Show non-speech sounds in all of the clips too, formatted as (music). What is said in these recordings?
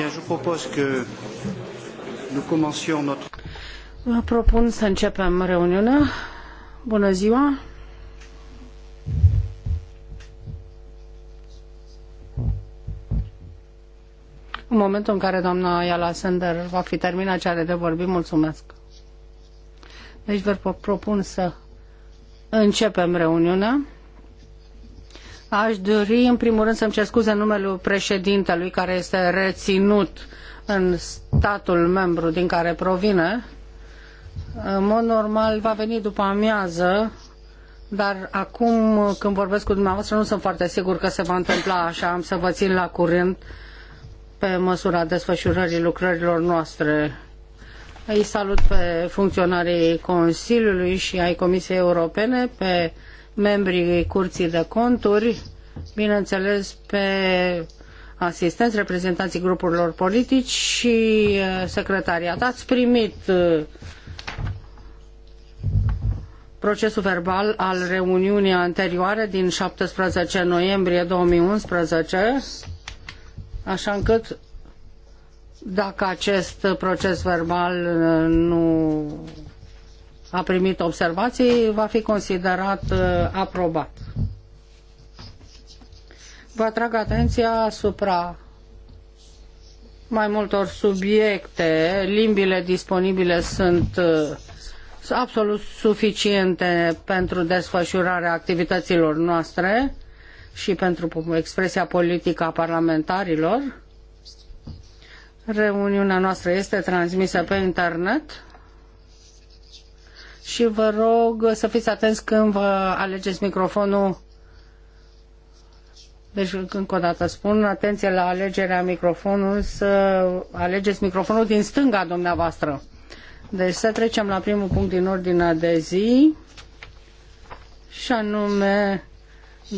Bien, je propose que nous commencions notre... Vă propun să începem reuniunea. Bună ziua! În momentul în care doamna Ayala Sender va fi terminat cele de vorbit, mulțumesc. Deci vă propun să începem reuniunea. Aș dori, în primul rând, să-mi cer scuze numele președintelui care este reținut în statul membru din care provine. În mod normal va veni după amiază, dar acum când vorbesc cu dumneavoastră nu sunt foarte sigur că se va întâmpla așa, am să vă țin la curent pe măsura desfășurării lucrărilor noastre. Îi salut pe funcționarii Consiliului și ai Comisiei Europene, pe membrii Curții de Conturi, bineînțeles pe asistenți, reprezentanții grupurilor politici și uh, secretariat. Ați primit uh, procesul verbal al reuniunii anterioare din 17 noiembrie 2011, așa încât dacă acest proces verbal uh, nu a primit observații, va fi considerat uh, aprobat. Vă atrag atenția asupra mai multor subiecte. Limbile disponibile sunt uh, absolut suficiente pentru desfășurarea activităților noastre și pentru expresia politică a parlamentarilor. Reuniunea noastră este transmisă pe internet și vă rog să fiți atenți când vă alegeți microfonul. Deci, încă o dată spun, atenție la alegerea microfonului, să alegeți microfonul din stânga dumneavoastră. Deci să trecem la primul punct din ordinea de zi și anume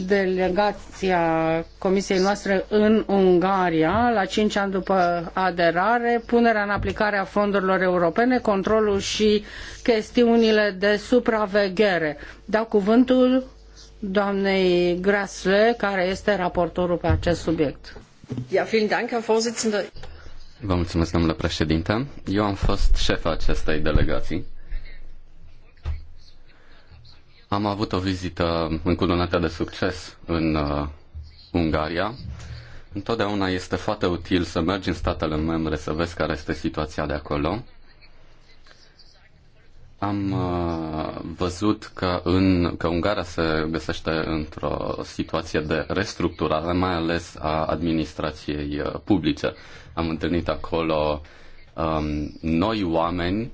delegația comisiei noastre în Ungaria, la cinci ani după aderare, punerea în aplicare a fondurilor europene, controlul și chestiunile de supraveghere. Dau cuvântul doamnei Grasle, care este raportorul pe acest subiect. vielen Dank, Herr Vorsitzender. Vă mulțumesc, domnule președinte. Eu am fost șefa acestei delegații am avut o vizită încununată de succes în uh, Ungaria. Întotdeauna este foarte util să mergi în statele membre să vezi care este situația de acolo. Am uh, văzut că, în, că Ungaria se găsește într-o situație de restructurare, mai ales a administrației uh, publice. Am întâlnit acolo um, noi oameni uh,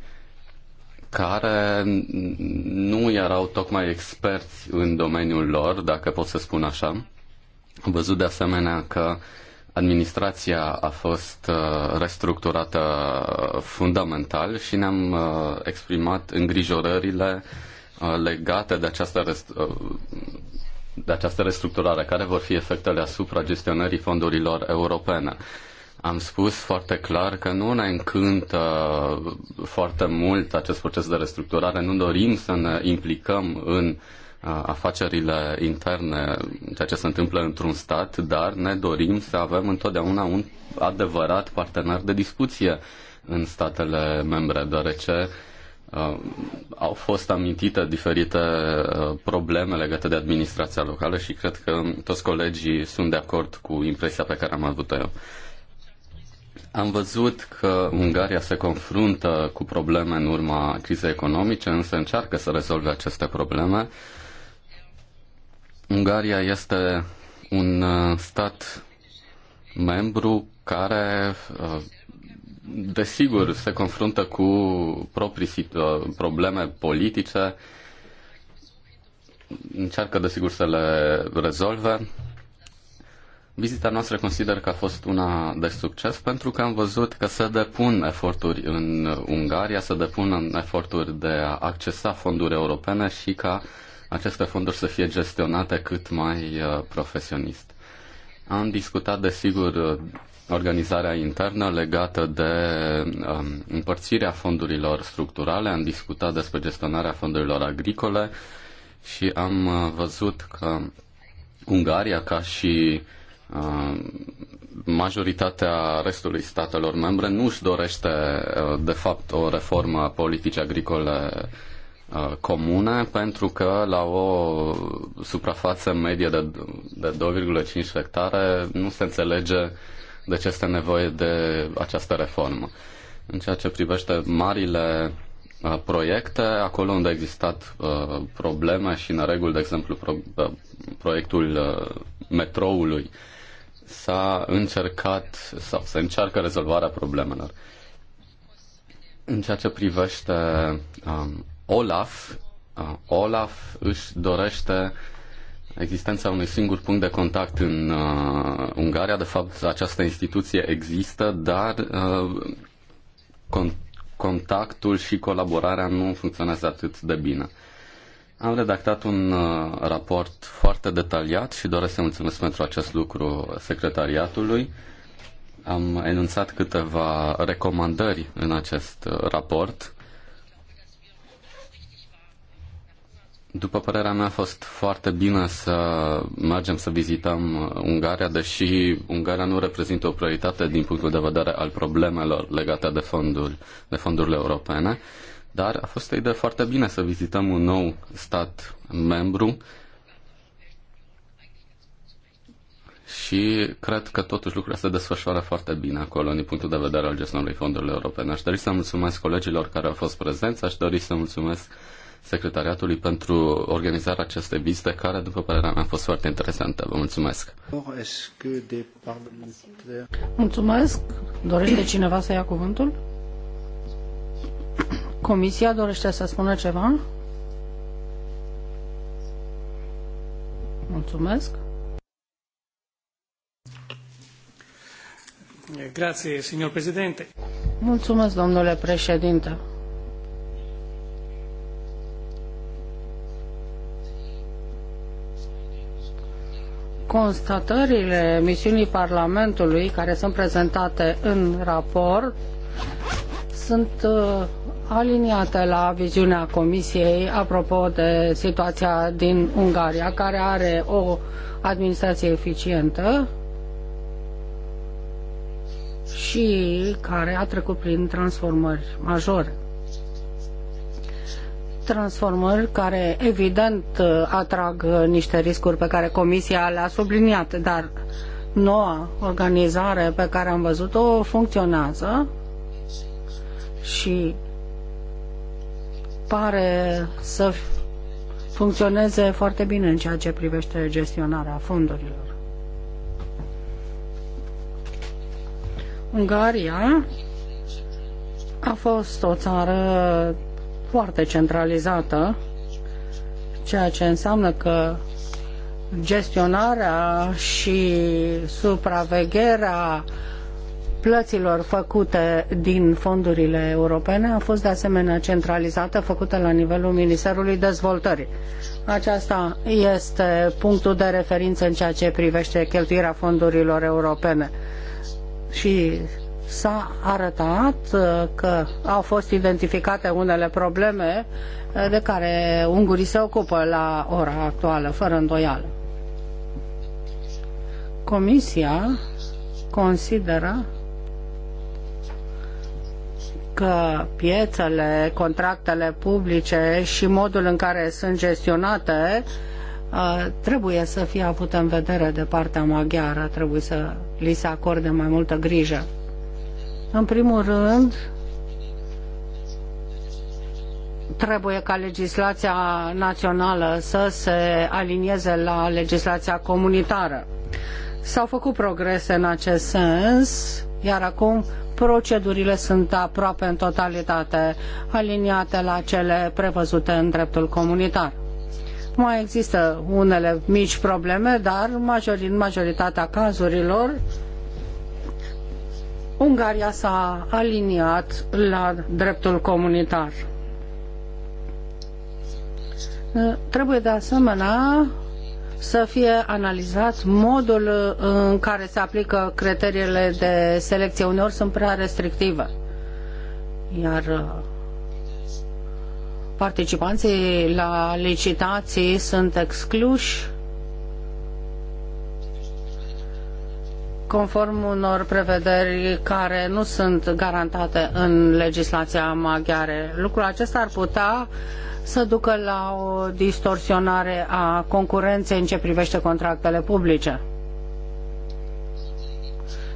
care nu erau tocmai experți în domeniul lor, dacă pot să spun așa. Am văzut de asemenea că administrația a fost uh, restructurată fundamental și ne-am uh, exprimat îngrijorările uh, legate de această, de această restructurare, care vor fi efectele asupra gestionării fondurilor europene. Am spus foarte clar că nu ne încântă foarte mult acest proces de restructurare, nu dorim să ne implicăm în uh, afacerile interne, ceea ce se întâmplă într-un stat, dar ne dorim să avem întotdeauna un adevărat partener de discuție în statele membre, deoarece uh, au fost amintite diferite uh, probleme legate de administrația locală și cred că toți colegii sunt de acord cu impresia pe care am avut-o eu. Am văzut că Ungaria se confruntă cu probleme în urma crizei economice, însă încearcă să rezolve aceste probleme. Ungaria este un uh, stat membru care, uh, desigur, se confruntă cu proprii uh, probleme politice, încearcă, desigur, să le rezolve Vizita noastră consider că a fost una de succes pentru că am văzut că se depun eforturi în Ungaria, se depun eforturi de a accesa fonduri europene și ca aceste fonduri să fie gestionate cât mai uh, profesionist. Am discutat, desigur, organizarea internă legată de um, împărțirea fondurilor structurale, am discutat despre gestionarea fondurilor agricole și am uh, văzut că Ungaria, ca și uh, Uh, majoritatea restului statelor membre nu își dorește uh, de fapt o reformă a politicii agricole uh, comune pentru că la o suprafață medie de, de 2,5 hectare nu se înțelege de ce este nevoie de această reformă. În ceea ce privește marile proiecte, acolo unde a existat uh, probleme și în regulă, de exemplu, pro, uh, proiectul uh, metroului uh, s-a încercat sau se încearcă rezolvarea problemelor. În ceea ce privește um, Olaf, uh, Olaf își dorește existența unui singur punct de contact în uh, Ungaria. De fapt, această instituție există, dar uh, con- contactul și colaborarea nu funcționează atât de bine. Am redactat un uh, raport foarte detaliat și doresc să mulțumesc pentru acest lucru secretariatului. Am enunțat câteva recomandări în acest uh, raport. După părerea mea a fost foarte bine să mergem să vizităm uh, Ungaria, deși Ungaria nu reprezintă o prioritate din punctul de vedere al problemelor legate de, fonduri, de fondurile europene. Dar a fost o idee foarte bine să vizităm un nou stat membru și cred că totuși lucrurile se desfășoară foarte bine acolo din punctul de vedere al gestionului fondurilor europene. Aș dori să mulțumesc colegilor care au fost prezenți, aș dori să mulțumesc secretariatului pentru organizarea acestei vizite, care, după părerea mea, a fost foarte interesantă. Vă mulțumesc! Mulțumesc! Dorește cineva să ia cuvântul? Comisia dorește să spună ceva? Mulțumesc. Grazie, signor Presidente. Mulțumesc, domnule președinte. Constatările misiunii Parlamentului care sunt prezentate în raport sunt uh, aliniată la viziunea Comisiei apropo de situația din Ungaria, care are o administrație eficientă și care a trecut prin transformări majore. Transformări care, evident, atrag niște riscuri pe care Comisia le-a subliniat, dar noua organizare pe care am văzut-o funcționează și pare să funcționeze foarte bine în ceea ce privește gestionarea fondurilor. Ungaria a fost o țară foarte centralizată, ceea ce înseamnă că gestionarea și supravegherea uh, plăților făcute din fondurile europene a fost de asemenea centralizată, făcută la nivelul Ministerului Dezvoltării. Aceasta este punctul de referință în ceea ce privește cheltuirea fondurilor europene. Și s-a arătat uh, că au fost identificate unele probleme uh, de care ungurii se ocupă la ora actuală, fără îndoială. Comisia consideră că piețele, contractele publice și modul în care sunt gestionate uh, trebuie să fie avut în vedere de partea maghiară, trebuie să li se acorde mai multă grijă. În primul rând, trebuie ca legislația națională să se alinieze la legislația comunitară. S-au făcut progrese în acest sens, iar acum procedurile sunt aproape în totalitate aliniate la cele prevăzute în dreptul comunitar. Mai există unele mici probleme, dar în majoritatea cazurilor Ungaria s-a aliniat la dreptul comunitar. Trebuie de asemenea să fie analizat modul uh, în care se aplică criteriile de selecție. Uneori sunt prea restrictive. Iar uh, participanții la licitații sunt excluși conform unor prevederi care nu sunt garantate în legislația maghiară. Lucrul acesta ar putea să ducă la o distorsionare a concurenței în ce privește contractele publice.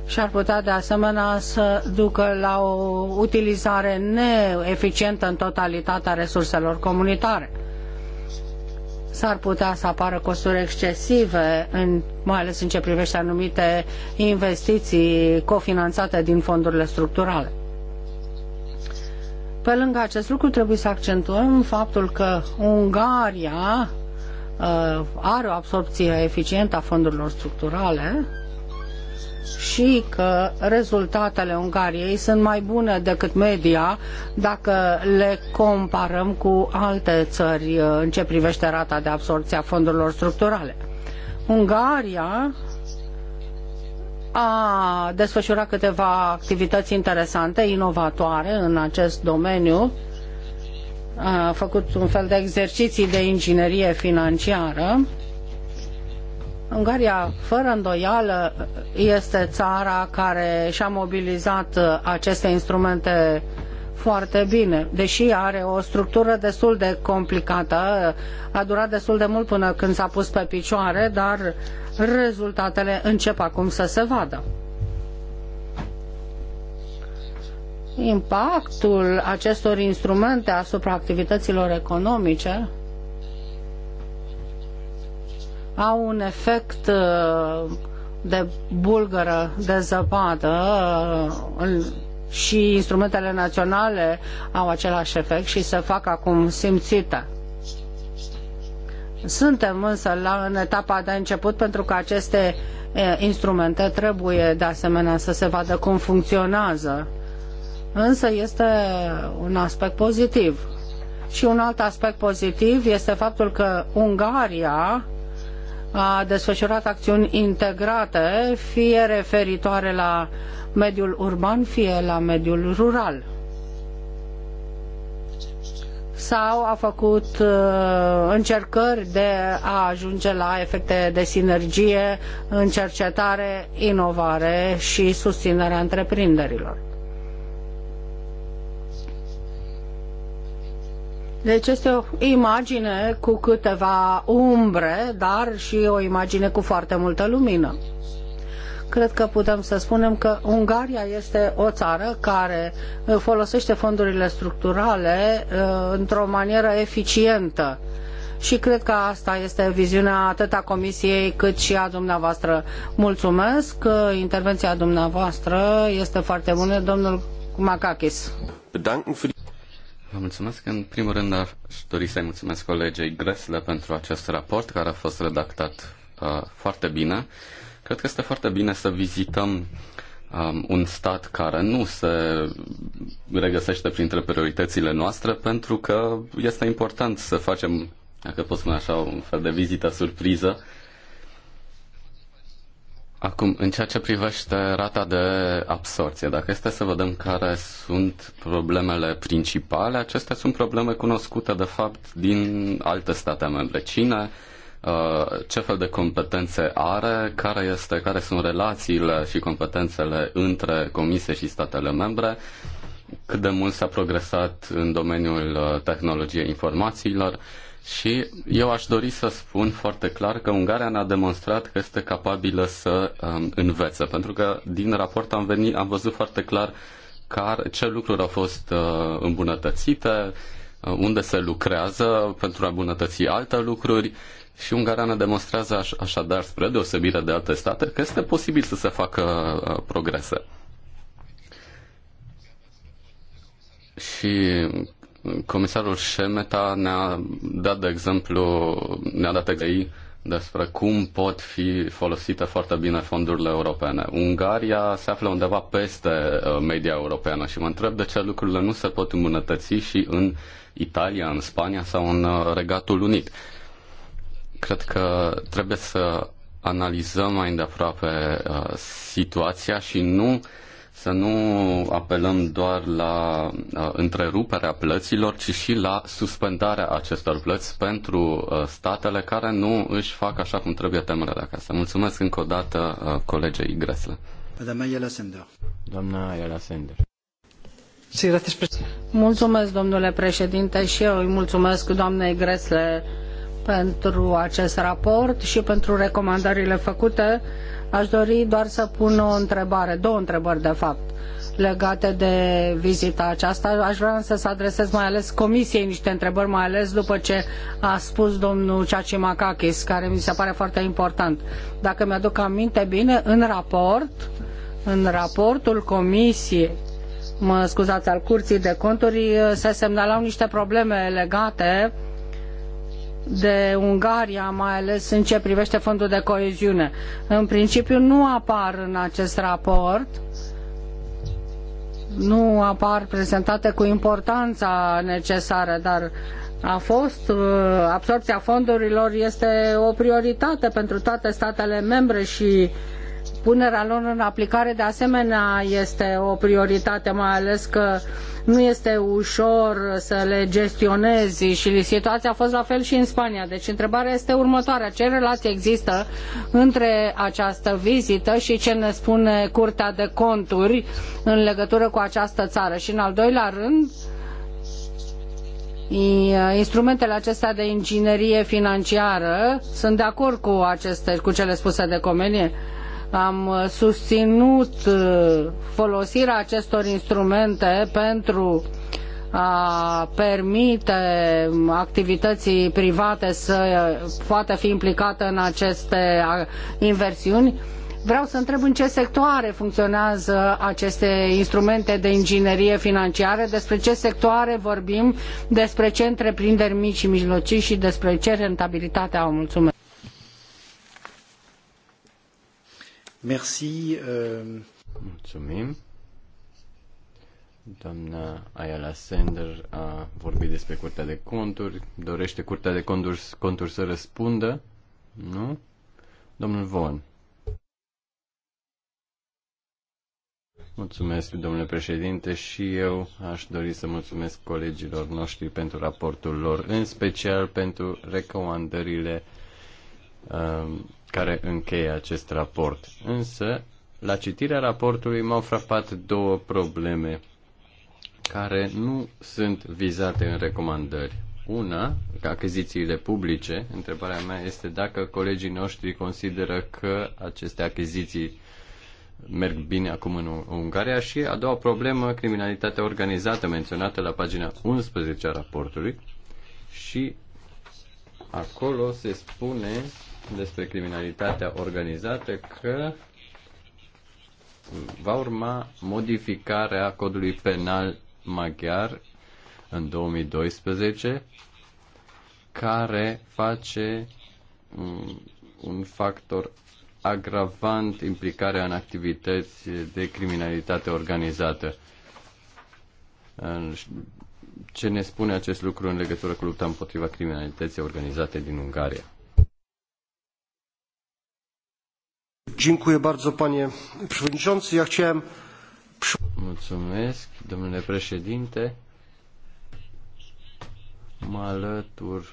Și ar putea de asemenea să ducă la o utilizare neeficientă în totalitatea resurselor comunitare. S-ar putea să apară costuri excesive, în, mai ales în ce privește anumite investiții cofinanțate din fondurile structurale. Pe lângă acest lucru trebuie să accentuăm faptul că Ungaria uh, are o absorpție eficientă a fondurilor structurale și că rezultatele Ungariei sunt mai bune decât media dacă le comparăm cu alte țări uh, în ce privește rata de absorpție a fondurilor structurale. Ungaria a desfășurat câteva activități interesante, inovatoare în acest domeniu. A făcut un fel de exerciții de inginerie financiară. Ungaria, fără îndoială, este țara care și-a mobilizat aceste instrumente uh, foarte bine, deși are o structură destul de complicată, a durat destul de mult până când s-a pus pe picioare, dar rezultatele încep acum să se vadă. Impactul acestor instrumente asupra activităților economice au un efect uh, de bulgără, de zăpadă, uh, și instrumentele naționale au același efect și se fac acum simțite. Suntem însă la, în etapa de început pentru că aceste instrumente trebuie de asemenea să se vadă cum funcționează. Însă este un aspect pozitiv. Și un alt aspect pozitiv este faptul că Ungaria a desfășurat acțiuni integrate, fie referitoare la mediul urban, fie la mediul rural. Sau a făcut uh, încercări de a ajunge la efecte de sinergie în cercetare, inovare și susținerea întreprinderilor. Deci este o imagine cu câteva umbre, dar și o imagine cu foarte multă lumină. Cred că putem să spunem că Ungaria este o țară care uh, folosește fondurile structurale uh, într-o manieră eficientă și cred că asta este viziunea atât a Comisiei cât și a dumneavoastră. Mulțumesc, uh, intervenția dumneavoastră este foarte bună, domnul Makakis. Vă mulțumesc. În primul rând aș dori să-i mulțumesc colegei Gresle pentru acest raport care a fost redactat uh, foarte bine. Cred că este foarte bine să vizităm um, un stat care nu se regăsește printre prioritățile noastre pentru că este important să facem, dacă pot spune așa, un fel de vizită surpriză Acum, în ceea ce privește rata de absorție, dacă este să vedem care sunt problemele principale, acestea sunt probleme cunoscute, de fapt, din alte state membre. Cine, uh, ce fel de competențe are, care, este, care sunt relațiile și competențele între Comisie și statele membre, cât de mult s-a progresat în domeniul uh, tehnologiei informațiilor, și eu aș dori să spun foarte clar că Ungaria ne-a demonstrat că este capabilă să um, învețe, pentru că din raport am, venit, am văzut foarte clar care, ce lucruri au fost uh, îmbunătățite, uh, unde se lucrează pentru a îmbunătăți alte lucruri și Ungaria ne demonstrează aș, așadar, spre deosebire de alte state, că este posibil să se facă uh, progrese. Și Comisarul Șemeta ne-a dat de exemplu, ne-a dat idei despre cum pot fi folosite foarte bine fondurile europene. Ungaria se află undeva peste uh, media europeană și mă întreb de ce lucrurile nu se pot îmbunătăți și în Italia, în Spania sau în uh, Regatul Unit. Cred că trebuie să analizăm mai îndeaproape uh, situația și nu să nu apelăm doar la uh, întreruperea plăților, ci și la suspendarea acestor plăți pentru uh, statele care nu își fac așa cum trebuie de acasă. Mulțumesc încă o dată uh, colegei Gresle. Doamna Ayala Sender. Mulțumesc, domnule președinte, și eu îi mulțumesc doamnei Gresle pentru acest raport și pentru recomandările făcute Aș dori doar să pun o întrebare, două întrebări de fapt, legate de vizita aceasta. Aș vrea să adresez mai ales comisiei niște întrebări, mai ales după ce a spus domnul Ceaci care mi se pare foarte important. Dacă mi-aduc aminte bine, în raport, în raportul comisiei, mă scuzați, al Curții de Conturi, se semnalau niște probleme legate uh, de Ungaria, mai ales în ceea ce privește fondul de coeziune. În principiu nu apar în acest raport, nu apar prezentate cu importanța necesară, dar a fost, uh, absorpția fondurilor este o prioritate pentru toate statele membre și Punerea lor în aplicare, de asemenea, este o prioritate, mai ales că nu este ușor să le gestionezi și situația a fost la fel și în Spania. Deci întrebarea este următoarea. Ce relație există între această vizită și ce ne spune Curtea de Conturi în legătură cu această țară? Și în al doilea rând, instrumentele acestea de inginerie financiară, sunt de acord cu, aceste, cu cele spuse de comenie, am uh, susținut uh, folosirea acestor instrumente pentru a permite activității private să poată fi implicată în aceste inversiuni. Vreau să întreb în ce sectoare funcționează aceste instrumente de inginerie financiară, despre ce sectoare vorbim, despre ce întreprinderi mici și mijlocii și despre ce rentabilitate au. Mulțumesc! Merci. Euh, Mulțumim. Doamna Ayala Sender a vorbit despre Curtea de Conturi. Dorește Curtea de Conturi, conturi să răspundă? Nu? Domnul Von. Mulțumesc, domnule președinte, și eu aș dori să mulțumesc colegilor noștri pentru raportul lor, în special pentru recomandările um, care încheie acest raport. Însă, la citirea raportului m-au frapat două probleme care nu sunt vizate în recomandări. Una, achizițiile publice. Întrebarea mea este dacă colegii noștri consideră că aceste achiziții merg bine acum în Ungaria și a doua problemă, criminalitatea organizată menționată la pagina 11 a raportului și acolo se spune despre criminalitatea organizată că va urma modificarea codului penal maghiar în 2012 care face un factor agravant implicarea în activități de criminalitate organizată. Ce ne spune acest lucru în legătură cu lupta împotriva criminalității organizate din Ungaria? Dziękuję bardzo, panie przewodniczący. Ja chciałem... Mulțumesc, domnule președinte. Mă alătur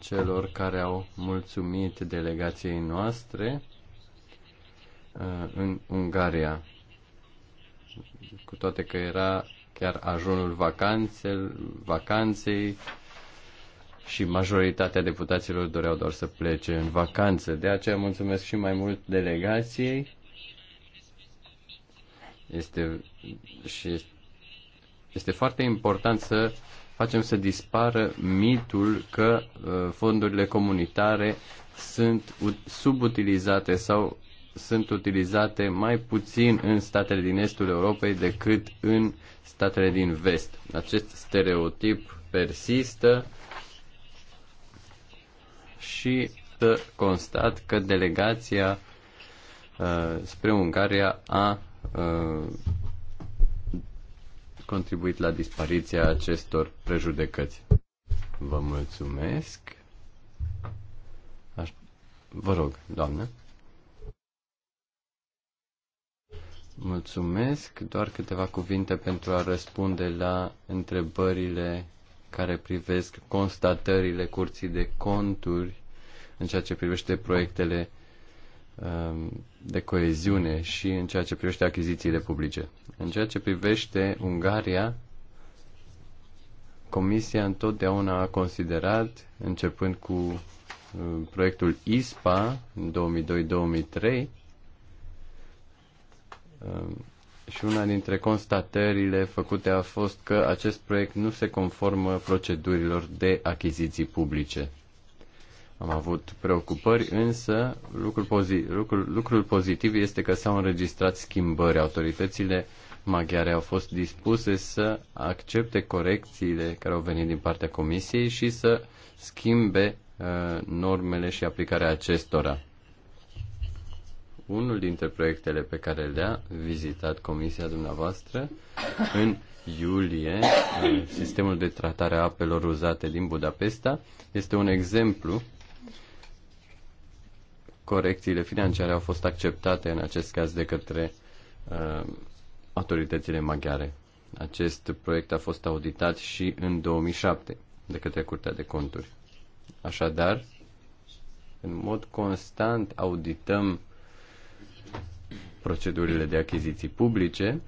celor care au mulțumit delegației noastre uh, în Ungaria. Cu toate că era chiar ajunul vacanței, vacanței și majoritatea deputaților doreau doar să plece în vacanță. De aceea mulțumesc și mai mult delegației. Este, și este foarte important să facem să dispară mitul că uh, fondurile comunitare sunt subutilizate sau sunt utilizate mai puțin în statele din estul Europei decât în statele din vest. Acest stereotip persistă și să constat că delegația uh, spre Ungaria a uh, contribuit la dispariția acestor prejudecăți. Vă mulțumesc. Aș... Vă rog, doamnă. Mulțumesc. Doar câteva cuvinte pentru a răspunde la întrebările care privesc constatările curții de conturi în ceea ce privește proiectele um, de coeziune și în ceea ce privește achizițiile publice. În ceea ce privește Ungaria, Comisia întotdeauna a considerat, începând cu uh, proiectul ISPA în 2002-2003, și una dintre constatările făcute a fost că acest proiect nu se conformă procedurilor de achiziții publice. Am avut preocupări, însă lucrul, pozi- lucrul, lucrul pozitiv este că s-au înregistrat schimbări. Autoritățile maghiare au fost dispuse să accepte corecțiile care au venit din partea Comisiei și să schimbe uh, normele și aplicarea acestora unul dintre proiectele pe care le-a vizitat comisia dumneavoastră în iulie, sistemul de tratare a apelor uzate din Budapesta, este un exemplu. Corecțiile financiare au fost acceptate în acest caz de către uh, autoritățile maghiare. Acest proiect a fost auditat și în 2007 de către Curtea de Conturi. Așadar, în mod constant audităm procedurile de achiziții publice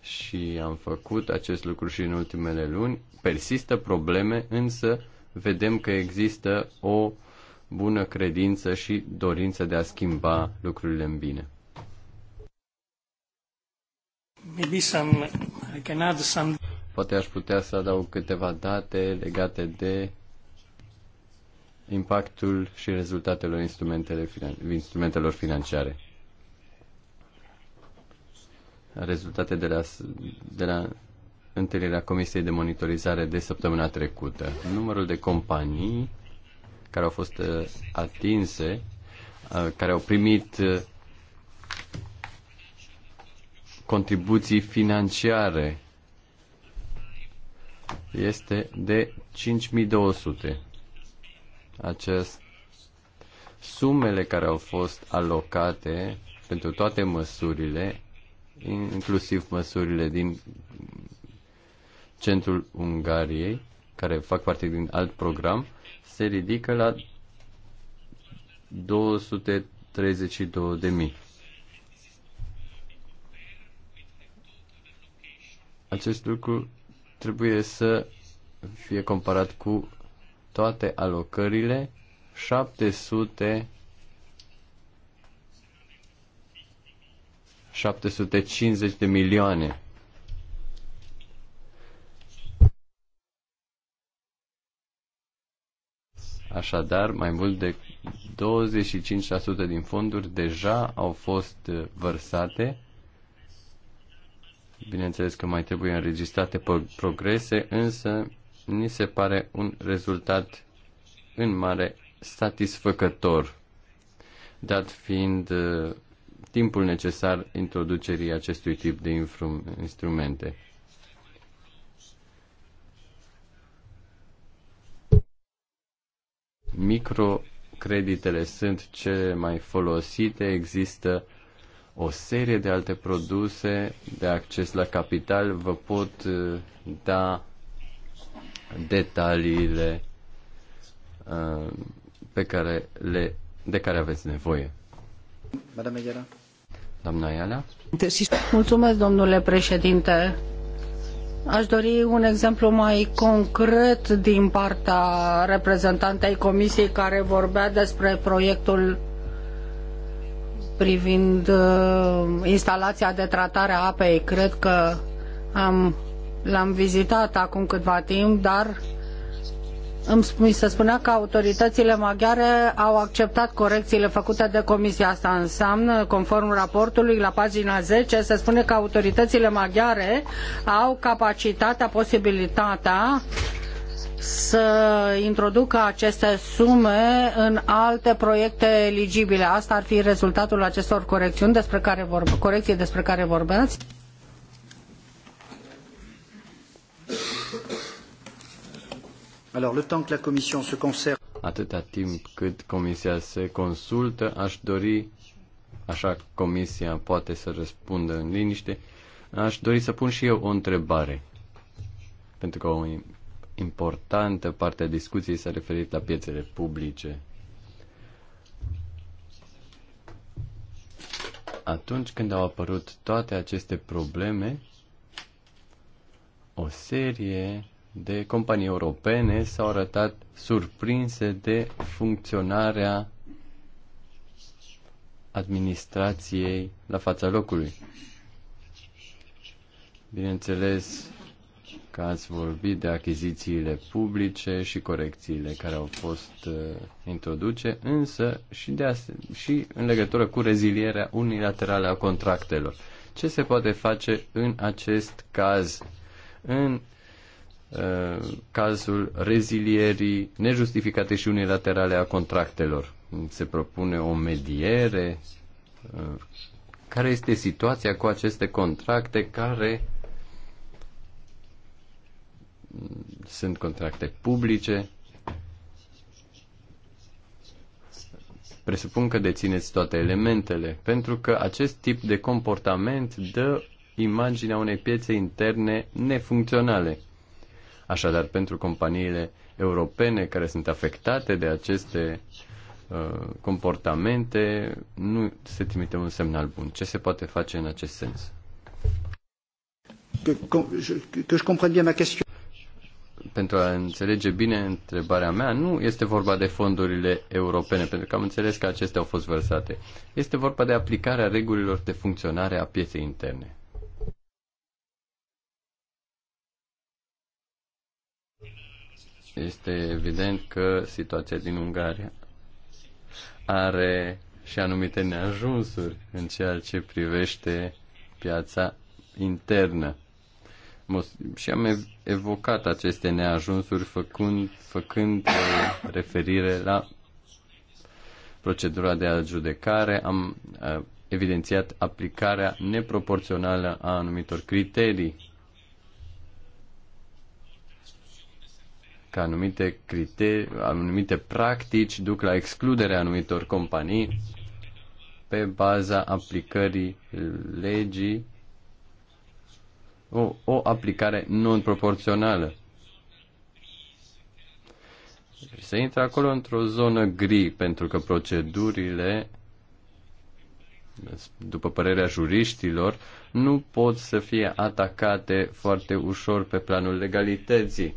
și am făcut acest lucru și în ultimele luni. Persistă probleme, însă vedem că există o bună credință și dorință de a schimba lucrurile în bine. Maybe some, I can add some... Poate aș putea să adaug câteva date legate de impactul și rezultatele instrumentelor financiare rezultate de la, de la întâlnirea Comisiei de Monitorizare de săptămâna trecută. Numărul de companii care au fost uh, atinse, uh, care au primit uh, contribuții financiare este de 5200. Acest sumele care au fost alocate pentru toate măsurile inclusiv măsurile din centrul Ungariei, care fac parte din alt program, se ridică la 232.000. Acest lucru trebuie să fie comparat cu toate alocările 700 750 de milioane. Așadar, mai mult de 25% din fonduri deja au fost uh, vărsate. Bineînțeles că mai trebuie înregistrate progrese, însă ni se pare un rezultat în mare satisfăcător, dat fiind uh, timpul necesar introducerii acestui tip de instrumente. Microcreditele sunt cele mai folosite, există o serie de alte produse de acces la capital. Vă pot uh, da detaliile uh, pe care le, de care aveți nevoie. Madame Yara. Doamna Mulțumesc, domnule președinte. Aș dori un exemplu mai concret din partea reprezentantei comisiei care vorbea despre proiectul privind uh, instalația de tratare a apei. Cred că l-am vizitat acum câtva timp, dar mi se spunea că autoritățile maghiare au acceptat corecțiile făcute de comisie. Asta înseamnă, conform raportului, la pagina zece se spune că autoritățile maghiare au capacitatea, posibilitatea să introducă aceste sume în alte proiecte eligibile. Asta ar fi rezultatul acestor corecțiuni despre care vorbe, corecții despre care vorbeați? Alors, le temps que la Commission se Atâta timp cât Comisia se consultă, aș dori, așa Comisia poate să răspundă în liniște, aș dori să pun și eu o întrebare. Pentru că o importantă parte a discuției s-a referit la piețele publice. Atunci când au apărut toate aceste probleme, o serie de companii europene s-au arătat surprinse de funcționarea administrației la fața locului. Bineînțeles că ați vorbit de achizițiile publice și corecțiile care au fost uh, introduce, însă și, de și în legătură cu rezilierea unilaterală a contractelor. Ce se poate face în acest caz? În Uh, cazul rezilierii nejustificate și unilaterale a contractelor. Se propune o mediere. Uh, care este situația cu aceste contracte care sunt contracte publice? Presupun că dețineți toate elementele, pentru că acest tip de comportament dă imaginea unei piețe interne nefuncționale Așadar, pentru companiile europene care sunt afectate de aceste uh, comportamente, nu se trimite un semnal bun. Ce se poate face în acest sens? Că își comprenne bine ma question. Pentru a înțelege bine întrebarea mea, nu este vorba de fondurile europene, pentru că am înțeles că acestea au fost vărsate. Este vorba de aplicarea regulilor de funcționare a pieței interne. este evident că situația din Ungaria are și anumite neajunsuri în ceea ce privește piața internă. Și am evocat aceste neajunsuri făcând, făcând eh, referire la procedura de adjudecare, am eh, evidențiat aplicarea neproporțională a anumitor criterii că anumite criterii, anumite practici duc la excluderea anumitor companii pe baza aplicării legii o, o aplicare non-proporțională. Se intră acolo într-o zonă gri, pentru că procedurile, după părerea juriștilor, nu pot să fie atacate foarte ușor pe planul legalității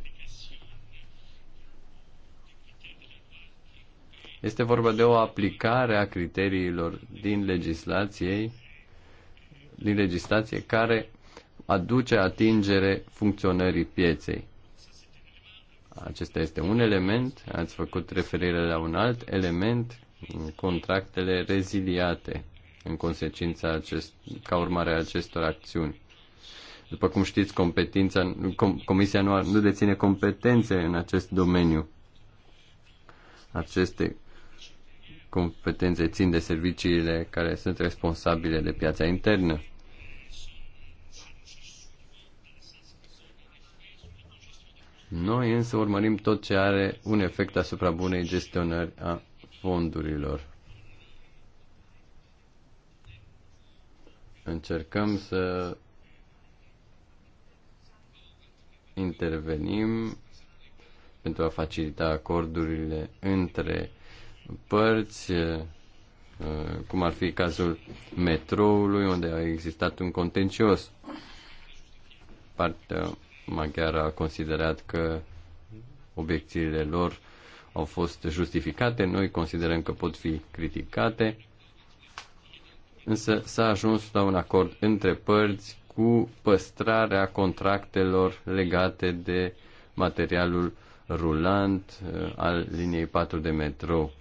Este vorba de o aplicare a criteriilor din legislației din legislație care aduce atingere funcționării pieței. Acesta este un element, ați făcut referire la un alt element, contractele reziliate în consecința acest, ca urmare a acestor acțiuni. După cum știți, competența, com, Comisia nu, nu deține competențe în acest domeniu. Aceste competențe țin de serviciile care sunt responsabile de piața internă. Noi însă urmărim tot ce are un efect asupra bunei gestionări a fondurilor. Încercăm să intervenim pentru a facilita acordurile între părți, cum ar fi cazul metroului, unde a existat un contencios. Partea maghiară a considerat că obiecțiile lor au fost justificate, noi considerăm că pot fi criticate, însă s-a ajuns la un acord între părți cu păstrarea contractelor legate de materialul rulant al liniei 4 de metrou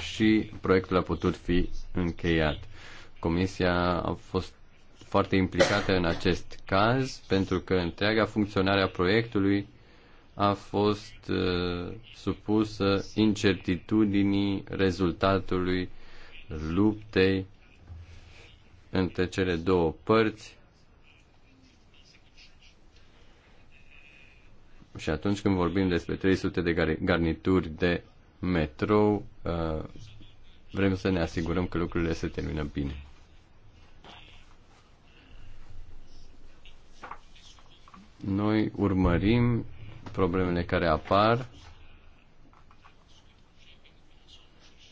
și proiectul a putut fi încheiat. Comisia a fost foarte implicată în acest caz pentru că întreaga funcționare a proiectului a fost uh, supusă incertitudinii rezultatului luptei între cele două părți și atunci când vorbim despre 300 de garnituri de metrou, uh, vrem să ne asigurăm că lucrurile se termină bine. Noi urmărim problemele care apar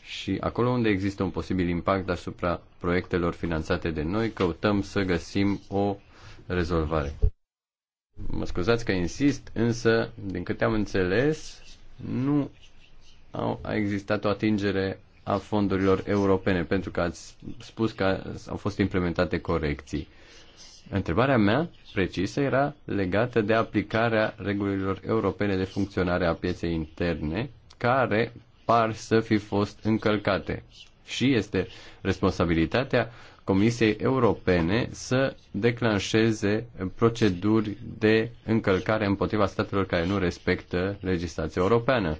și acolo unde există un posibil impact asupra proiectelor finanțate de noi, căutăm să găsim o rezolvare. Mă scuzați că insist, însă, din câte am înțeles, nu au, a existat o atingere a fondurilor europene, pentru că ați spus că au fost implementate corecții. Întrebarea mea precisă era legată de aplicarea regulilor europene de funcționare a pieței interne, care par să fi fost încălcate. Și este responsabilitatea Comisiei Europene să declanșeze proceduri de încălcare împotriva statelor care nu respectă legislația europeană.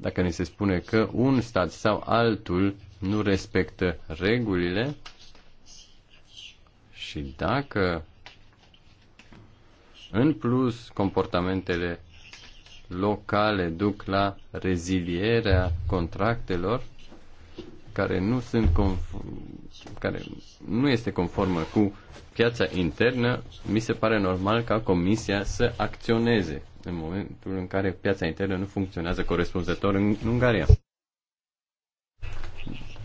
Dacă ni se spune că un stat sau altul nu respectă regulile și dacă în plus comportamentele locale duc la rezilierea contractelor care nu sunt conform, care nu este conformă cu piața internă, mi se pare normal ca comisia să acționeze în momentul în care piața internă nu funcționează corespunzător în Ungaria.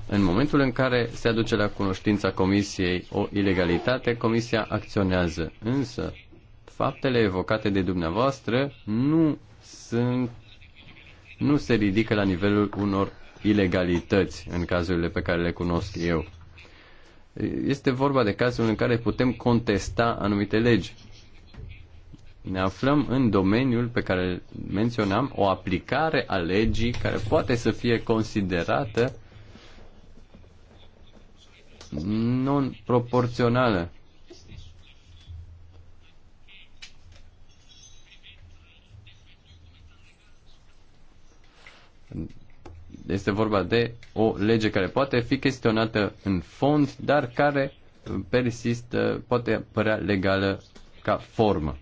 În momentul în care se aduce la cunoștința Comisiei o ilegalitate, Comisia acționează. Însă, faptele evocate de dumneavoastră nu sunt nu se ridică la nivelul unor ilegalități în cazurile pe care le cunosc eu. Este vorba de cazul în care putem contesta anumite legi ne aflăm în domeniul pe care îl menționam, o aplicare a legii care poate să fie considerată non-proporțională. Este vorba de o lege care poate fi chestionată în fond, dar care persistă, poate părea legală ca formă.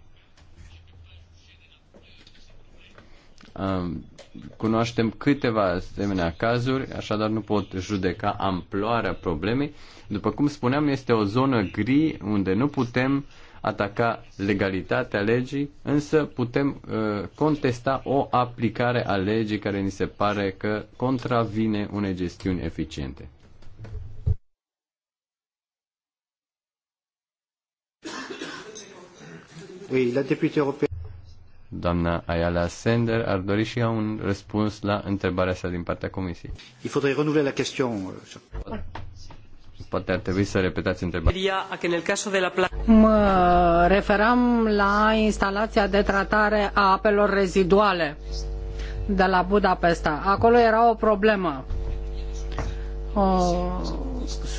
Um, cunoaștem câteva asemenea cazuri, așadar nu pot judeca amploarea problemei. După cum spuneam, este o zonă gri unde nu putem ataca legalitatea legii, însă putem uh, contesta o aplicare a legii care ni se pare că contravine unei gestiuni eficiente. Oui, la députée européenne. Doamna Ayala Sender ar dori și ea un răspuns la întrebarea sa din partea comisiei. Il faudrait renouveler la question. Euh, Poate ar trebui să repetați întrebarea. Mă referam la instalația de tratare a apelor reziduale de la Budapesta. Acolo era o problemă. O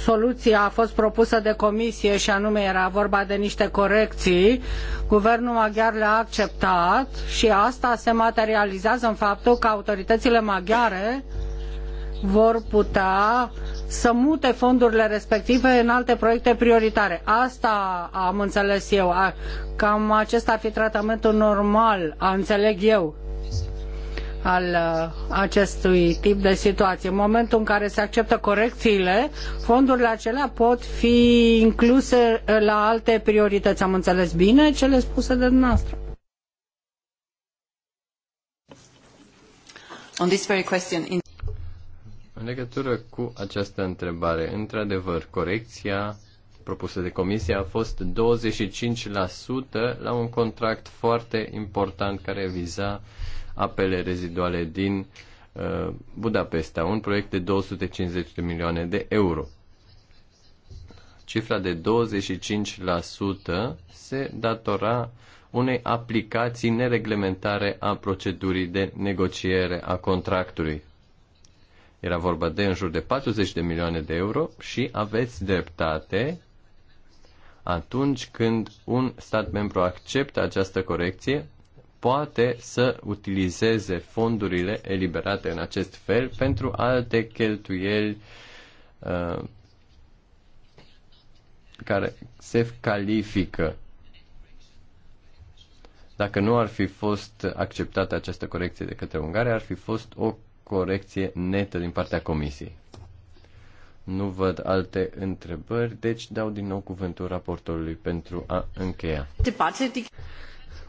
soluția a fost propusă de comisie și anume era vorba de niște corecții, guvernul maghiar le-a acceptat și asta se materializează în faptul că autoritățile maghiare vor putea să mute fondurile respective în alte proiecte prioritare. Asta am înțeles eu. Cam acesta ar fi tratamentul normal, a înțeleg eu al uh, acestui tip de situație. În momentul în care se acceptă corecțiile, fondurile acelea pot fi incluse uh, la alte priorități. Am înțeles bine cele spuse de dumneavoastră? On this very question, in... În legătură cu această întrebare, într-adevăr, corecția propusă de comisie a fost 25% la un contract foarte important care viza apele reziduale din uh, Budapesta, un proiect de 250 de milioane de euro. Cifra de 25% se datora unei aplicații nereglementare a procedurii de negociere a contractului. Era vorba de în jur de 40 de milioane de euro și aveți dreptate atunci când un stat membru acceptă această corecție, poate să utilizeze fondurile eliberate în acest fel pentru alte cheltuieli uh, care se califică. Dacă nu ar fi fost acceptată această corecție de către Ungaria, ar fi fost o corecție netă din partea Comisiei. Nu văd alte întrebări, deci dau din nou cuvântul raportorului pentru a încheia.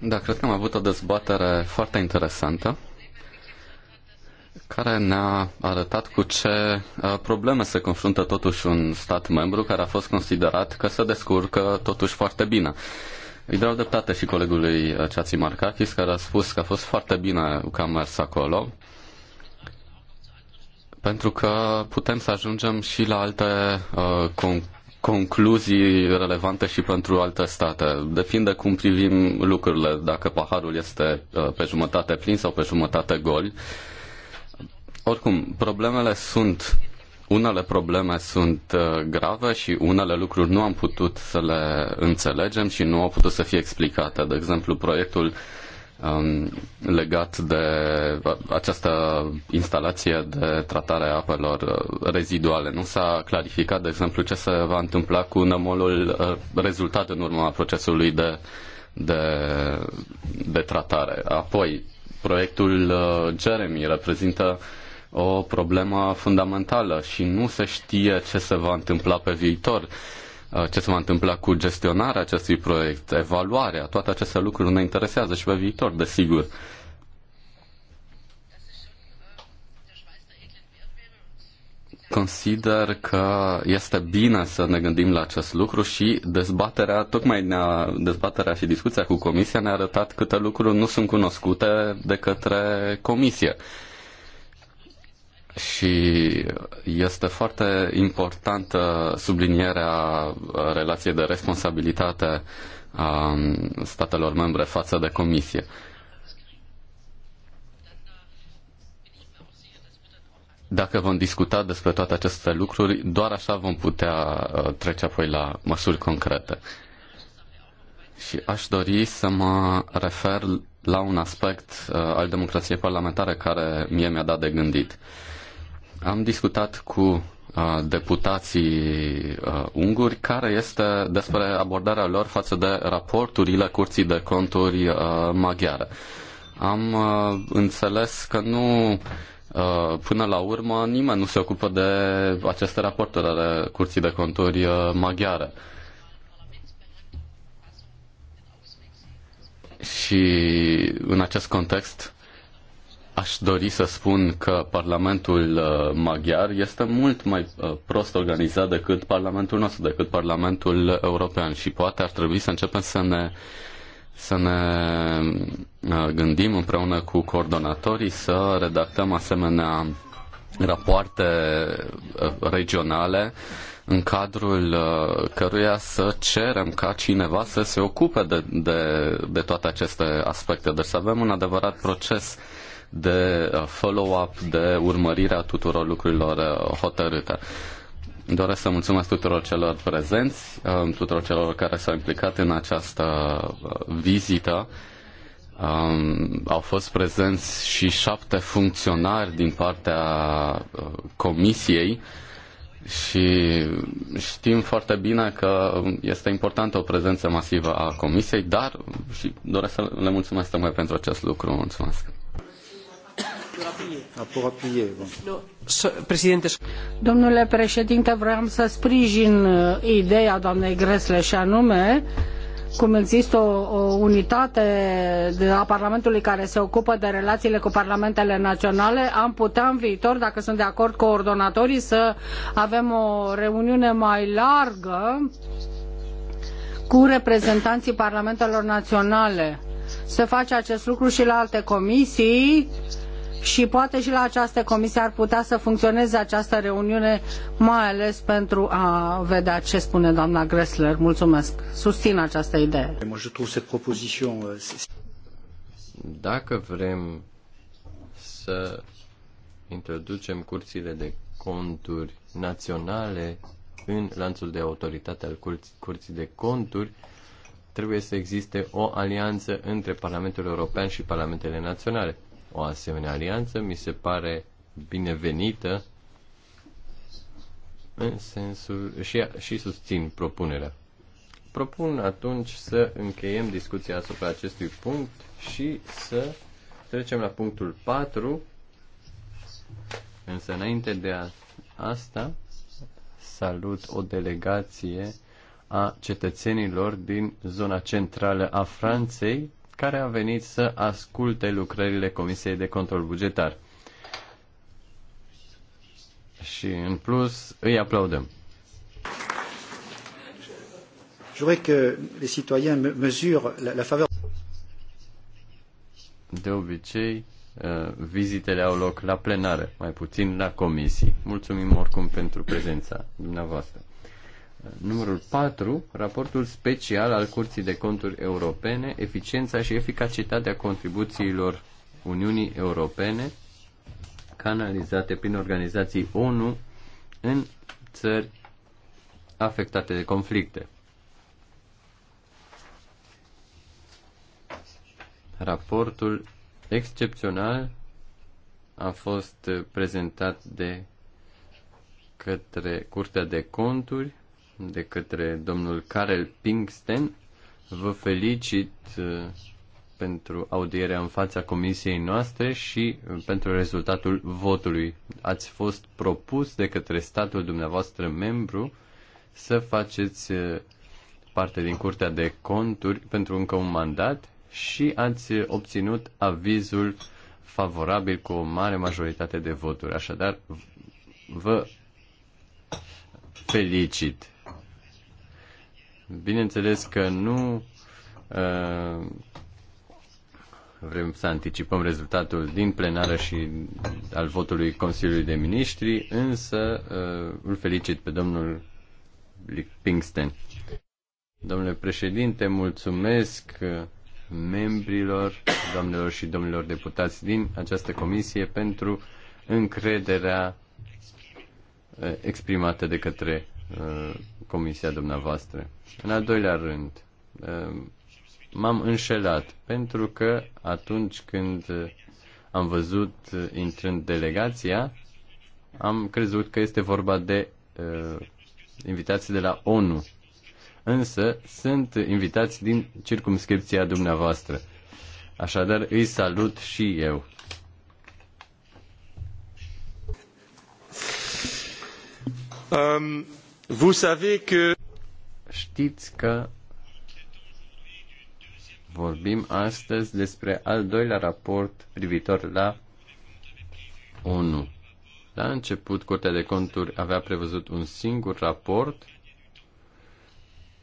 Da, cred că am avut o dezbatere foarte interesantă care ne-a arătat cu ce uh, probleme se confruntă totuși un stat membru care a fost considerat că se descurcă totuși foarte bine. Îi dau dreptate și colegului uh, Ceații Marcachis, care a spus că a fost foarte bine că am mers acolo, pentru că putem să ajungem și la alte uh, concluzii concluzii relevante și pentru alte state. Depinde cum privim lucrurile, dacă paharul este uh, pe jumătate plin sau pe jumătate gol. Oricum, problemele sunt unele probleme sunt uh, grave și unele lucruri nu am putut să le înțelegem și nu au putut să fie explicate. De exemplu, proiectul Um, legat de această instalație de tratare a apelor uh, reziduale. Nu s-a clarificat, de exemplu, ce se va întâmpla cu nămolul uh, rezultat în urma procesului de, de, de tratare. Apoi, proiectul uh, Jeremy reprezintă o problemă fundamentală și nu se știe ce se va întâmpla pe viitor. Uh, Uh, ce se va întâmpla cu gestionarea acestui proiect, evaluarea, toate aceste lucruri ne interesează și pe viitor, desigur. Consider că este bine să ne gândim la acest lucru și dezbaterea, tocmai ne-a, dezbaterea și discuția cu Comisia ne-a arătat câte lucruri nu sunt cunoscute de către Comisie. Uh, și este foarte importantă sublinierea uh, relației de responsabilitate a um, statelor membre față de Comisie. Dacă vom discuta despre toate aceste lucruri, doar așa vom putea uh, trece apoi la măsuri concrete. Și aș dori să mă refer la un aspect uh, al democrației parlamentare care mie mi-a dat de gândit. Uh, am discutat cu uh, deputații uh, unguri care este despre abordarea lor față de raporturile Curții de Conturi uh, maghiare. Am înțeles că nu până la urmă nimeni nu se ocupă de aceste raporturi ale Curții de Conturi maghiare. Și în acest context Aș dori să spun că Parlamentul uh, maghiar este mult mai uh, prost organizat decât Parlamentul nostru, decât Parlamentul european și poate ar trebui să începem să ne să ne uh, gândim împreună cu coordonatorii să redactăm asemenea rapoarte regionale în cadrul căruia să cerem ca cineva să se ocupe de, de, de toate aceste aspecte. Deci să avem un adevărat proces uh, de uh, follow-up, de urmărirea tuturor lucrurilor uh, hotărâte. Doresc să mulțumesc tuturor celor prezenți, um, tuturor celor care s-au implicat în această uh, vizită. Um, au fost prezenți și șapte funcționari din partea comisiei și știm foarte bine că este importantă o prezență masivă a comisiei, dar și doresc să le mulțumesc tocmai pentru acest lucru. Mulțumesc! Ah, Domnule președinte, vreau să sprijin uh, ideea doamnei Gresle și anume cum există o, o unitate de, a Parlamentului care se ocupă de relațiile cu parlamentele naționale, am putea în viitor, dacă sunt de acord coordonatorii, să avem o reuniune mai largă cu reprezentanții parlamentelor naționale. Se face acest lucru și la alte comisii, uh, și poate și la această comisie ar putea să funcționeze această reuniune, mai ales pentru a vedea ce spune doamna Gressler. Mulțumesc. Susțin această idee. Euh, Dacă vrem să introducem curțile de conturi naționale în lanțul de autoritate al curții, curții de conturi, trebuie să existe o alianță între Parlamentul European și Parlamentele Naționale o asemenea alianță mi se pare binevenită în sensul și, și susțin propunerea. Propun atunci să încheiem discuția asupra acestui punct și să trecem la punctul 4. Însă înainte de a, asta salut o delegație a cetățenilor din zona centrală a Franței care a venit să asculte lucrările Comisiei de Control Bugetar. Și în plus îi aplaudăm. la, De obicei, uh, vizitele au loc la plenare, mai puțin la comisii. Mulțumim oricum pentru prezența dumneavoastră. Numărul 4, raportul special al Curții de Conturi Europene, eficiența și eficacitatea contribuțiilor Uniunii Europene canalizate prin organizații ONU în țări afectate de conflicte. Raportul excepțional a fost prezentat de către Curtea de Conturi de către domnul Karel Pinksten. Vă felicit uh, pentru audierea în fața comisiei noastre și uh, pentru rezultatul votului. Ați fost propus de către statul dumneavoastră membru să faceți uh, parte din Curtea de Conturi pentru încă un mandat și ați obținut avizul favorabil cu o mare majoritate de voturi. Așadar, vă felicit. Bineînțeles că nu uh, vrem să anticipăm rezultatul din plenară și al votului Consiliului de Ministri, însă uh, îl felicit pe domnul Pinkston. Domnule președinte, mulțumesc uh, membrilor, doamnelor și domnilor deputați din această comisie pentru încrederea uh, exprimată de către uh, comisia dumneavoastră. În al doilea rând, ehm, m-am înșelat pentru că atunci când am văzut eh, intrând delegația, am crezut că este vorba de uh, invitații de la ONU. Însă sunt invitați din circumscripția dumneavoastră. Așadar îi salut și eu. Um, Vous savez que... Știți că vorbim astăzi despre al doilea raport privitor la ONU. La început, Curtea de Conturi avea prevăzut un singur raport,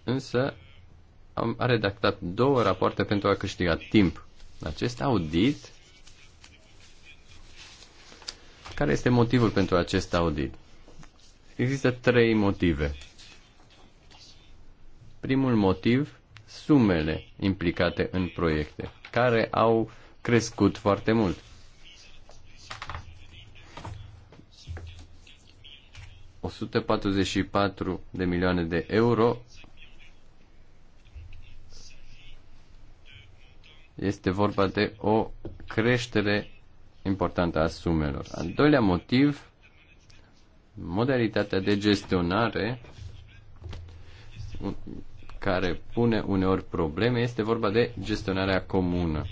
însă a redactat două rapoarte pentru a câștiga timp. Acest audit, care este motivul pentru acest audit? Există trei motive. Primul motiv, sumele implicate în proiecte, care au crescut foarte mult. ...144 de milioane de euro este vorba de o creștere importantă a sumelor. Al doilea motiv modalitatea de gestionare care pune uneori probleme este vorba de gestionarea comună.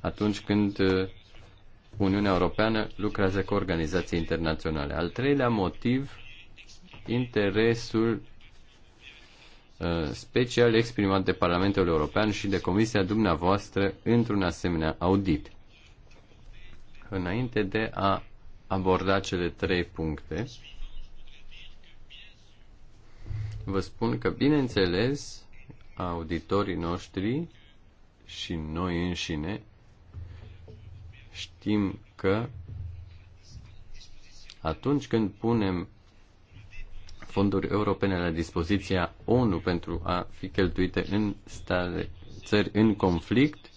Atunci când uh, Uniunea Europeană lucrează cu organizații internaționale. Al treilea motiv, interesul uh, special exprimat de Parlamentul European și de Comisia dumneavoastră într-un asemenea audit. Înainte de a aborda cele trei puncte, vă spun că, bineînțeles, auditorii noștri și noi înșine știm că atunci când punem fonduri europene la dispoziția ONU pentru a fi cheltuite în stare, țări în conflict,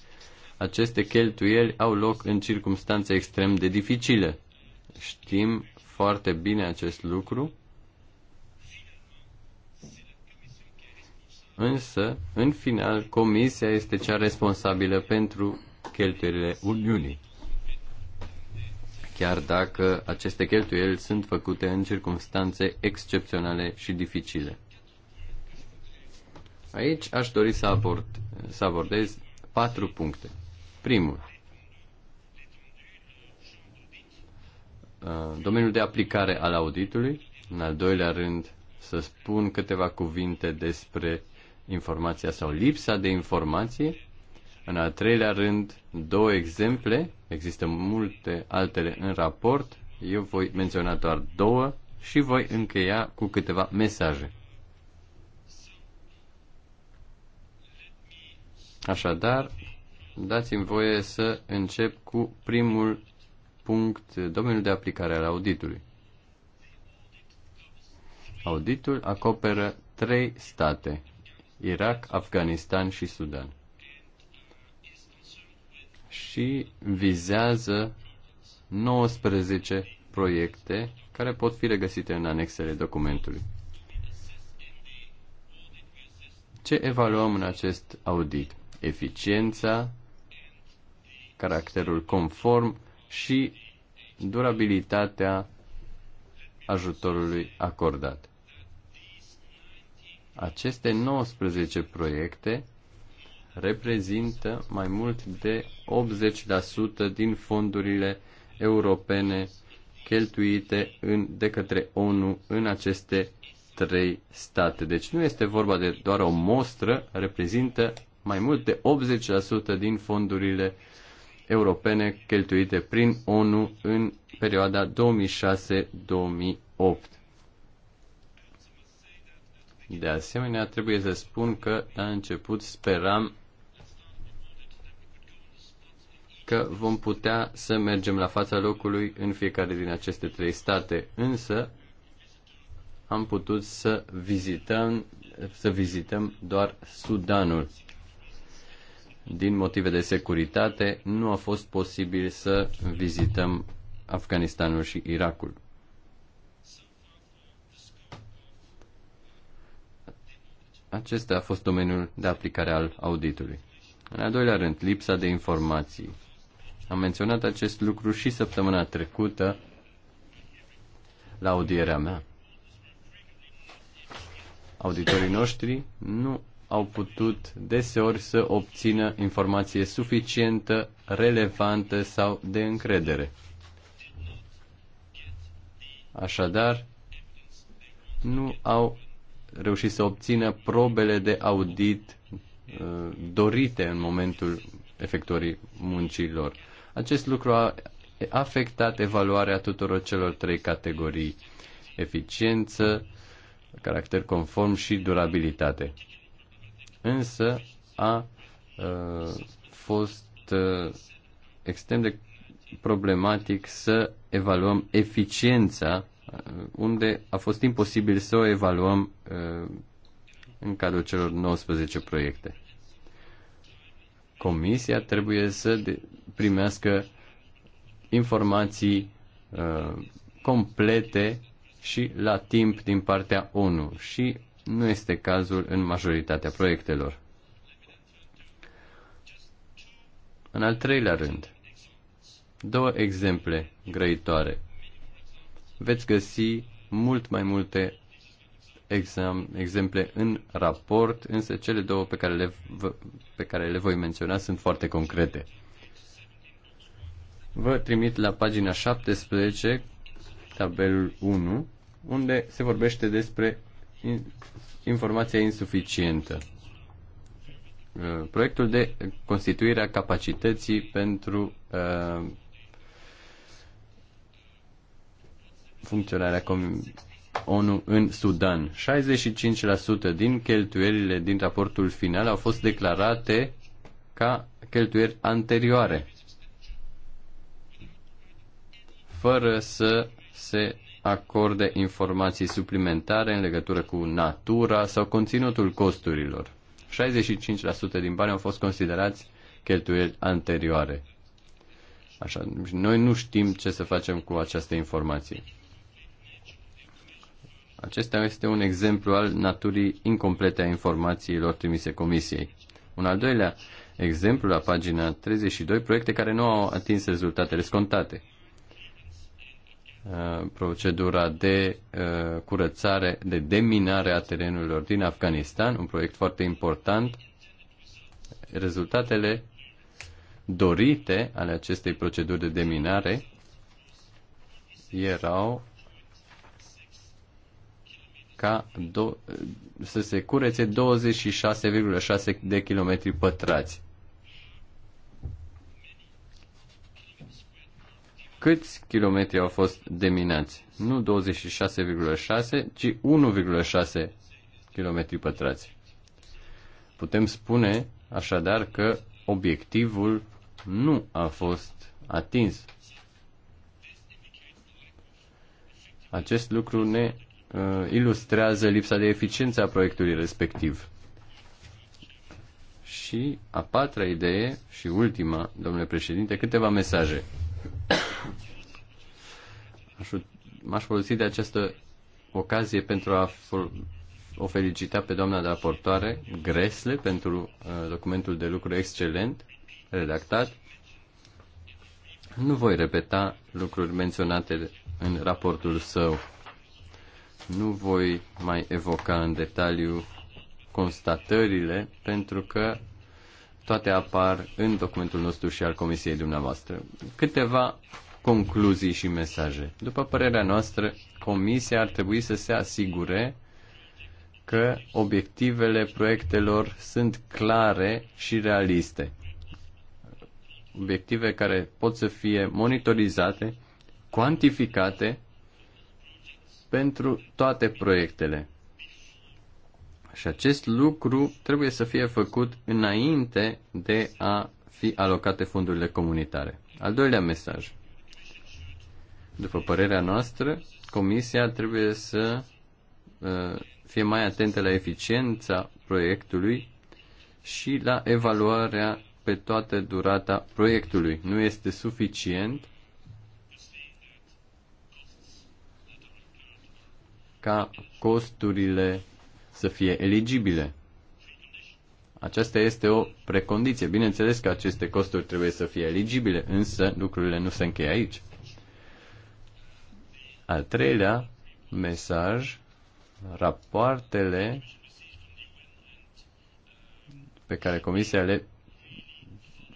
aceste cheltuieli au loc în circunstanțe extrem de dificile. Știm foarte bine acest lucru Însă, în final, Comisia este cea responsabilă pentru cheltuielile Uniunii. Chiar dacă aceste cheltuieli sunt făcute în circunstanțe excepționale și dificile. Aici aș dori să, abord, să abordez patru puncte. Primul, uh, domeniul de aplicare al auditului. În al doilea rând, să spun câteva cuvinte despre informația sau lipsa de informație. În al treilea rând, două exemple, există multe altele în raport, eu voi menționa doar două și voi încheia cu câteva mesaje. Așadar, dați-mi voie să încep cu primul punct, domeniul de aplicare al auditului. Auditul acoperă trei state, Irak, Afganistan și Sudan. Și vizează 19 proiecte care pot fi regăsite în anexele documentului. Ce evaluăm în acest audit? Eficiența, caracterul conform și durabilitatea ajutorului acordat. Aceste 19 proiecte reprezintă mai mult de 80% din fondurile europene cheltuite în, de către ONU în aceste trei state. Deci nu este vorba de doar o mostră, reprezintă mai mult de 80% din fondurile europene cheltuite prin ONU în perioada 2006-2008. De asemenea, trebuie să spun că la început speram că vom putea să mergem la fața locului în fiecare din aceste trei state, însă am putut să vizităm, să vizităm doar Sudanul. Din motive de securitate, nu a fost posibil să vizităm Afganistanul și Irakul. Acesta a fost domeniul de aplicare al auditului. În al doilea rând, lipsa de informații. Am menționat acest lucru și săptămâna trecută la audierea mea. Auditorii noștri nu au putut deseori să obțină informație suficientă, relevantă sau de încredere. Așadar, nu au reușit să obțină probele de audit uh, dorite în momentul efectuării muncilor. Acest lucru a afectat evaluarea tuturor celor trei categorii, eficiență, caracter conform și durabilitate. Însă a, a uh, fost a, uh, extrem de problematic să evaluăm eficiența Uh, unde a fost imposibil să o evaluăm uh, în cadrul celor 19 proiecte. Comisia trebuie să primească informații uh, complete și la timp din partea ONU și nu este cazul în majoritatea proiectelor. În al treilea rând, două exemple grăitoare. Veți găsi mult mai multe exemple în raport, însă cele două pe care le, pe care le voi menționa sunt foarte concrete. Vă trimit la pagina 17, tabelul 1, unde se vorbește despre informația insuficientă. Uh, proiectul de constituire a capacității pentru uh, funcționarea ONU în Sudan. 65% din cheltuielile din raportul final au fost declarate ca cheltuieli anterioare, fără să se acorde informații suplimentare în legătură cu natura sau conținutul costurilor. 65% din bani au fost considerați cheltuieli anterioare. Așa, noi nu știm ce să facem cu această informație. Acesta este un exemplu al naturii incomplete a informațiilor trimise Comisiei. Un al doilea exemplu, la pagina 32, proiecte care nu au atins rezultatele scontate. Uh, procedura de uh, curățare, de deminare a terenurilor din Afganistan, un proiect foarte important. Rezultatele dorite ale acestei proceduri de deminare erau ca do- să se curețe 26,6 de kilometri pătrați. Câți kilometri au fost deminați? Nu 26,6, ci 1,6 kilometri pătrați. Putem spune așadar că obiectivul nu a fost atins. Acest lucru ne Uh, ilustrează lipsa de eficiență a proiectului respectiv. Și a patra idee și ultima, domnule președinte, câteva mesaje. (coughs) M-aș folosi de această ocazie pentru a o felicita pe doamna raportoare Gresle pentru uh, documentul de lucru excelent redactat. Nu voi repeta lucruri menționate în raportul său. Nu voi mai evoca în detaliu constatările, pentru că toate apar în documentul nostru și al comisiei dumneavoastră. Câteva concluzii și mesaje. După părerea noastră, comisia ar trebui să se asigure că obiectivele proiectelor sunt clare și realiste. Obiective care pot să fie monitorizate, cuantificate pentru toate proiectele. Și acest lucru trebuie să fie făcut înainte de a fi alocate fondurile comunitare. Al doilea mesaj. După părerea noastră, Comisia trebuie să uh, fie mai atentă la eficiența proiectului și la evaluarea pe toată durata proiectului. Nu este suficient ca costurile să fie eligibile. Aceasta este o precondiție. Bineînțeles că aceste costuri trebuie să fie eligibile, însă lucrurile nu se încheie aici. Al treilea mesaj, rapoartele pe care Comisia le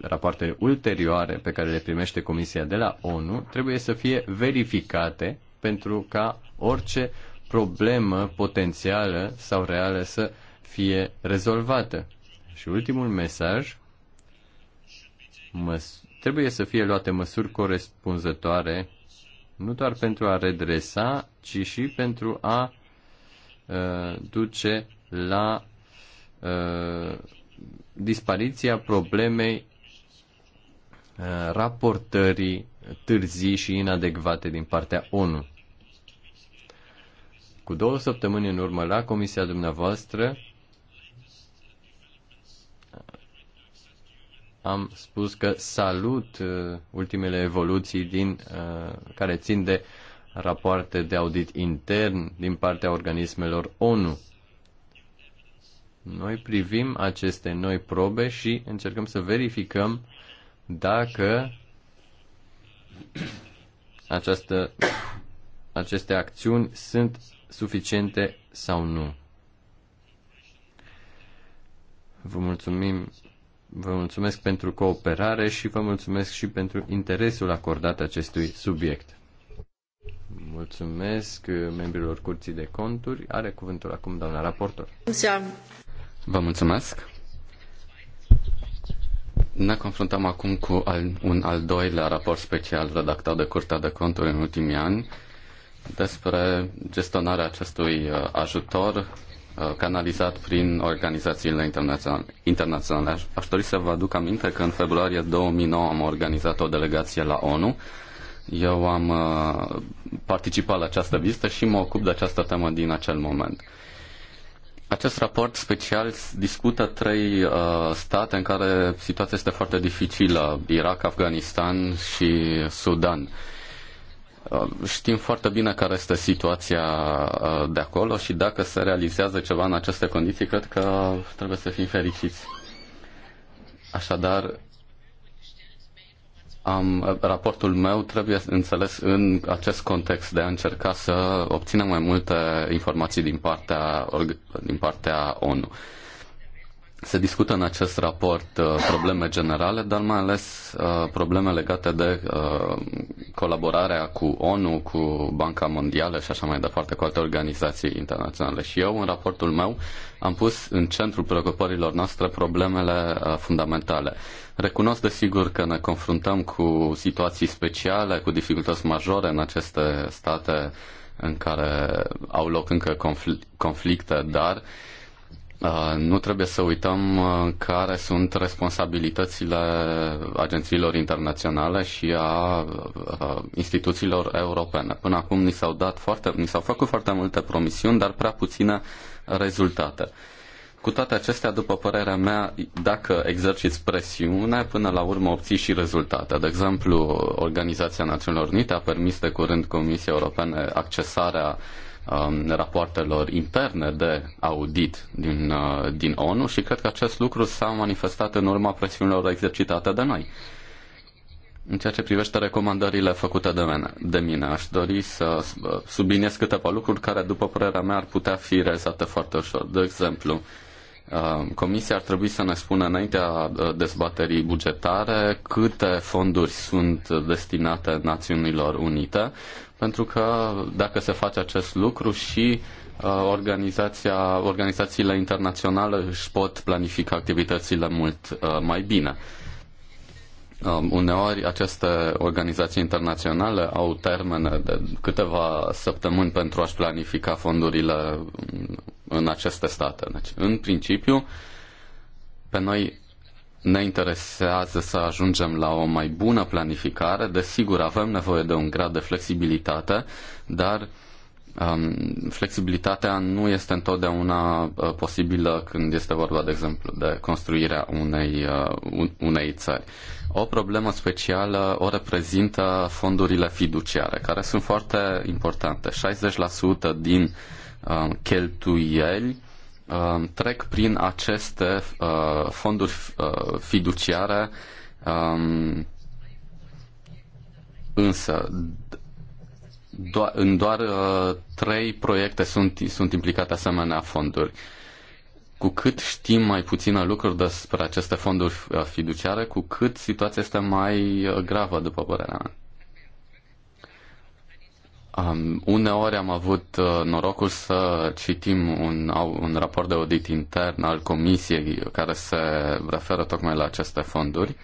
rapoartele ulterioare pe care le primește Comisia de la ONU trebuie să fie verificate pentru ca orice problemă potențială sau reală să fie rezolvată. Și ultimul mesaj, măs- trebuie să fie luate măsuri corespunzătoare, nu doar pentru a redresa, ci și pentru a uh, duce la uh, dispariția problemei uh, raportării târzii și inadecvate din partea ONU. Cu două săptămâni în urmă la comisia dumneavoastră am spus că salut uh, ultimele evoluții din, uh, care țin de rapoarte de audit intern din partea organismelor ONU. Noi privim aceste noi probe și încercăm să verificăm dacă această aceste acțiuni sunt suficiente sau nu. Vă mulțumim, vă mulțumesc pentru cooperare și vă mulțumesc și pentru interesul acordat acestui subiect. Mulțumesc membrilor Curții de Conturi. Are cuvântul acum doamna raportor. Vă mulțumesc. Ne confruntăm acum cu un al doilea raport special redactat de Curtea de Conturi în ultimii ani despre gestionarea acestui uh, ajutor uh, canalizat prin organizațiile internaționale. Aș dori să vă aduc aminte că în februarie 2009 am organizat o delegație la ONU. Eu am uh, participat la această vizită și mă ocup de această temă din acel moment. Acest raport special discută trei uh, state în care situația este foarte dificilă, Irak, Afganistan și Sudan. Uh, Uh, știm foarte bine care este situația uh, de acolo și dacă se realizează ceva în aceste condiții, cred că trebuie să fim fericiți. Așadar, am, raportul meu trebuie înțeles în acest context de a încerca să obținem mai multe informații din partea, din partea ONU. Se discută în acest raport uh, probleme generale, dar mai ales uh, probleme legate de uh, colaborarea cu ONU, cu Banca Mondială și așa mai departe, cu alte organizații internaționale. Și eu, în raportul meu, am pus în centrul preocupărilor noastre problemele fundamentale. Recunosc, desigur, că ne confruntăm cu situații speciale, cu dificultăți majore în aceste state în care au loc încă conflicte, dar uh, Uh, nu trebuie să uităm uh, care sunt responsabilitățile agențiilor internaționale și a uh, instituțiilor europene. Până acum ni s-au dat foarte, ni s-au făcut foarte multe promisiuni, dar prea puține rezultate. Cu toate acestea, după părerea mea, dacă exerciți presiune, până la urmă obții și rezultate. De exemplu, Organizația Națiunilor Unite a permis de curând Comisiei Europene accesarea uh, Um, rapoartelor interne de audit din, uh, din ONU și cred că acest lucru s-a manifestat în urma presiunilor exercitate de noi. În ceea ce privește recomandările făcute de mine, de mine aș dori să uh, subliniez câteva lucruri care, după părerea mea, ar putea fi realizate foarte ușor. De exemplu, Uh, comisia ar trebui să ne spună înaintea uh, dezbaterii bugetare câte fonduri sunt destinate Națiunilor Unite, pentru că dacă se face acest lucru și uh, organizația, organizațiile internaționale își pot planifica activitățile mult mai bine. Um, uneori aceste organizații internaționale au termene de câteva săptămâni pentru a-și planifica fondurile um, în aceste state. Deci, în principiu, pe noi ne interesează să ajungem la o mai bună planificare. Desigur, avem nevoie de un grad de flexibilitate, dar um, flexibilitatea nu este întotdeauna uh, posibilă când este vorba, de exemplu, de construirea unei, uh, unei țări. O problemă specială o reprezintă fondurile fiduciare, care sunt foarte importante. 60% din uh, Uh, cheltuieli uh, trec prin aceste uh, fonduri fiduciare um, însă în doar trei proiecte sunt, sunt implicate asemenea fonduri. Cu cât știm mai puțină lucruri despre aceste fonduri fiduciare, cu cât situația este mai gravă, după părerea mea. Um, uneori am avut uh, norocul să citim un, un raport de audit intern al comisiei care se referă tocmai la aceste fonduri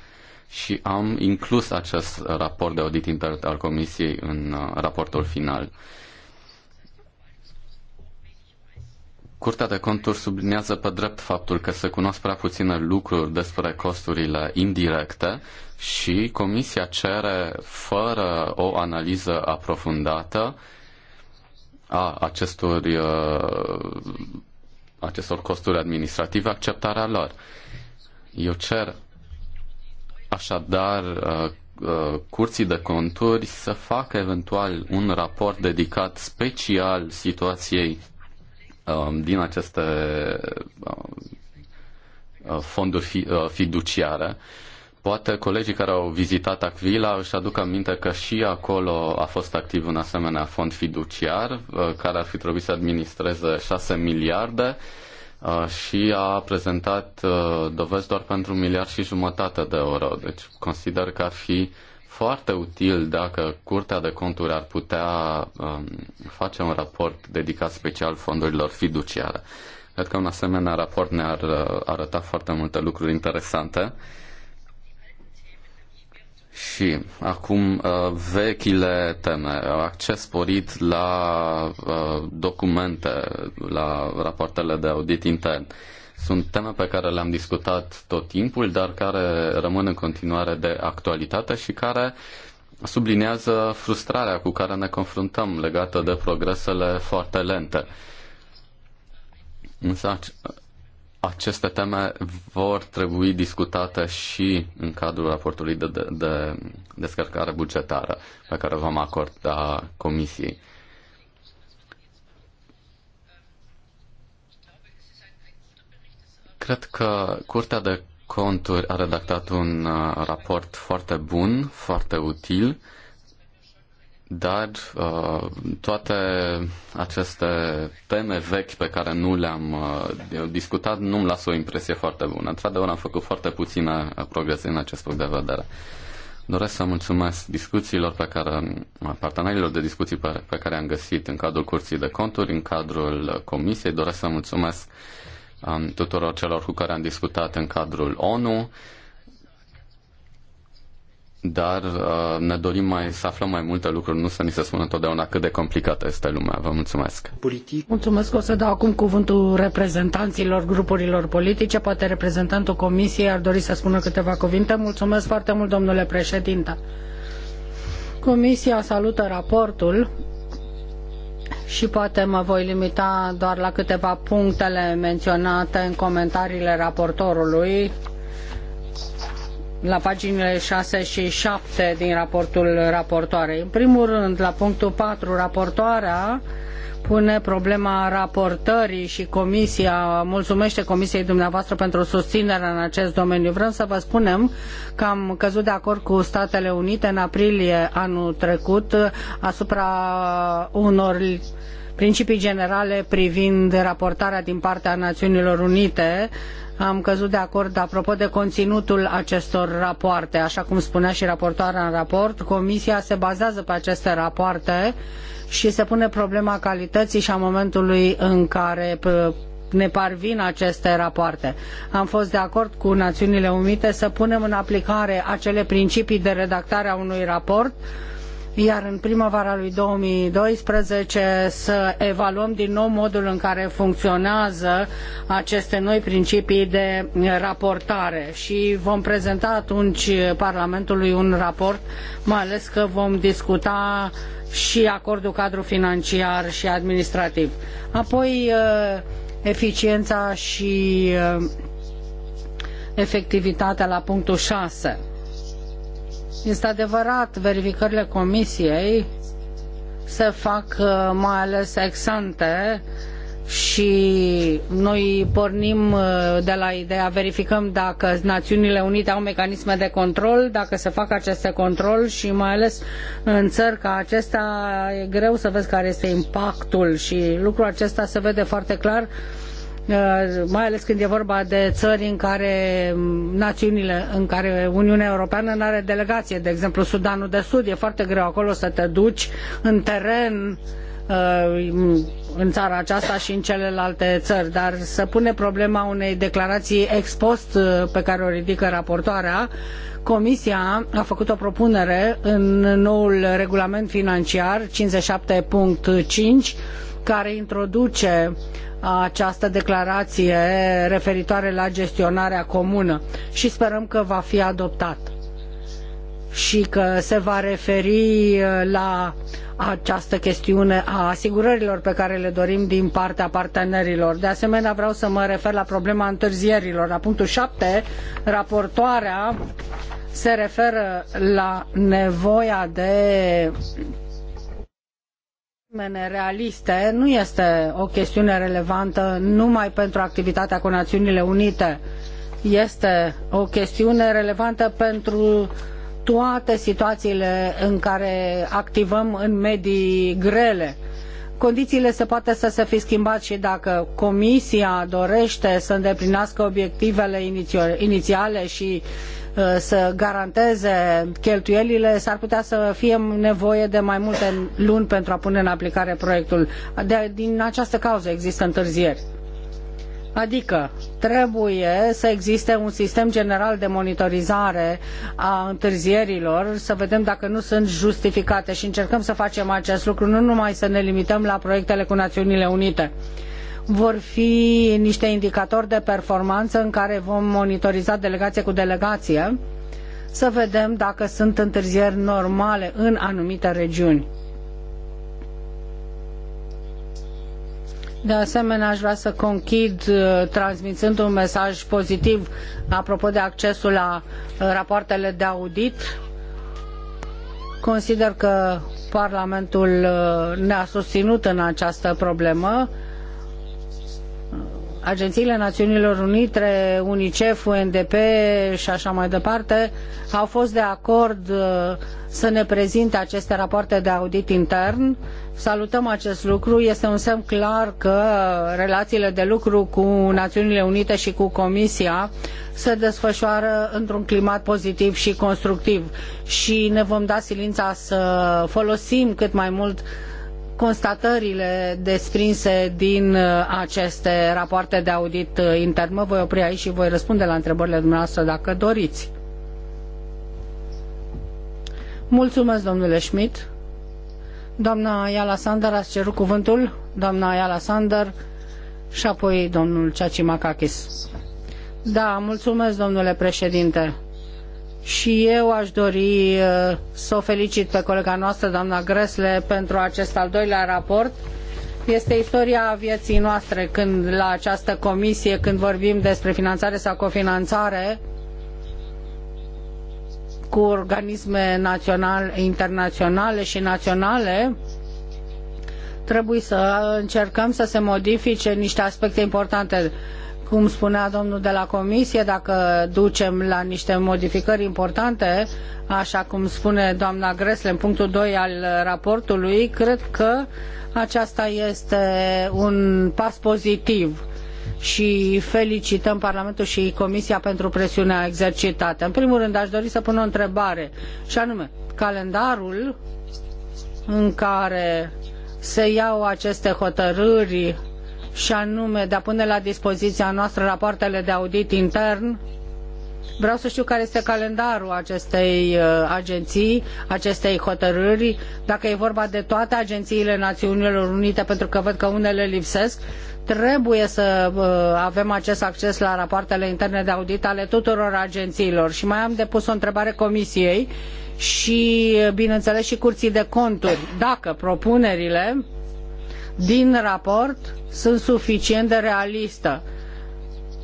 și am inclus acest raport de audit intern al comisiei în uh, raportul final. Uh, Curtea de conturi subliniază pe drept faptul că se cunosc prea puține lucruri despre costurile indirecte și Comisia cere, fără o analiză aprofundată a acestor, uh, acestor costuri administrative, acceptarea lor. Eu cer așadar uh, uh, curții de conturi să facă eventual un raport dedicat special situației Um, din aceste um, uh, fonduri uh, fiduciare. Poate colegii care au vizitat acvila își aduc aminte că și acolo a fost activ un asemenea fond fiduciar uh, care ar fi trebuit să administreze 6 miliarde și a prezentat dovezi doar pentru un miliard și jumătate de euro. Deci consider că ar fi foarte util dacă Curtea de Conturi ar putea um, face un raport dedicat special fondurilor fiduciare. Cred că un asemenea raport ne-ar uh, arăta foarte multe lucruri interesante. Și acum uh, vechile teme, acces sporit la uh, documente, la rapoartele de audit intern. Sunt teme pe care le-am discutat tot timpul, dar care rămân în continuare de actualitate și care sublinează frustrarea cu care ne confruntăm legată de progresele foarte lente. Însă aceste teme vor trebui discutate și în cadrul raportului de, de, de descărcare bugetară pe care vom acorda Comisiei. Cred că Curtea de Conturi a redactat un uh, raport foarte bun, foarte util, dar uh, toate aceste teme vechi pe care nu le-am uh, discutat nu-mi lasă o impresie foarte bună. Într-adevăr, am făcut foarte puține uh, progrese în acest punct de vedere. Doresc să mulțumesc discuțiilor pe care, uh, partenerilor de discuții pe, pe care am găsit în cadrul Curții de Conturi, în cadrul Comisiei. Doresc să mulțumesc uh, um, tuturor celor cu care am discutat în cadrul ONU, dar uh, ne dorim mai, să aflăm mai multe lucruri, nu să ni se spună întotdeauna cât de complicată este lumea. Vă mulțumesc. Politic. Mulțumesc. O să dau acum cuvântul reprezentanților grupurilor politice. Poate reprezentantul Comisiei ar dori să spună câteva cuvinte. Mulțumesc foarte mult, domnule președinte. Comisia salută raportul și poate mă voi limita doar la câteva punctele menționate în comentariile raportorului la paginile 6 și 7 din raportul raportoarei. În primul rând, la punctul 4, raportoarea pune problema raportării și comisia mulțumește comisiei dumneavoastră pentru susținerea în acest domeniu. Vrem să vă spunem că am căzut de acord cu Statele Unite în aprilie anul trecut asupra unor principii generale privind raportarea din partea Națiunilor Unite am căzut de acord apropo de conținutul acestor rapoarte. Așa cum spunea și raportoarea în raport, Comisia se bazează pe aceste rapoarte și se pune problema calității și a momentului în care ne parvin aceste rapoarte. Am fost de acord cu Națiunile Unite să punem în aplicare acele principii de redactare a unui raport iar în primăvara lui 2012 să evaluăm din nou modul în care funcționează aceste noi principii de raportare și vom prezenta atunci Parlamentului un raport, mai ales că vom discuta și acordul cadru financiar și administrativ. Apoi eh, eficiența și eh, efectivitatea la punctul 6 este adevărat, verificările comisiei se fac uh, mai ales ex ante și noi pornim uh, de la ideea, verificăm dacă Națiunile Unite au mecanisme de control, dacă se fac aceste control și mai ales în țări ca acesta e greu să vezi care este impactul și lucrul acesta se vede foarte clar Uh, mai ales când e vorba de țări în care națiunile, în care Uniunea Europeană nu are delegație, de exemplu Sudanul de Sud, e foarte greu acolo să te duci în teren uh, în țara aceasta și în celelalte țări, dar să pune problema unei declarații ex post uh, pe care o ridică raportoarea, Comisia a făcut o propunere în noul regulament financiar 57.5 care introduce această declarație referitoare la gestionarea comună și sperăm că va fi adoptat și că se va referi la această chestiune a asigurărilor pe care le dorim din partea partenerilor. De asemenea, vreau să mă refer la problema întârzierilor. La punctul 7, raportoarea se referă la nevoia de termene realiste nu este o chestiune relevantă numai pentru activitatea cu Națiunile Unite. Este o chestiune relevantă pentru toate situațiile în care activăm în medii grele. Condițiile se poate să se fi schimbat și dacă Comisia dorește să îndeplinească obiectivele inițiale și Uh, să garanteze cheltuielile, s-ar putea să fie nevoie de mai multe luni pentru a pune în aplicare proiectul. De, din această cauză există întârzieri. Adică trebuie să existe un sistem general de monitorizare a întârzierilor, să vedem dacă nu sunt justificate și încercăm să facem acest lucru, nu numai să ne limităm la proiectele cu Națiunile Unite. Uh, vor fi niște indicatori de performanță în care vom monitoriza delegație cu delegație să vedem dacă sunt întârzieri normale în anumite regiuni. De asemenea, aș vrea să conchid uh, transmițând un mesaj pozitiv apropo de accesul la uh, rapoartele de audit. Consider că Parlamentul uh, ne-a susținut în această problemă agențiile Națiunilor Unite, UNICEF, UNDP și așa mai departe au fost de acord uh, să ne prezinte aceste rapoarte de audit intern. Salutăm acest lucru. Este un semn clar că relațiile de lucru cu Națiunile Unite și cu Comisia se desfășoară într-un climat pozitiv și constructiv și ne vom da silința să folosim cât mai mult constatările desprinse din uh, aceste rapoarte de audit uh, intern. Mă voi opri aici și voi răspunde la întrebările dumneavoastră dacă doriți. Mulțumesc, domnule Schmidt. Doamna Ayala Sander, ați cerut cuvântul? Doamna Ayala Sander și apoi domnul Ceaci Macachis. Da, mulțumesc, domnule președinte și eu aș dori uh, să o felicit pe colega noastră, doamna Gresle, pentru acest al doilea raport. Este istoria vieții noastre când la această comisie, când vorbim despre finanțare sau cofinanțare cu organisme naționale, internaționale și naționale, trebuie să încercăm să se modifice niște aspecte importante cum spunea domnul de la comisie, dacă ducem la niște modificări importante, așa cum spune doamna Gresle în punctul 2 al raportului, cred că aceasta este un pas pozitiv și felicităm Parlamentul și Comisia pentru presiunea exercitată. În primul rând, aș dori să pun o întrebare, și anume, calendarul în care se iau aceste hotărâri și anume de a pune la dispoziția noastră rapoartele de audit intern. Vreau să știu care este calendarul acestei uh, agenții, acestei hotărâri, dacă e vorba de toate agențiile Națiunilor Unite, pentru că văd că unele lipsesc, trebuie să uh, avem acest acces la rapoartele interne de audit ale tuturor agențiilor. Și mai am depus o întrebare comisiei și, uh, bineînțeles, și curții de conturi. Dacă propunerile din raport sunt suficient de realistă.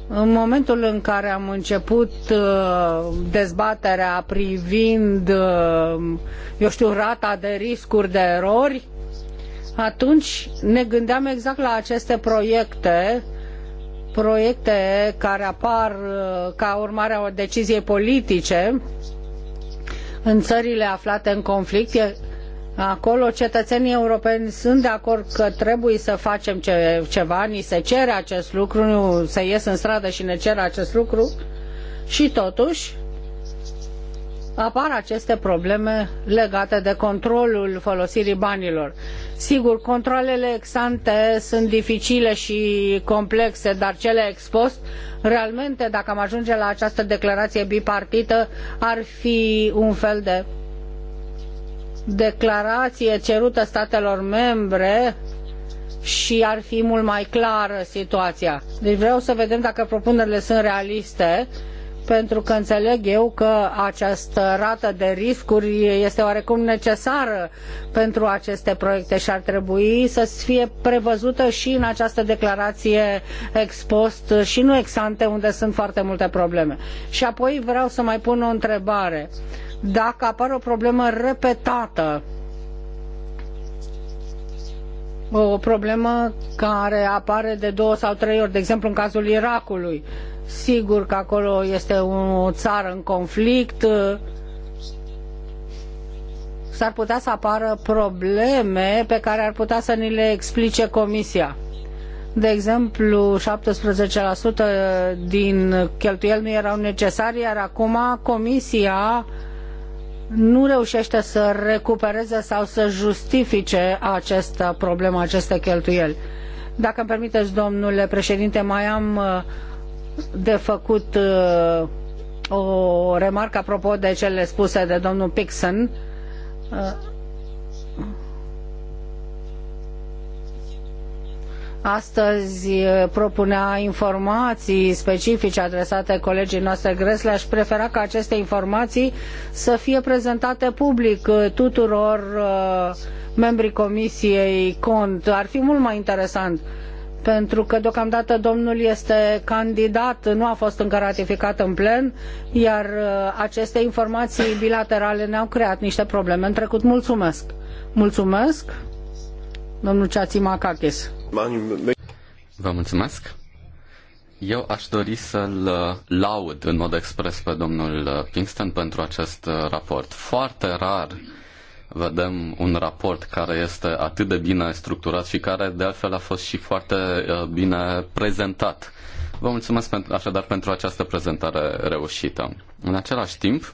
În momentul în care am început uh, dezbaterea privind, uh, eu știu, rata de riscuri de erori, atunci ne gândeam exact la aceste proiecte proiecte care apar uh, ca urmare a deciziei politice în țările aflate în conflict, Acolo cetățenii europeni sunt de acord că trebuie să facem ce, ceva, ni se cere acest lucru, nu se ies în stradă și ne cer acest lucru și totuși apar aceste probleme legate de controlul folosirii banilor. Sigur, controlele ex-ante sunt dificile și complexe, dar cele ex-post, realmente, dacă am ajunge la această declarație bipartită, ar fi un fel de declarație cerută statelor membre și ar fi mult mai clară situația. Deci vreau să vedem dacă propunerile sunt realiste uh, pentru că înțeleg eu că această rată de riscuri este oarecum necesară pentru aceste proiecte și ar trebui să fie prevăzută și în această declarație ex post și nu ex ante, unde sunt foarte multe probleme. Și apoi vreau să mai pun o întrebare. Dacă apare o problemă repetată, o problemă care apare de două sau trei ori, de exemplu în cazul Irakului, Sigur că acolo este o țară în conflict, s-ar putea să apară probleme pe care ar putea să ni le explice Comisia. De exemplu, 17% din cheltuieli nu erau necesare, iar acum Comisia nu reușește să recupereze sau să justifice această problemă, aceste cheltuieli. Dacă îmi permiteți, domnule președinte, mai am de făcut uh, o remarcă apropo de cele spuse de domnul Pixon. Uh, astăzi uh, propunea informații specifice adresate colegii noastre Gresle. Aș prefera ca aceste informații să fie prezentate public tuturor membrii Comisiei Cont. Ar fi mult mai interesant uh, pentru că deocamdată domnul este candidat, nu a fost încă ratificat în plen, iar uh, aceste informații bilaterale ne-au creat niște probleme în trecut. Mulțumesc! Mulțumesc, domnul Ceațimacachis. Vă mulțumesc! Eu aș dori să-l uh, laud în mod expres pe domnul Kingston uh, pentru acest raport. Foarte rar vedem un raport care este atât de bine structurat și care de altfel a fost și foarte uh, bine prezentat. Vă mulțumesc pentru, așadar pentru această prezentare reușită. În același timp,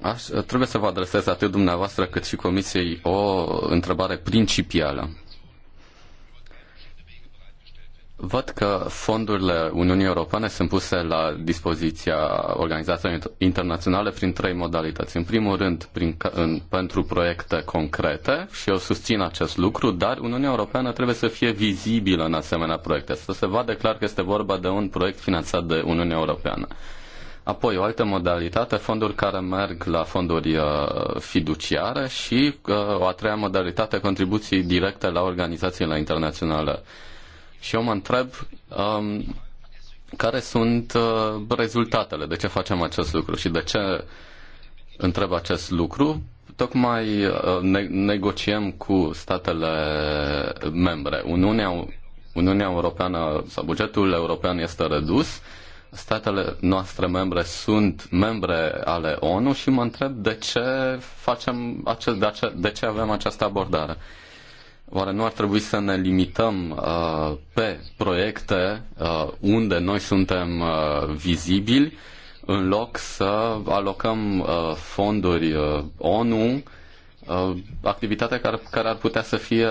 aș, trebuie să vă adresez atât dumneavoastră cât și Comisiei o întrebare principială. Văd că fondurile Uniunii Europene sunt puse la dispoziția organizațiilor internaționale prin trei modalități. În primul rând, prin, în, pentru proiecte concrete și eu susțin acest lucru, dar Uniunea Europeană trebuie să fie vizibilă în asemenea proiecte, să se vadă clar că este vorba de un proiect finanțat de Uniunea Europeană. Apoi, o altă modalitate, fonduri care merg la fonduri uh, fiduciare și uh, o a treia modalitate, contribuții directe la organizațiile internaționale și eu mă întreb um, care sunt uh, rezultatele, de ce facem acest lucru și de ce întreb acest lucru. Tocmai uh, ne- negociem cu statele membre. Uniunea, Uniunea Europeană sau bugetul european este redus, statele noastre membre sunt membre ale ONU și mă întreb de ce facem acest, de, ce, de ce avem această abordare. Uh, Oare nu ar trebui să ne limităm uh, pe proiecte uh, unde noi suntem uh, vizibili, în loc să alocăm uh, fonduri uh, ONU, uh, activitatea care, care ar putea să fie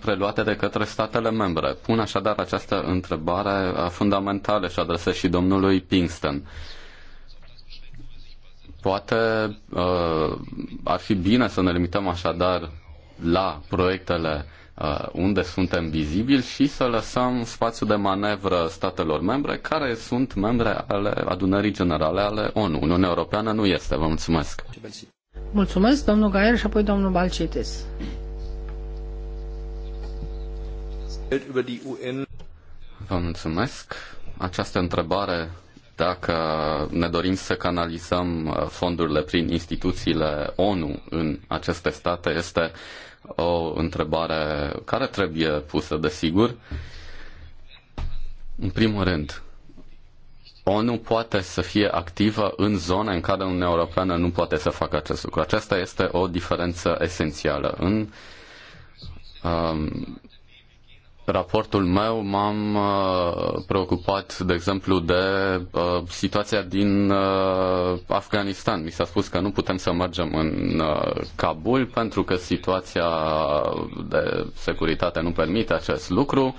preluate de către statele membre? Pun așadar această întrebare uh, fundamentală și adresez și domnului Pinkston. Poate uh, ar fi bine să ne limităm așadar la proiectele uh, Uh, unde suntem vizibili și să lăsăm spațiu de manevră statelor membre care sunt membre ale adunării generale ale ONU. Uniunea Europeană nu este. Vă mulțumesc. Mulțumesc, domnul Gaier și apoi domnul Balcetes. Vă mulțumesc. Această întrebare dacă ne dorim să canalizăm uh, fondurile prin instituțiile ONU în aceste state este o întrebare care trebuie pusă, desigur. În primul rând, ONU poate să fie activă în zone în care Uniunea Europeană nu poate să facă acest lucru. Aceasta este o diferență esențială. În um, raportul meu m-am uh, preocupat, de exemplu, de uh, situația din uh, Afganistan. Mi s-a spus că nu putem să mergem în Kabul pentru că situația de securitate nu permite acest lucru.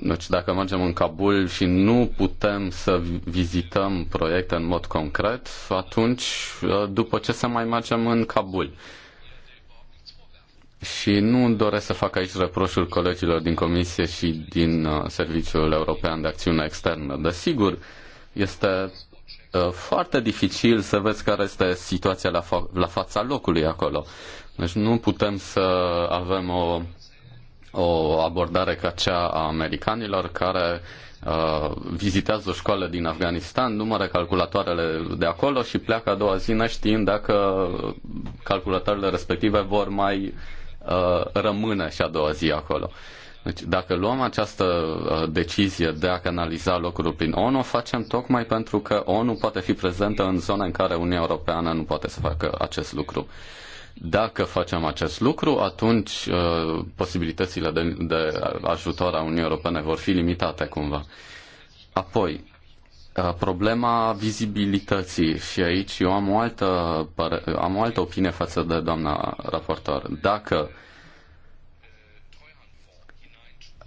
Deci dacă mergem în Kabul și nu putem să vizităm proiecte în mod concret, atunci după ce să mai mergem în Kabul? Și nu doresc să fac aici reproșul colegilor din Comisie și din uh, Serviciul European de Acțiune Externă. Desigur, este uh, foarte dificil să vezi care este situația la, fa- la fața locului acolo. Deci nu putem să avem o, o abordare ca cea a americanilor care uh, vizitează o școală din Afganistan, numără calculatoarele de acolo și pleacă a doua zi neștiind dacă calculatoarele respective vor mai uh, Uh, rămâne și a doua zi acolo. Deci, dacă luăm această uh, decizie de a canaliza lucruri prin ONU, o facem tocmai pentru că ONU poate fi prezentă în zona în care Uniunea Europeană nu poate să facă acest lucru. Dacă facem acest lucru, atunci uh, posibilitățile de, de ajutor a Uniunii Europene vor fi limitate cumva. Apoi, Uh, problema vizibilității și aici eu am o altă, am o altă opinie față de doamna raportor. Dacă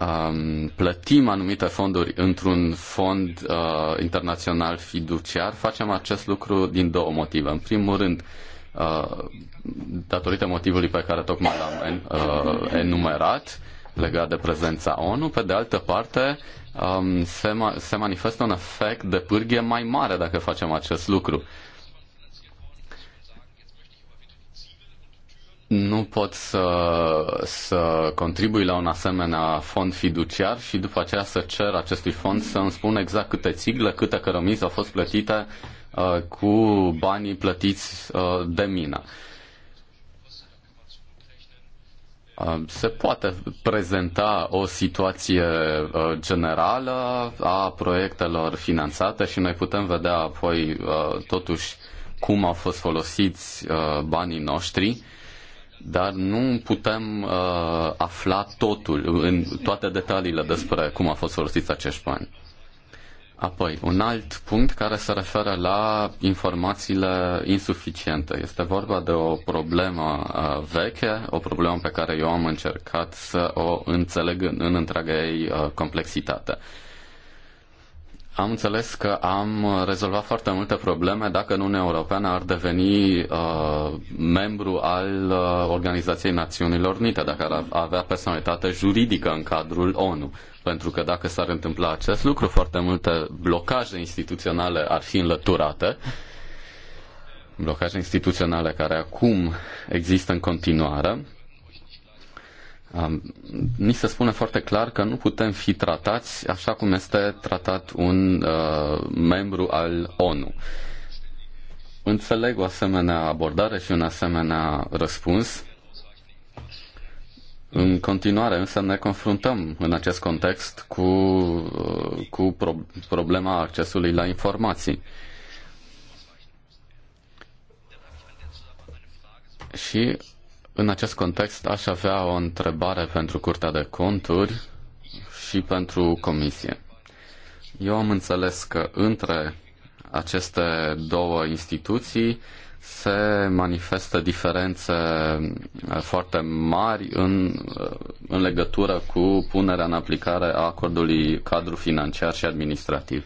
um, plătim anumite fonduri într-un fond uh, internațional fiduciar, facem acest lucru din două motive. În primul rând, uh, datorită motivului pe care tocmai l-am uh, enumerat, uh, legat de prezența ONU. Pe de altă parte, um, se, ma- se manifestă un efect de pârghie mai mare dacă facem acest lucru. Nu pot să, să contribui la un asemenea fond fiduciar și după aceea să cer acestui fond să îmi spun exact câte țigle, câte cărămizi au fost plătite uh, cu banii plătiți uh, de mine. Uh, Uh, se poate prezenta o situație uh, generală a proiectelor finanțate și noi putem vedea apoi uh, totuși cum au fost folosiți banii noștri, dar nu putem afla totul, în toate detaliile despre cum au fost folosiți acești bani. Apoi, un alt punct care se referă la informațiile insuficiente. Este vorba de o problemă uh, veche, o problemă pe care eu am încercat să o înțeleg în întreaga ei uh, complexitate. Am înțeles că am rezolvat foarte multe probleme dacă Uniunea Europeană ar deveni uh, membru al uh, Organizației Națiunilor Unite, dacă ar avea personalitate juridică în cadrul ONU. Pentru că dacă s-ar întâmpla acest lucru, foarte multe blocaje instituționale ar fi înlăturate, blocaje instituționale care acum există în continuare mi se spune foarte clar că nu putem fi tratați așa cum este tratat un uh, membru al ONU. Înțeleg o asemenea abordare și un asemenea răspuns. În continuare, însă, ne confruntăm în acest context cu, uh, cu pro- problema accesului la informații. Și în acest context aș avea o întrebare pentru Curtea de Conturi și pentru Comisie. Eu am înțeles că între aceste două instituții se manifestă diferențe uh, foarte mari în, uh, în legătură cu punerea în aplicare a acordului cadru financiar și administrativ.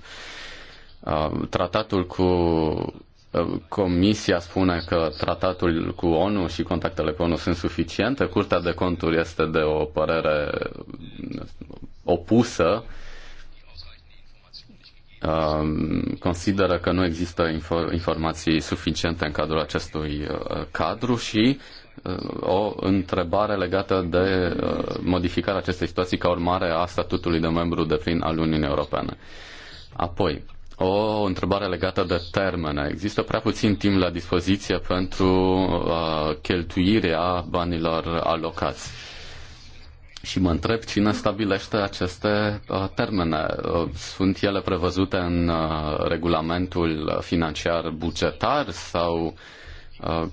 Uh, tratatul cu Comisia spune că tratatul cu ONU și contactele cu ONU sunt suficiente, Curtea de Conturi este de o părere opusă, um, consideră că nu există informații suficiente în cadrul acestui uh, cadru și uh, o întrebare legată de uh, modificarea acestei situații ca urmare a statutului de membru de plin al Uniunii Europene. Apoi, o întrebare legată de termene. Există prea puțin timp la dispoziție pentru uh, cheltuirea banilor alocați. Și mă întreb cine stabilește aceste uh, termene. Uh, sunt ele prevăzute în uh, regulamentul financiar bugetar sau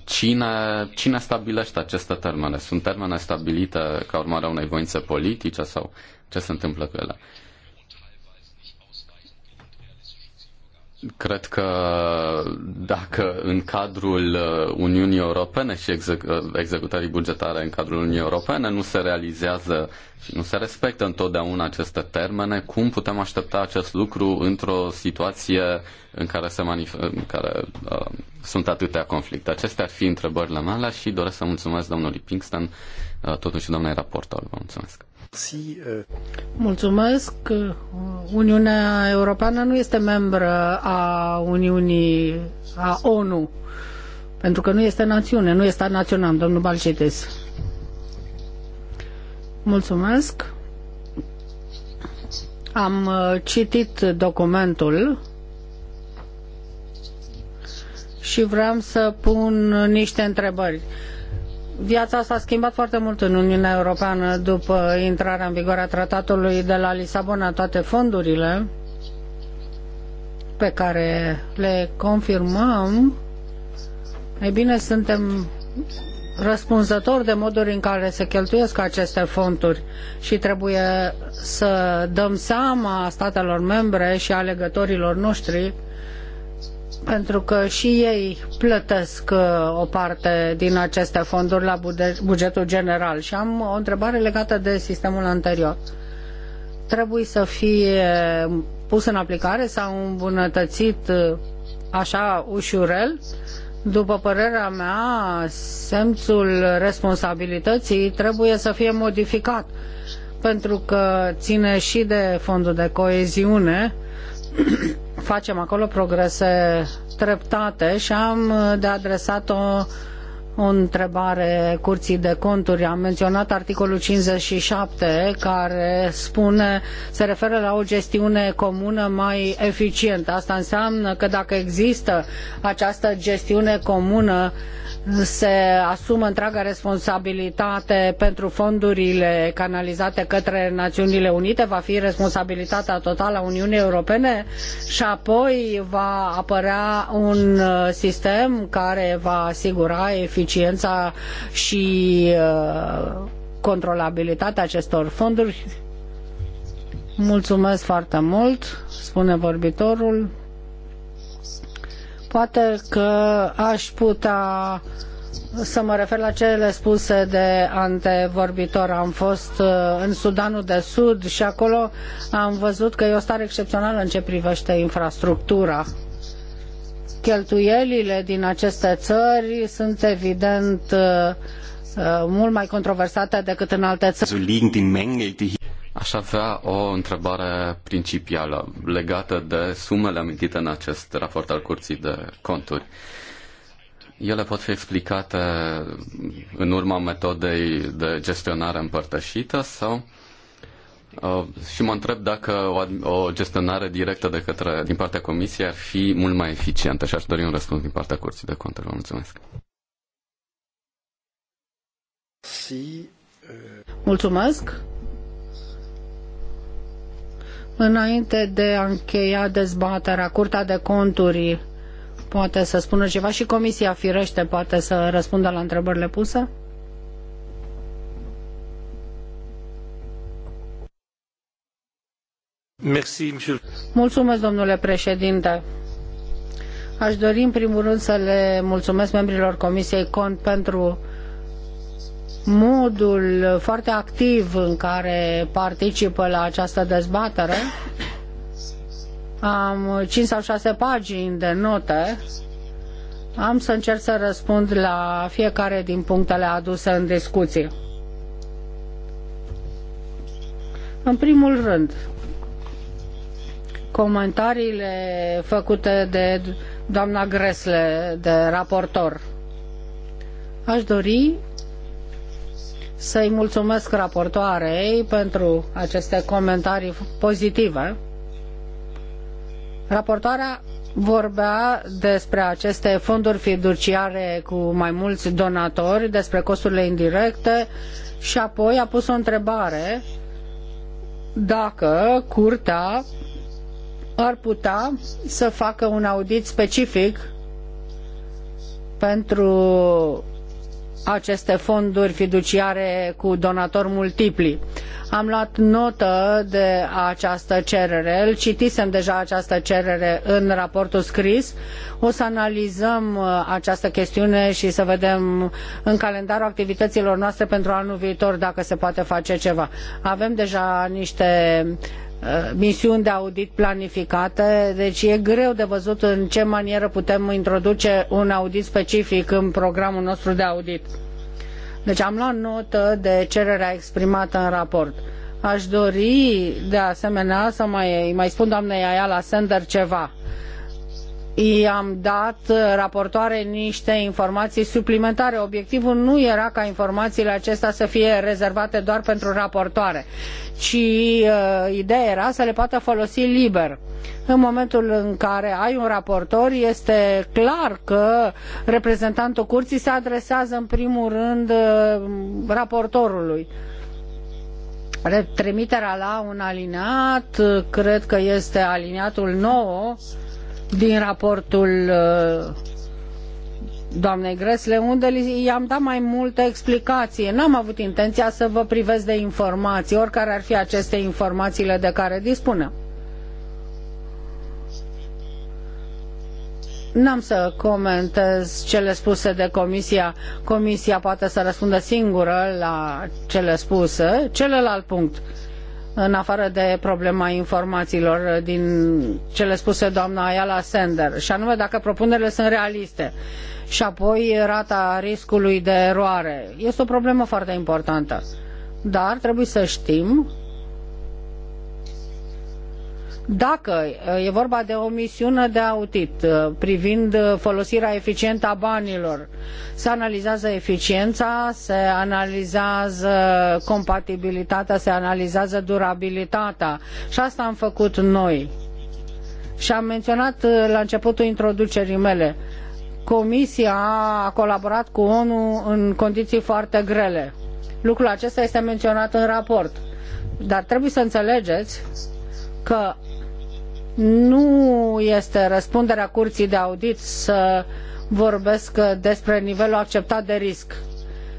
cine, cine stabilește aceste termene? Sunt termene stabilite ca urmare a unei voințe politice sau ce se întâmplă cu ele? Uh, Cred că dacă în cadrul uh, Uniunii Europene și uh, executării bugetare în cadrul Uniunii Europene nu se realizează și nu se respectă întotdeauna aceste termene, cum putem aștepta acest lucru într-o situație în care, se manif- în care uh, sunt atâtea conflicte? Acestea ar fi întrebările mele și doresc să mulțumesc domnului Pinkston, uh, totuși doamnei raportor. Vă mulțumesc. Si, uh... Mulțumesc. Uniunea Europeană nu este membră a Uniunii, a ONU, pentru că nu este națiune, nu este național, domnul Balcetes. Mulțumesc. Am uh, citit documentul și vreau să pun niște întrebări. Viața s-a schimbat foarte mult în Uniunea Europeană după intrarea în vigoare a tratatului de la Lisabona. Toate fondurile pe care le confirmăm, ei bine, suntem răspunzători de moduri în care se cheltuiesc aceste fonduri și trebuie să dăm seama statelor membre și alegătorilor noștri pentru că și ei plătesc uh, o parte din aceste fonduri la bugetul general. Și am o întrebare legată de sistemul anterior. Trebuie să fie pus în aplicare sau îmbunătățit uh, așa ușurel? După părerea mea, semțul responsabilității trebuie să fie modificat pentru că ține și de fondul de coeziune, uh, facem acolo progrese treptate și am de adresat o, o întrebare curții de conturi. Am menționat articolul 57 care spune, se referă la o gestiune comună mai eficientă. Asta înseamnă că dacă există această gestiune comună, se asumă întreaga responsabilitate pentru fondurile canalizate către Națiunile Unite, va fi responsabilitatea totală a Uniunii Europene și apoi va apărea un uh, sistem care va asigura eficiența și uh, controlabilitatea acestor fonduri. Mulțumesc foarte mult, spune vorbitorul. Poate că aș putea să mă refer la cele spuse de antevorbitor. Am fost uh, în Sudanul de Sud și acolo am văzut că e o stare excepțională în ce privește infrastructura. Cheltuielile din aceste țări sunt evident uh, uh, mult mai controversate decât în alte țări. Aș avea o întrebare principială legată de sumele amintite în acest raport al Curții de Conturi. Ele pot fi explicate în urma metodei de gestionare împărtășită sau uh, și mă întreb dacă o, o gestionare directă de către, din partea Comisiei ar fi mult mai eficientă și aș dori un răspuns din partea Curții de Conturi. Vă mulțumesc. Mulțumesc. Înainte de a încheia dezbaterea, Curtea de Conturi poate să spună ceva și Comisia, firește, poate să răspundă la întrebările puse? Mulțumesc, domnule președinte. Aș dori, în primul rând, să le mulțumesc membrilor Comisiei CONT pentru modul foarte activ în care participă la această dezbatere. Am 5 sau 6 pagini de note. Am să încerc să răspund la fiecare din punctele aduse în discuție. În primul rând, comentariile făcute de doamna Gresle, de raportor. Aș dori să-i mulțumesc raportoarei pentru aceste comentarii pozitive. Raportoarea vorbea despre aceste fonduri fiduciare cu mai mulți donatori, despre costurile indirecte și apoi a pus o întrebare dacă curtea ar putea să facă un audit specific pentru aceste fonduri fiduciare cu donatori multipli. Am luat notă de această cerere, îl citisem deja această cerere în raportul scris. O să analizăm uh, această chestiune și să vedem în calendarul activităților noastre pentru anul viitor dacă se poate face ceva. Avem deja niște Uh, misiuni de audit planificate, deci e greu de văzut în ce manieră putem introduce un audit specific în programul nostru de audit. Deci am luat notă de cererea exprimată în raport. Aș dori, de asemenea, să mai, mai spun doamnei Ayala Sender ceva i-am dat raportoare niște informații suplimentare. Obiectivul nu era ca informațiile acestea să fie rezervate doar pentru raportoare, ci uh, ideea era să le poată folosi liber. În momentul în care ai un raportor, este clar că reprezentantul curții se adresează în primul rând uh, raportorului. Trimiterea la un alineat, cred că este alineatul 9, din raportul uh, doamnei Gresle, unde i-am dat mai multă explicație. N-am avut intenția să vă privesc de informații, oricare ar fi aceste informațiile de care dispunem. N-am să comentez cele spuse de comisia. Comisia poate să răspundă singură la cele spuse. Celălalt punct. Uh, în afară de problema informațiilor din cele spuse doamna Ayala Sender, și anume dacă propunerile sunt realiste și apoi rata riscului de eroare. Este o problemă foarte importantă, dar trebuie să știm dacă uh, e vorba de o misiune de audit uh, privind uh, folosirea eficientă a banilor, se analizează eficiența, se analizează compatibilitatea, se analizează durabilitatea și asta am făcut noi. Și am menționat la începutul introducerii mele, Comisia a colaborat cu ONU în condiții foarte grele. Lucrul acesta este menționat în raport. Dar trebuie să înțelegeți că nu este răspunderea curții de audit să vorbesc despre nivelul acceptat de risc.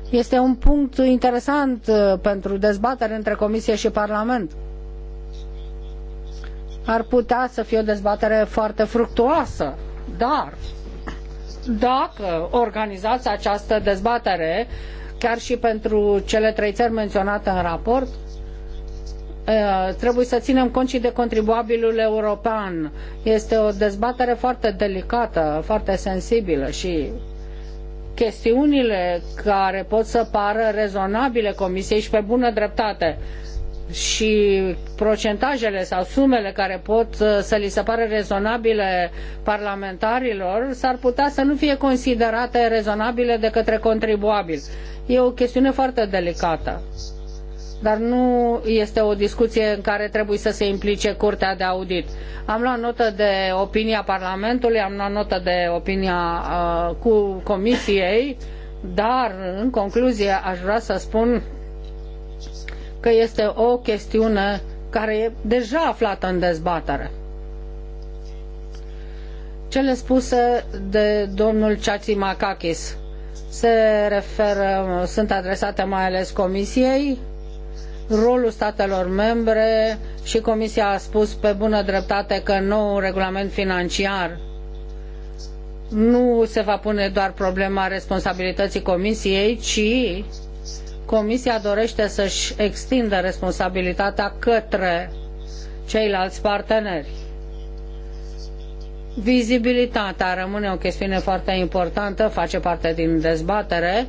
Este un punct interesant uh, pentru dezbatere între Comisie și Parlament. Ar putea să fie o dezbatere foarte fructuoasă, dar dacă organizați această dezbatere, chiar și pentru cele trei țări menționate în raport, Uh, trebuie să ținem cont și de contribuabilul european. Este o dezbatere foarte delicată, foarte sensibilă și chestiunile care pot să pară rezonabile comisiei și pe bună dreptate și procentajele sau sumele care pot uh, să li se pare rezonabile parlamentarilor s-ar putea să nu fie considerate rezonabile de către contribuabil. E o chestiune foarte delicată dar nu este o discuție în care trebuie să se implice Curtea de Audit. Am luat notă de opinia Parlamentului, am luat notă de opinia uh, cu Comisiei, dar în concluzie aș vrea să spun că este o chestiune care e deja aflată în dezbatere. Cele spuse de domnul Ceații se referă, sunt adresate mai ales Comisiei, rolul statelor membre și Comisia a spus pe bună dreptate că noul regulament financiar nu se va pune doar problema responsabilității Comisiei, ci Comisia dorește să-și extindă responsabilitatea către ceilalți parteneri. Vizibilitatea rămâne o chestiune foarte importantă, face parte din dezbatere.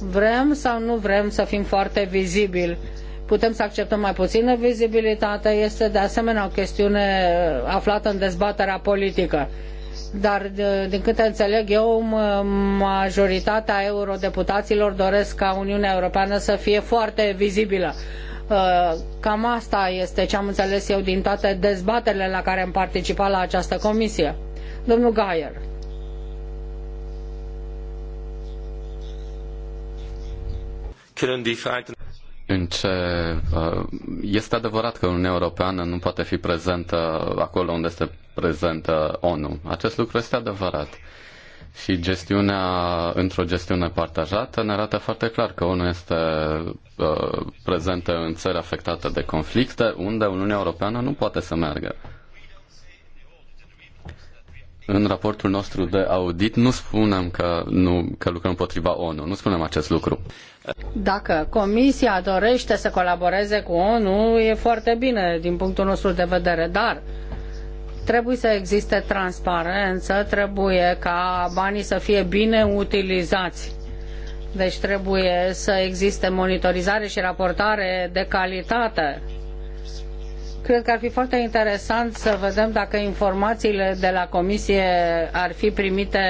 Vrem sau nu vrem să fim foarte vizibili putem să acceptăm mai puțină vizibilitate, este de asemenea o chestiune uh, aflată în dezbaterea politică. Dar, uh, din câte înțeleg eu, majoritatea eurodeputaților doresc ca Uniunea Europeană să fie foarte vizibilă. Uh, cam asta este ce am înțeles eu din toate dezbaterile la care am participat la această comisie. Domnul Gaier în ce uh, este adevărat că Uniunea Europeană nu poate fi prezentă acolo unde este prezentă ONU. Acest lucru este adevărat. Și gestiunea, într-o gestiune partajată, ne arată foarte clar că ONU este uh, prezentă în țări afectate de conflicte, unde Uniunea Europeană nu poate să meargă. În raportul nostru de audit nu spunem că, nu, că lucrăm împotriva ONU, nu spunem acest lucru. Dacă Comisia dorește să colaboreze cu ONU, e foarte bine din punctul nostru de vedere, dar trebuie să existe transparență, trebuie ca banii să fie bine utilizați. Deci trebuie să existe monitorizare și raportare de calitate Cred că ar fi foarte interesant să vedem dacă informațiile de la comisie ar fi primite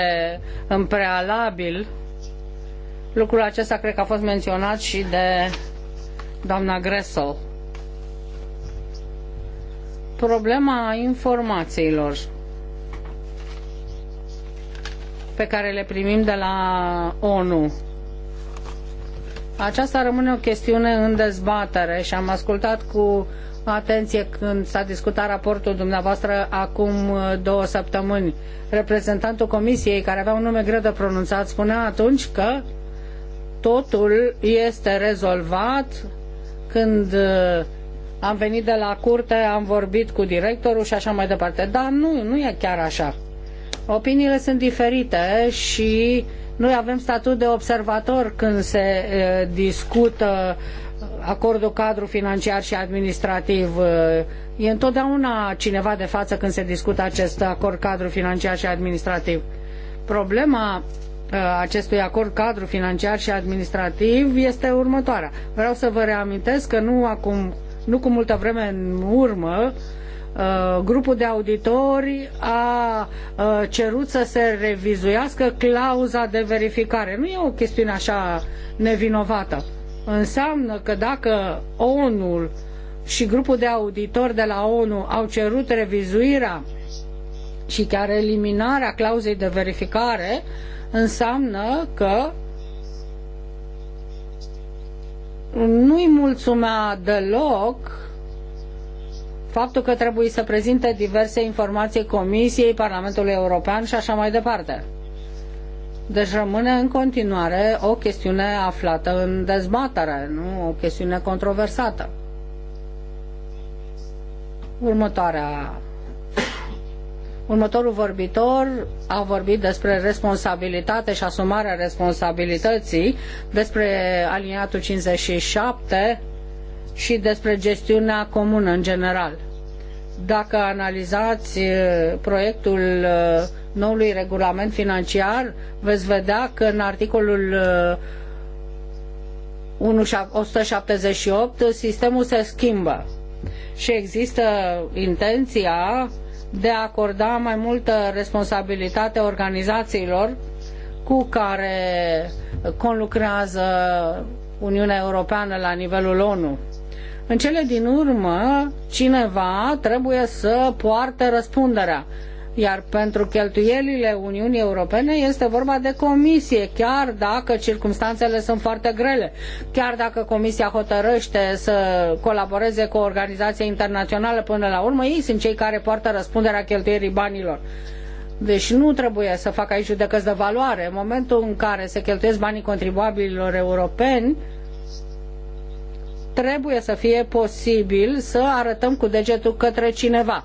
în prealabil. Lucrul acesta cred că a fost menționat și de doamna Gressel. Problema informațiilor pe care le primim de la ONU. Aceasta rămâne o chestiune în dezbatere și am ascultat cu atenție când s-a discutat raportul dumneavoastră acum uh, două săptămâni. Reprezentantul comisiei, care avea un nume greu de pronunțat, spunea atunci că totul este rezolvat când uh, am venit de la curte, am vorbit cu directorul și așa mai departe. Dar nu, nu e chiar așa. Opiniile sunt diferite și noi avem statut de observator când se uh, discută acordul cadru financiar și administrativ. E întotdeauna cineva de față când se discută acest acord cadru financiar și administrativ. Problema uh, acestui acord cadru financiar și administrativ este următoarea. Vreau să vă reamintesc că nu acum, nu cu multă vreme în urmă, uh, grupul de auditori a uh, cerut să se revizuiască clauza de verificare. Nu e o chestiune așa nevinovată. Înseamnă că dacă ONU și grupul de auditori de la ONU au cerut revizuirea și chiar eliminarea clauzei de verificare, înseamnă că nu-i mulțumea deloc faptul că trebuie să prezinte diverse informații Comisiei, Parlamentului European și așa mai departe. Deci rămâne în continuare o chestiune aflată în dezbatere, nu o chestiune controversată. Următoarea Următorul vorbitor a vorbit despre responsabilitate și asumarea responsabilității, despre aliniatul 57 și despre gestiunea comună în general. Dacă analizați eh, proiectul uh, noului regulament financiar, veți vedea că în articolul 178 uh, sistemul se schimbă și există intenția de a acorda mai multă responsabilitate organizațiilor cu care conlucrează Uniunea Europeană la nivelul ONU. În cele din urmă, cineva trebuie să poarte răspunderea iar pentru cheltuielile Uniunii Europene este vorba de comisie, chiar dacă circumstanțele sunt foarte grele, chiar dacă comisia hotărăște să colaboreze cu o organizație internațională până la urmă, ei sunt cei care poartă răspunderea cheltuierii banilor. Deci nu trebuie să fac aici judecăți de valoare. În momentul în care se cheltuiesc banii contribuabililor europeni, trebuie să fie posibil să arătăm cu degetul către cineva.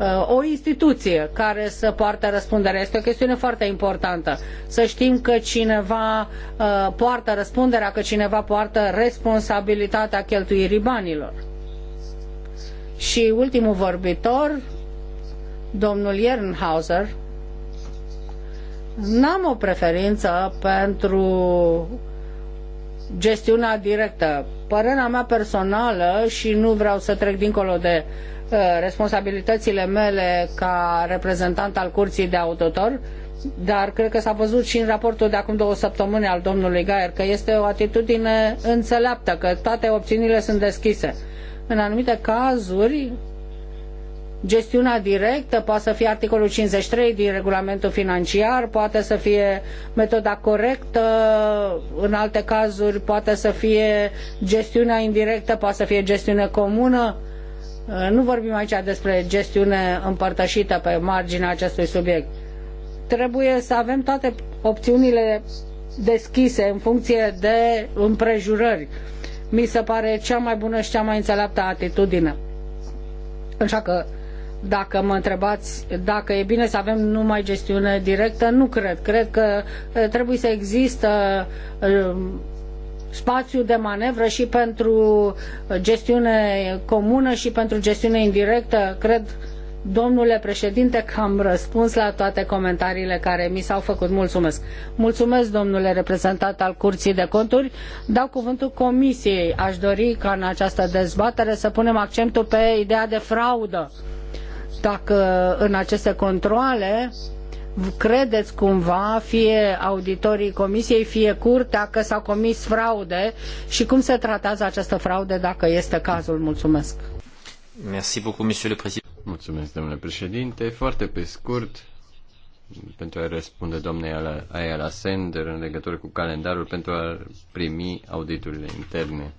Uh, o instituție care să poartă răspunderea. Este o chestiune foarte importantă. Să știm că cineva uh, poartă răspunderea, că cineva poartă responsabilitatea cheltuirii banilor. Și ultimul vorbitor, domnul Jernhauser, n-am o preferință pentru gestiunea directă. Părerea mea personală și nu vreau să trec dincolo de uh, responsabilitățile mele ca reprezentant al Curții de Autotor, dar cred că s-a văzut și în raportul de acum două săptămâni al domnului Gaier că este o atitudine înțeleaptă, că toate opțiunile sunt deschise. În anumite cazuri, gestiunea directă poate să fie articolul 53 din regulamentul financiar, poate să fie metoda corectă, în alte cazuri poate să fie gestiunea indirectă, poate să fie gestiune comună Uh, nu vorbim aici despre gestiune împărtășită pe marginea acestui subiect. Trebuie să avem toate opțiunile deschise în funcție de împrejurări. Mi se pare cea mai bună și cea mai înțeleaptă atitudine. Așa că, dacă mă întrebați dacă e bine să avem numai gestiune directă, nu cred. Cred că uh, trebuie să existe uh, spațiu de manevră și pentru gestiune comună și pentru gestiune indirectă. Cred, domnule președinte, că am răspuns la toate comentariile care mi s-au făcut. Mulțumesc. Mulțumesc, domnule reprezentant al Curții de Conturi. Dau cuvântul Comisiei. Aș dori ca în această dezbatere să punem accentul pe ideea de fraudă. Dacă în aceste controle credeți cumva, fie auditorii comisiei, fie curtea, că s-au comis fraude și cum se tratează această fraude dacă este cazul? Mulțumesc! Mulțumesc, domnule președinte. Foarte pe scurt, pentru a răspunde doamnei Ayala Sender în legătură cu calendarul pentru a primi auditurile interne.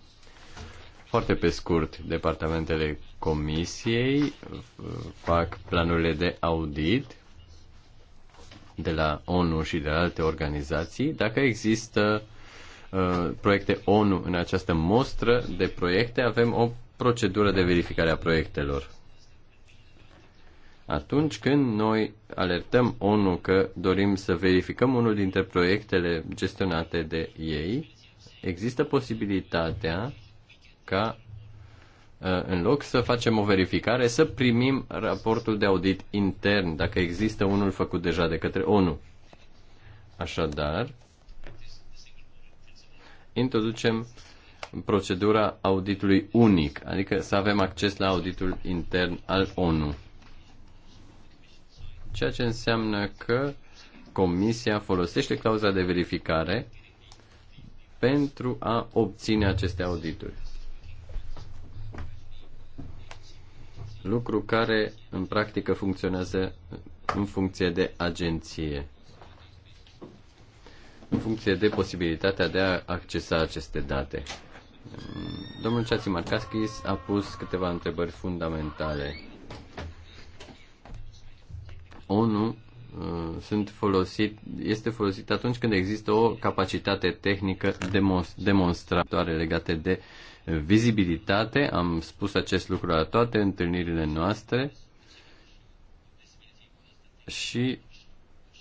Foarte pe scurt, departamentele comisiei uh, fac planurile de audit de la ONU și de la alte organizații, dacă există uh, proiecte ONU în această mostră de proiecte, avem o procedură de verificare a proiectelor. Atunci când noi alertăm ONU că dorim să verificăm unul dintre proiectele gestionate de ei, există posibilitatea ca Uh, în loc să facem o verificare, să primim raportul de audit intern, dacă există unul făcut deja de către ONU. Așadar, introducem procedura auditului unic, adică să avem acces la auditul intern al ONU. Ceea ce înseamnă că Comisia folosește clauza de verificare pentru a obține aceste audituri. lucru care în practică funcționează în funcție de agenție, în funcție de posibilitatea de a accesa aceste date. Domnul Ceații Marcaschis a pus câteva întrebări fundamentale. ONU uh, sunt folosit, este folosit atunci când există o capacitate tehnică demonstratoare legate de uh, vizibilitate. Am spus acest lucru la toate întâlnirile noastre și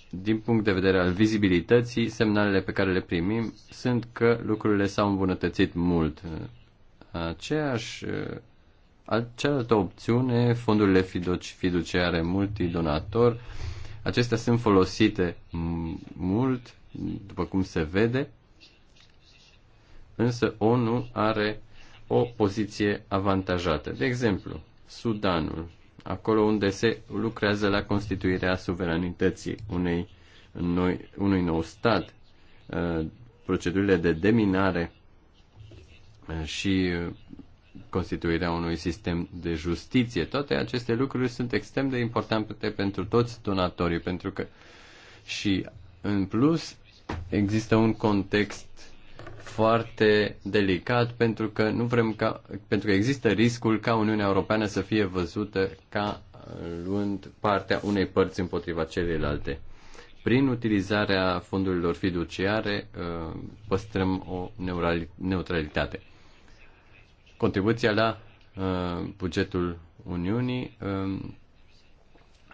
din punct de vedere al vizibilității, semnalele pe care le primim sunt că lucrurile s-au îmbunătățit mult. Aceeași, cealaltă opțiune, fondurile fiduciare multidonator, acestea sunt folosite mult, după cum se vede, însă ONU are o poziție avantajată. De exemplu, Sudanul, acolo unde se lucrează la constituirea suveranității unei, noi, unui nou stat, uh, procedurile de deminare uh, și constituirea unui sistem de justiție. Toate aceste lucruri sunt extrem de importante pentru toți donatorii, pentru că și în plus există un context foarte delicat pentru că nu vrem ca, pentru că există riscul ca Uniunea Europeană să fie văzută ca luând partea unei părți împotriva celelalte. Prin utilizarea fondurilor fiduciare uh, păstrăm o neutralitate. Contribuția la uh, bugetul Uniunii um,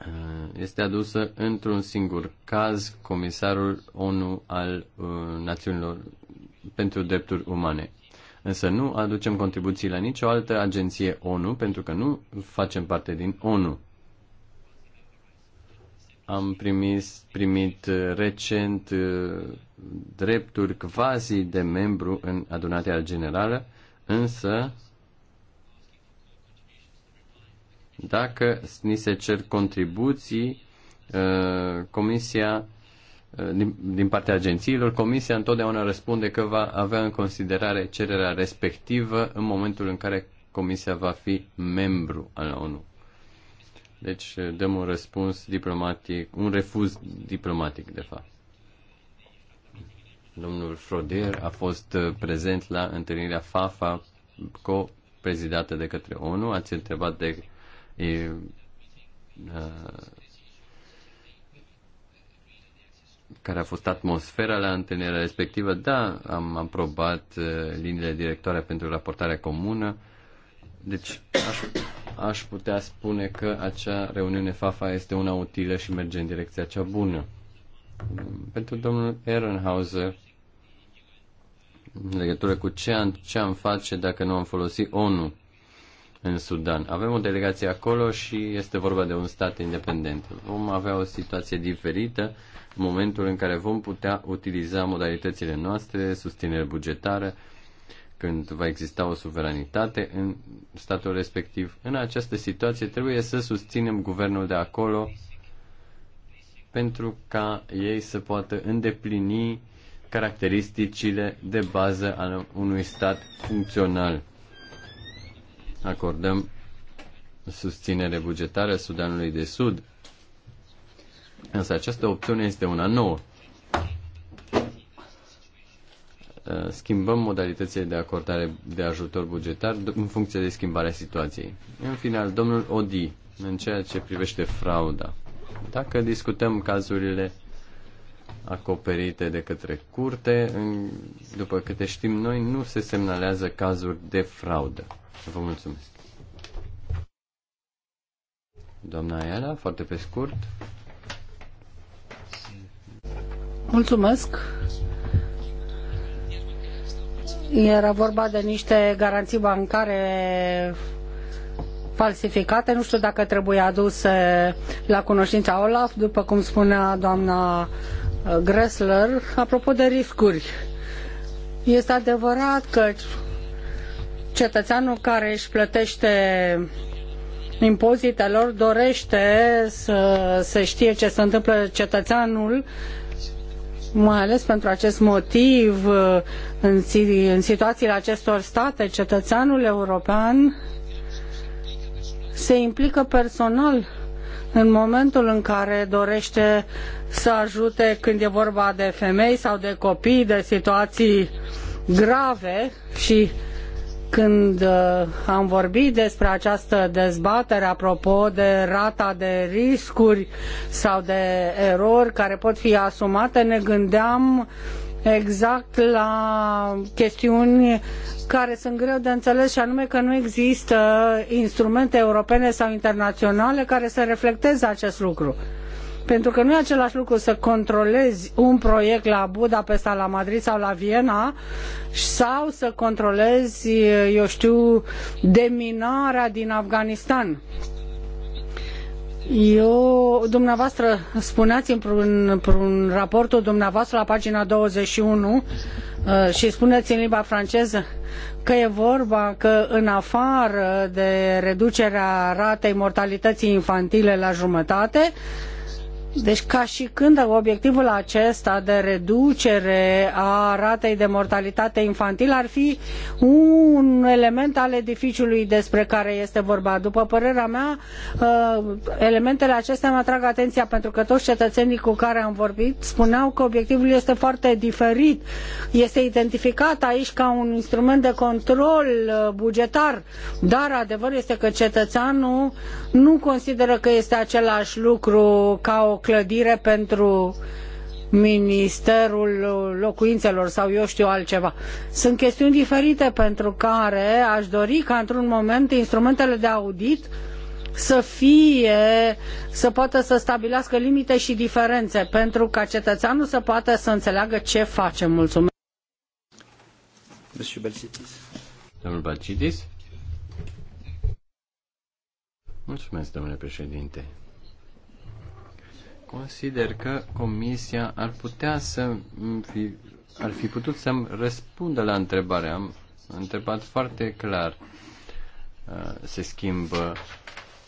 uh, este adusă într-un singur caz comisarul ONU al Națiunilor pentru drepturi umane. Însă nu aducem contribuții la nicio altă agenție ONU pentru că nu facem parte din ONU. Am primis, primit uh, recent uh, drepturi quasi de membru în adunarea generală, însă dacă ni se cer contribuții, uh, Comisia Uh, din, din partea agențiilor, Comisia întotdeauna răspunde că va avea în considerare cererea respectivă în momentul în care Comisia va fi membru al ONU. Deci uh, dăm un răspuns diplomatic, un refuz diplomatic, de fapt. Domnul Frodier a fost uh, prezent la întâlnirea FAFA co-prezidată de către ONU. Ați întrebat de e, care a fost atmosfera la întâlnirea respectivă. Da, am aprobat uh, liniile directoare pentru raportarea comună. Deci aș, aș putea spune că acea reuniune FAFA este una utilă și merge în direcția cea bună. Pentru domnul Ehrenhauser, în legătură cu ce am, ce am face dacă nu am folosit ONU, în Sudan. Avem o delegație acolo și este vorba de un stat independent. Vom avea o situație diferită în momentul în care vom putea utiliza modalitățile noastre, susținere bugetară, când va exista o suveranitate în statul respectiv. În această situație trebuie să susținem guvernul de acolo pentru ca ei să poată îndeplini caracteristicile de bază ale unui stat funcțional acordăm susținere bugetară Sudanului de Sud, însă această opțiune este una nouă. Uh, schimbăm modalitățile de acordare de ajutor bugetar în funcție de schimbarea situației. În final, domnul Odi, în ceea ce privește frauda, dacă discutăm cazurile acoperite de către curte. În, după câte știm noi, nu se semnalează cazuri de fraudă. Vă mulțumesc. Doamna Ayala, foarte pe scurt. Mulțumesc. Era vorba de niște garanții bancare falsificate, nu știu dacă trebuie aduse la cunoștința Olaf, după cum spunea doamna Uh, Gressler apropo de riscuri. Este adevărat că cetățeanul care își plătește impozitelor dorește să se știe ce se întâmplă cetățeanul mai ales pentru acest motiv uh, în, în situațiile acestor state cetățeanul european se implică personal în momentul în care dorește să ajute când e vorba de femei sau de copii, de situații grave și când uh, am vorbit despre această dezbatere apropo de rata de riscuri sau de erori care pot fi asumate, ne gândeam uh, exact la chestiuni care sunt greu de înțeles și anume că nu există instrumente europene sau internaționale care să reflecteze acest lucru. Pentru că nu e același lucru să controlezi un proiect la Budapesta, la Madrid sau la Viena sau să controlezi, eu știu, deminarea din Afganistan eu, dumneavoastră, spuneați într-un, în raportul dumneavoastră la pagina 21 uh, și spuneți în limba franceză că e vorba că în afară de reducerea ratei mortalității infantile la jumătate, uh, deci ca și când obiectivul acesta de reducere a ratei de mortalitate infantilă ar fi un element al edificiului despre care este vorba. După părerea mea, uh, elementele acestea mă atrag atenția pentru că toți cetățenii cu care am vorbit spuneau că obiectivul este foarte diferit. Este identificat aici ca un instrument de control uh, bugetar, dar adevărul este că cetățeanul nu consideră că este același lucru ca o clădire pentru Ministerul Locuințelor sau eu știu altceva. Sunt chestiuni diferite pentru care aș dori ca într-un moment instrumentele de audit să fie, să poată să stabilească limite și diferențe pentru ca cetățeanul să poată să înțeleagă ce face. Mulțumesc. Domnul Balcitis. Mulțumesc, domnule președinte. Consider că Comisia ar putea să fi, ar fi putut să-mi răspundă la întrebare. Am întrebat foarte clar. Uh, se schimbă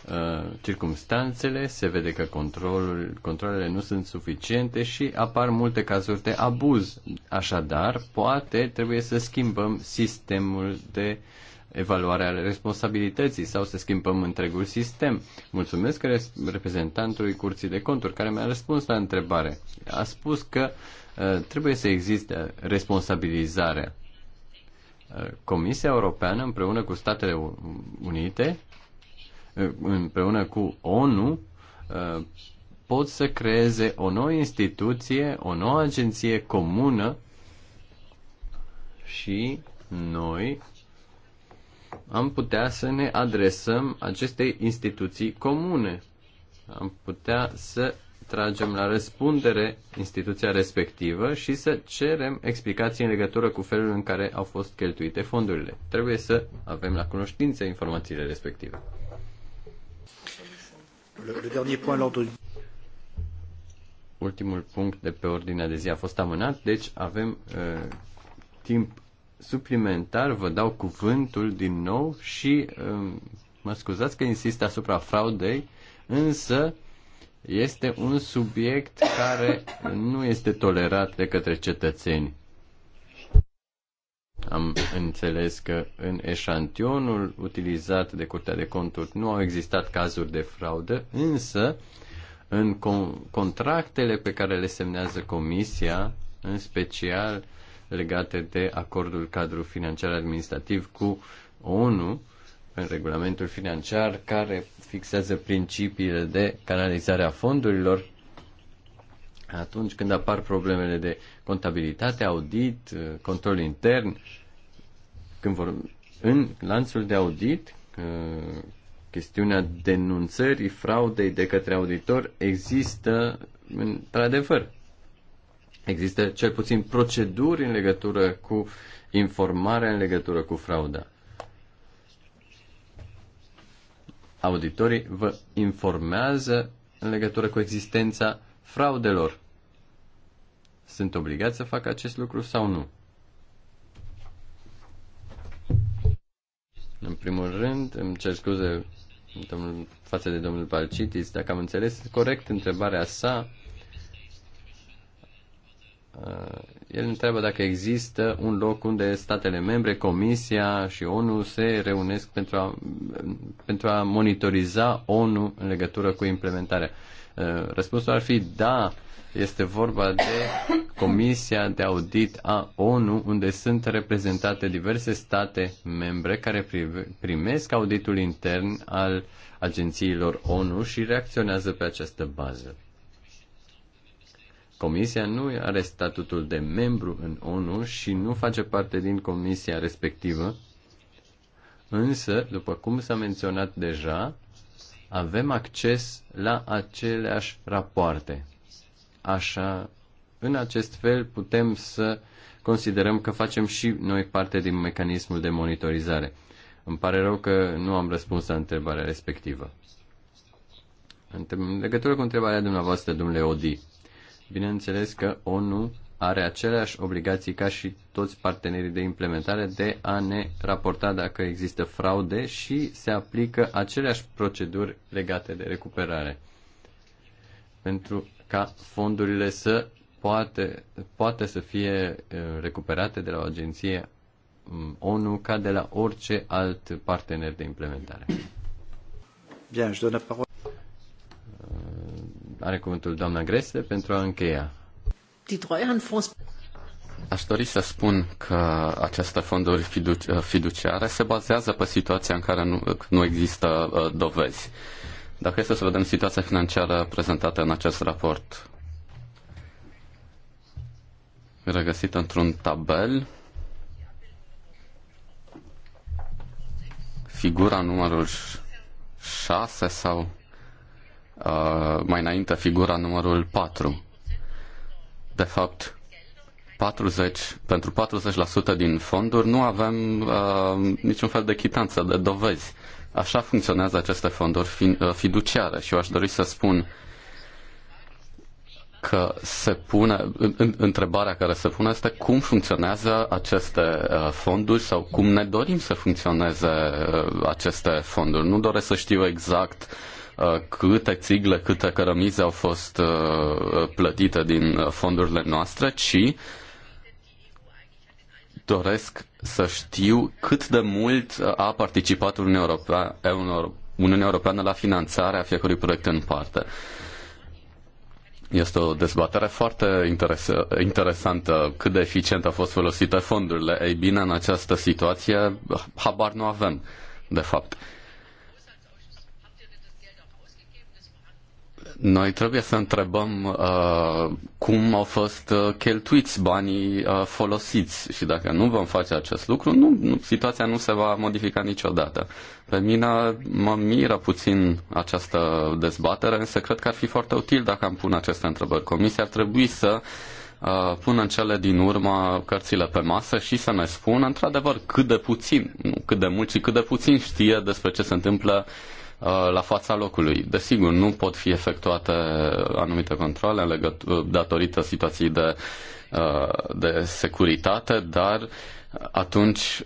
uh, circumstanțele, se vede că controlul, controlele nu sunt suficiente și apar multe cazuri de abuz. Așadar, poate trebuie să schimbăm sistemul de uh, evaluarea responsabilității sau să schimbăm întregul sistem. Mulțumesc reprezentantului Curții de Conturi care mi-a răspuns la întrebare. A spus că uh, trebuie să existe responsabilizare. Uh, Comisia Europeană împreună cu Statele Unite, uh, împreună cu ONU, uh, pot să creeze o nouă instituție, o nouă agenție comună și noi am putea să ne adresăm acestei instituții comune. Am putea să tragem la răspundere instituția respectivă și să cerem explicații în legătură cu felul în care au fost cheltuite fondurile. Trebuie să avem la cunoștință informațiile respective. Ultimul punct de pe ordinea de zi a fost amânat, deci avem uh, timp suplimentar vă dau cuvântul din nou și um, mă scuzați că insist asupra fraudei, însă este un subiect care nu este tolerat de către cetățeni. Am înțeles că în eșantionul utilizat de Curtea de Conturi nu au existat cazuri de fraudă, însă în contractele pe care le semnează Comisia, în special uh, legate de acordul cadru financiar administrativ cu ONU în regulamentul financiar care fixează principiile de canalizare a fondurilor atunci când apar problemele de contabilitate, audit, control intern, când vor, în lanțul de audit, uh, chestiunea denunțării fraudei de către auditor există într-adevăr. Există cel puțin proceduri în legătură cu informarea în legătură cu frauda. Auditorii vă informează în legătură cu existența fraudelor. Sunt obligați să facă acest lucru sau nu? În primul rând, îmi cer scuze domnul, față de domnul Palcitis, dacă am înțeles corect întrebarea sa, Uh, el întreabă dacă există un loc unde statele membre, Comisia și ONU se reunesc pentru a, pentru a monitoriza ONU în legătură cu implementarea. Uh, răspunsul ar fi da, este vorba de Comisia de Audit a ONU, unde sunt reprezentate diverse state membre care primesc auditul intern al agențiilor ONU și reacționează pe această bază. Comisia nu are statutul de membru în ONU și nu face parte din comisia respectivă, însă, după cum s-a menționat deja, avem acces la aceleași rapoarte. Așa, în acest fel putem să considerăm că facem și noi parte din mecanismul de monitorizare. Îmi pare rău că nu am răspuns la întrebarea respectivă. În legătură cu întrebarea dumneavoastră, domnule Odi, bineînțeles că ONU are aceleași obligații ca și toți partenerii de implementare de a ne raporta dacă există fraude și se aplică aceleași proceduri legate de recuperare. Pentru ca fondurile să poate, poate să fie eh, recuperate de la o agenție mm, ONU ca de la orice alt partener de implementare. Bine, are cuvântul doamna Grese pentru a încheia. Aș dori să spun că această fonduri fiduciare se bazează pe situația în care nu, nu există uh, dovezi. Dacă este să vedem situația financiară prezentată în acest raport, regăsită într-un tabel, figura numărul 6 sau Uh, mai înainte figura numărul 4. De fapt, 40, pentru 40% din fonduri nu avem uh, niciun fel de chitanță, de dovezi. Așa funcționează aceste fonduri fi, uh, fiduciare și eu aș dori să spun că se pune, în, întrebarea care se pune este cum funcționează aceste uh, fonduri sau cum ne dorim să funcționeze uh, aceste fonduri. Nu doresc să știu exact uh, Uh, câte țigle, câte cărămizi au fost uh, plătite din uh, fondurile noastre, ci doresc să știu cât de mult a participat Uniunea Europeană, la finanțarea fiecărui proiect în parte. Este o dezbatere foarte interes- interesantă cât de eficient au fost folosite fondurile. Ei bine, în această situație, habar nu avem, de fapt. Uh, Noi trebuie să întrebăm uh, cum au fost uh, cheltuiți banii uh, folosiți și dacă nu vom face acest lucru, nu, nu, situația nu se va modifica niciodată. Pe mine mă miră puțin această dezbatere, însă cred că ar fi foarte util dacă am pun aceste întrebări. Comisia ar trebui să uh, pună în cele din urmă cărțile pe masă și să ne spună într-adevăr cât de puțin, nu cât de mult, ci cât de puțin știe despre ce se întâmplă Uh, la fața locului. Desigur, nu pot fi efectuate anumite controle legăt- uh, datorită situației de, uh, de securitate, dar atunci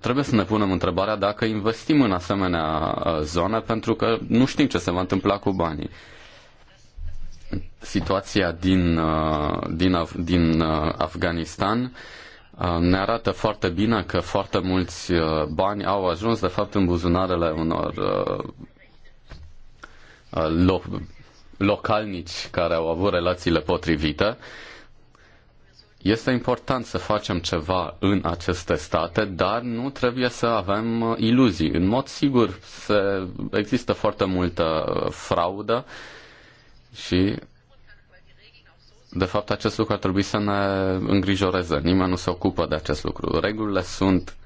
trebuie să ne punem întrebarea dacă investim în asemenea zone, pentru că nu știm ce se va întâmpla cu banii. Situația din, din, din Afganistan Uh, ne arată foarte bine că foarte mulți uh, bani au ajuns de fapt în buzunarele unor uh, lo- localnici care au avut relațiile potrivite. Este important să facem ceva în aceste state, dar nu trebuie să avem iluzii. În mod sigur se, există foarte multă fraudă și de fapt, acest lucru ar trebui să ne îngrijoreze. Nimeni nu se ocupă de acest lucru. Regulile sunt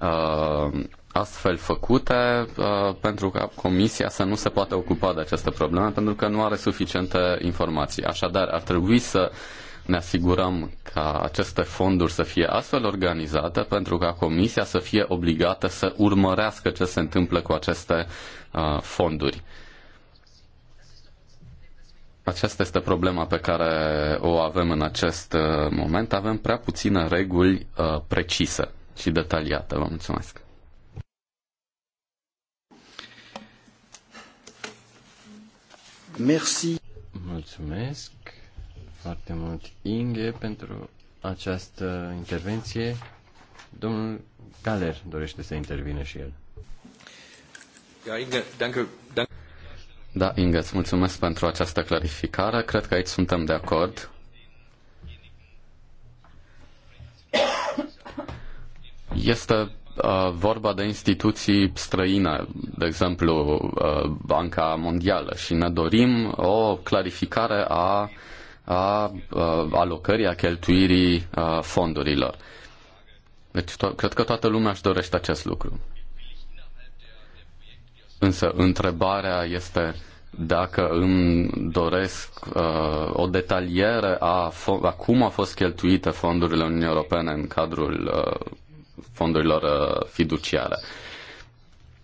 uh, astfel făcute uh, pentru ca Comisia să nu se poată ocupa de această problemă, pentru că nu are suficiente informații. Așadar, ar trebui să ne asigurăm ca aceste fonduri să fie astfel organizate pentru ca Comisia să fie obligată să urmărească ce se întâmplă cu aceste uh, fonduri. Uh, aceasta este problema pe care o avem în acest uh, moment. Avem prea puține reguli uh, precise și detaliate. Vă mulțumesc. Merci. Mulțumesc foarte mult, Inge, pentru această intervenție. Domnul Galer dorește să intervine și el. Ja, Inge, danke da, Inga, îți mulțumesc pentru această clarificare. Cred că aici suntem de acord. Este uh, vorba de instituții străine, de exemplu uh, Banca Mondială și ne dorim o clarificare a, a uh, alocării, a cheltuirii fondurilor. Deci to- cred că toată lumea își dorește acest lucru. Însă întrebarea este dacă îmi doresc uh, o detaliere a, a cum au fost cheltuite fondurile Uniunii Europene în cadrul uh, fondurilor uh, fiduciare.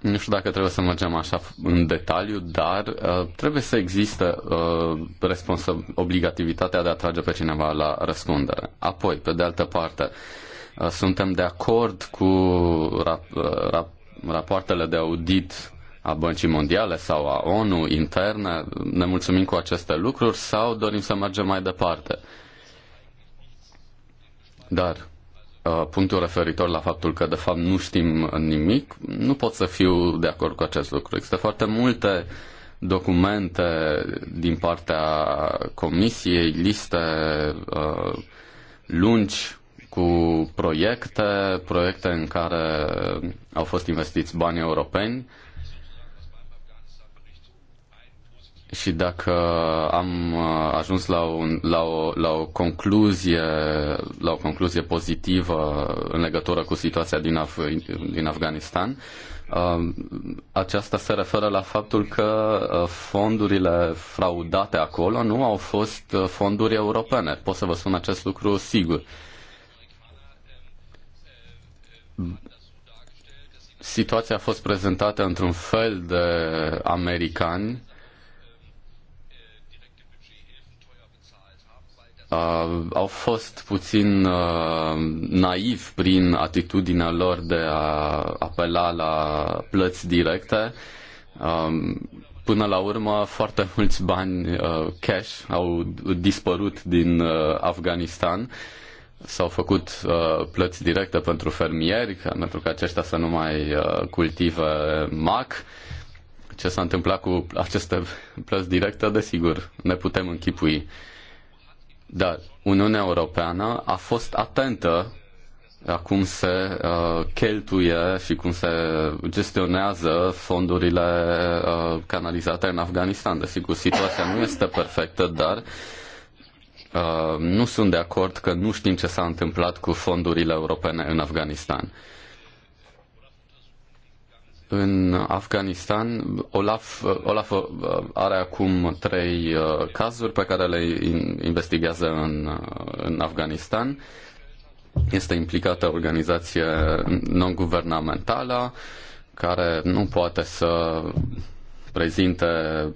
Nu știu dacă trebuie să mergem așa în detaliu, dar uh, trebuie să există uh, obligativitatea de a trage pe cineva la răspundere. Apoi, pe de altă parte, uh, suntem de acord cu rap- uh, rap- rapoartele de audit a Băncii Mondiale sau a ONU interne, ne mulțumim cu aceste lucruri sau dorim să mergem mai departe. Dar uh, punctul referitor la faptul că de fapt nu știm nimic, nu pot să fiu de acord cu acest lucru. Există foarte multe documente din partea comisiei, liste uh, lungi cu proiecte, proiecte în care au fost investiți bani europeni și dacă am uh, ajuns la, un, la, o, la o concluzie la o concluzie pozitivă în legătură cu situația din, Af- din Afganistan, uh, aceasta se referă la faptul că uh, fondurile fraudate acolo nu au fost fonduri europene. Pot să vă spun acest lucru sigur. Situația a fost prezentată într-un fel de americani uh, au fost puțin uh, naivi prin atitudinea lor de a apela la plăți directe. Um, până la urmă, foarte (laughs) mulți bani uh, cash au dispărut din uh, Afganistan. S-au făcut uh, plăți directe pentru fermieri, pentru că aceștia să nu mai uh, cultive mac. Ce s-a întâmplat cu aceste (laughs) plăți directe, desigur, ne putem închipui. Uh, dar Uniunea Europeană a fost atentă la cum se uh, cheltuie și cum se gestionează fondurile uh, canalizate în Afganistan. Desigur, situația nu este perfectă, dar uh, nu sunt de acord că nu știm ce s-a întâmplat cu fondurile europene în Afganistan. Uh, în Afganistan, Olaf, Olaf uh, are acum trei uh, cazuri pe care le investigează în, uh, în Afganistan. Este implicată o organizație non-guvernamentală care nu poate să prezinte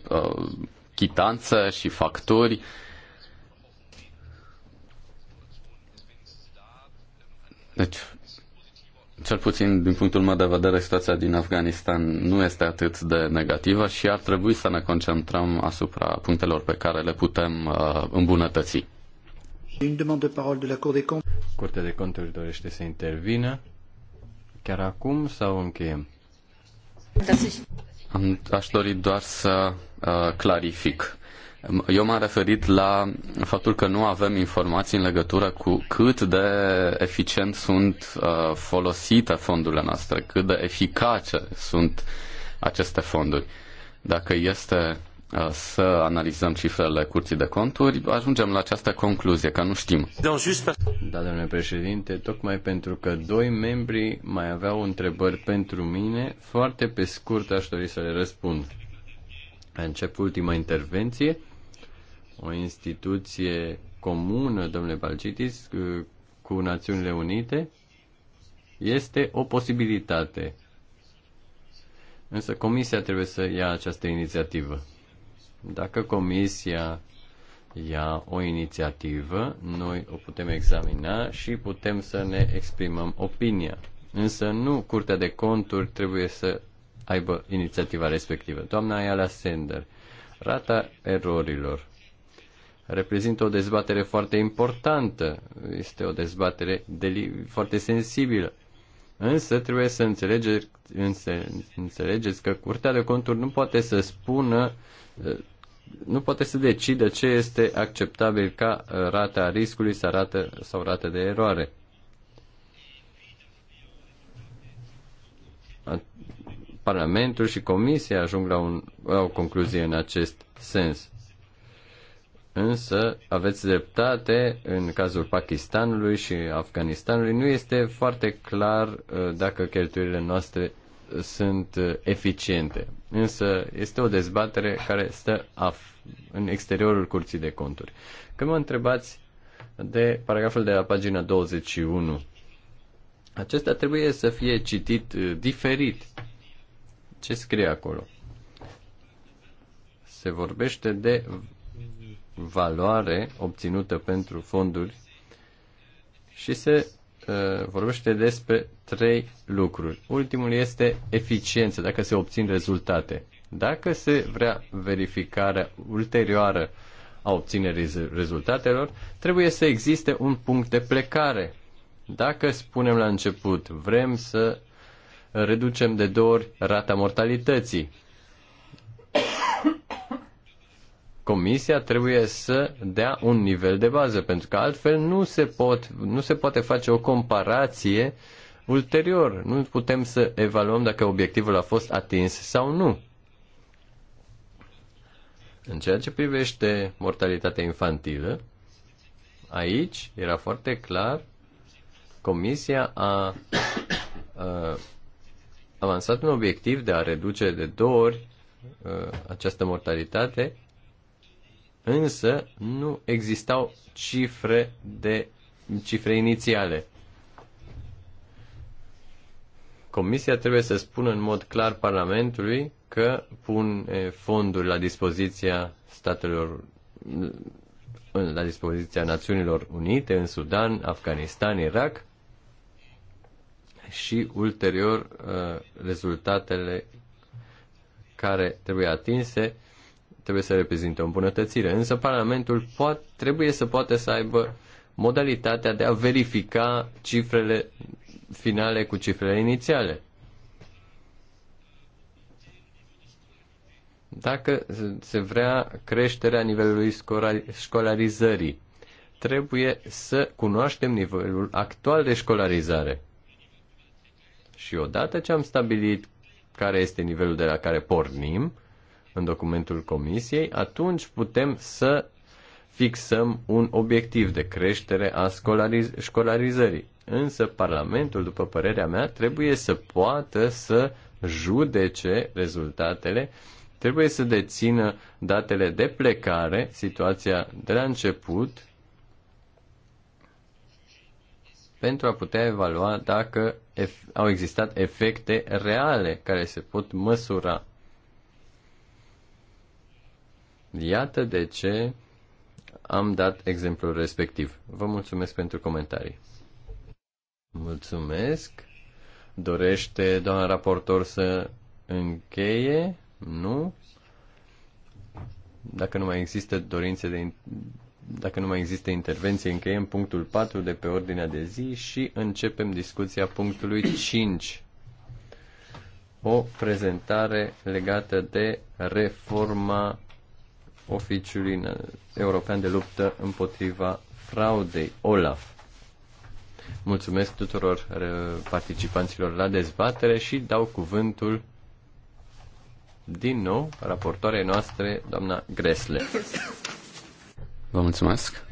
uh, chitanțe și facturi. Deci, cel puțin din punctul meu de vedere, situația din Afganistan nu este atât de negativă și ar trebui să ne concentrăm asupra punctelor pe care le putem uh, îmbunătăți. Curtea de conturi dorește să intervină chiar acum sau încheiem? aș dori doar să uh, clarific eu m-am referit la faptul că nu avem informații în legătură cu cât de eficient sunt uh, folosite fondurile noastre, cât de eficace sunt aceste fonduri. Dacă este uh, să analizăm cifrele curții de conturi, ajungem la această concluzie, că nu știm. Da, domnule președinte, tocmai pentru că doi membri mai aveau întrebări pentru mine, foarte pe scurt aș dori să le răspund. Încep ultima intervenție o instituție comună, domnule Balcitis, cu Națiunile Unite, este o posibilitate. Însă Comisia trebuie să ia această inițiativă. Dacă Comisia ia o inițiativă, noi o putem examina și putem să ne exprimăm opinia. Însă nu Curtea de Conturi trebuie să aibă inițiativa respectivă. Doamna Ayala Sender, rata erorilor reprezintă o dezbatere foarte importantă, este o dezbatere foarte sensibilă. Însă trebuie să înțelegeți, înțe, înțelegeți că Curtea de Conturi nu poate să spună, uh, nu poate să decidă ce este acceptabil ca uh, rata riscului sau rată, sau rată de eroare. Parlamentul și Comisia ajung la, un, la o concluzie în acest sens. Însă aveți dreptate în cazul Pakistanului și Afganistanului. Nu este foarte clar uh, dacă cheltuielile noastre sunt uh, eficiente. Însă este o dezbatere care stă în exteriorul curții de conturi. Când mă întrebați de paragraful de la pagina 21, acesta trebuie să fie citit uh, diferit. Ce scrie acolo? Se vorbește de valoare obținută pentru fonduri și se uh, vorbește despre trei lucruri. Ultimul este eficiență, dacă se obțin rezultate. Dacă se vrea verificarea ulterioară a obținerii rezultatelor, trebuie să existe un punct de plecare. Dacă spunem la început, vrem să reducem de două ori rata mortalității, Comisia trebuie să dea un nivel de bază, pentru că altfel nu se, pot, nu se poate face o comparație ulterior. Nu putem să evaluăm dacă obiectivul a fost atins sau nu. În ceea ce privește mortalitatea infantilă, aici era foarte clar, Comisia a, a avansat un obiectiv de a reduce de două ori această mortalitate însă nu existau cifre de cifre inițiale. Comisia trebuie să spună în mod clar Parlamentului că pun fonduri la dispoziția statelor la dispoziția Națiunilor Unite în Sudan, Afganistan, Irak și ulterior uh, rezultatele care trebuie atinse trebuie să reprezinte o îmbunătățire, însă Parlamentul poate, trebuie să poată să aibă modalitatea de a verifica cifrele finale cu cifrele inițiale. Dacă se vrea creșterea nivelului școlarizării, trebuie să cunoaștem nivelul actual de școlarizare. Și odată ce am stabilit care este nivelul de la care pornim, în documentul comisiei, atunci putem să fixăm un obiectiv de creștere a scolariz- școlarizării. Însă Parlamentul, după părerea mea, trebuie să poată să judece rezultatele, trebuie să dețină datele de plecare, situația de la început, pentru a putea evalua dacă au existat efecte reale care se pot măsura Iată de ce am dat exemplul respectiv. Vă mulțumesc pentru comentarii. Mulțumesc. Dorește doamna raportor să încheie? Nu? Dacă nu mai există dorințe de dacă nu mai există intervenție, încheiem punctul 4 de pe ordinea de zi și începem discuția punctului 5. O prezentare legată de reforma Oficiului European de Luptă împotriva fraudei, OLAF. Mulțumesc tuturor participanților la dezbatere și dau cuvântul din nou raportoarei noastre, doamna Gresle. Vă mulțumesc.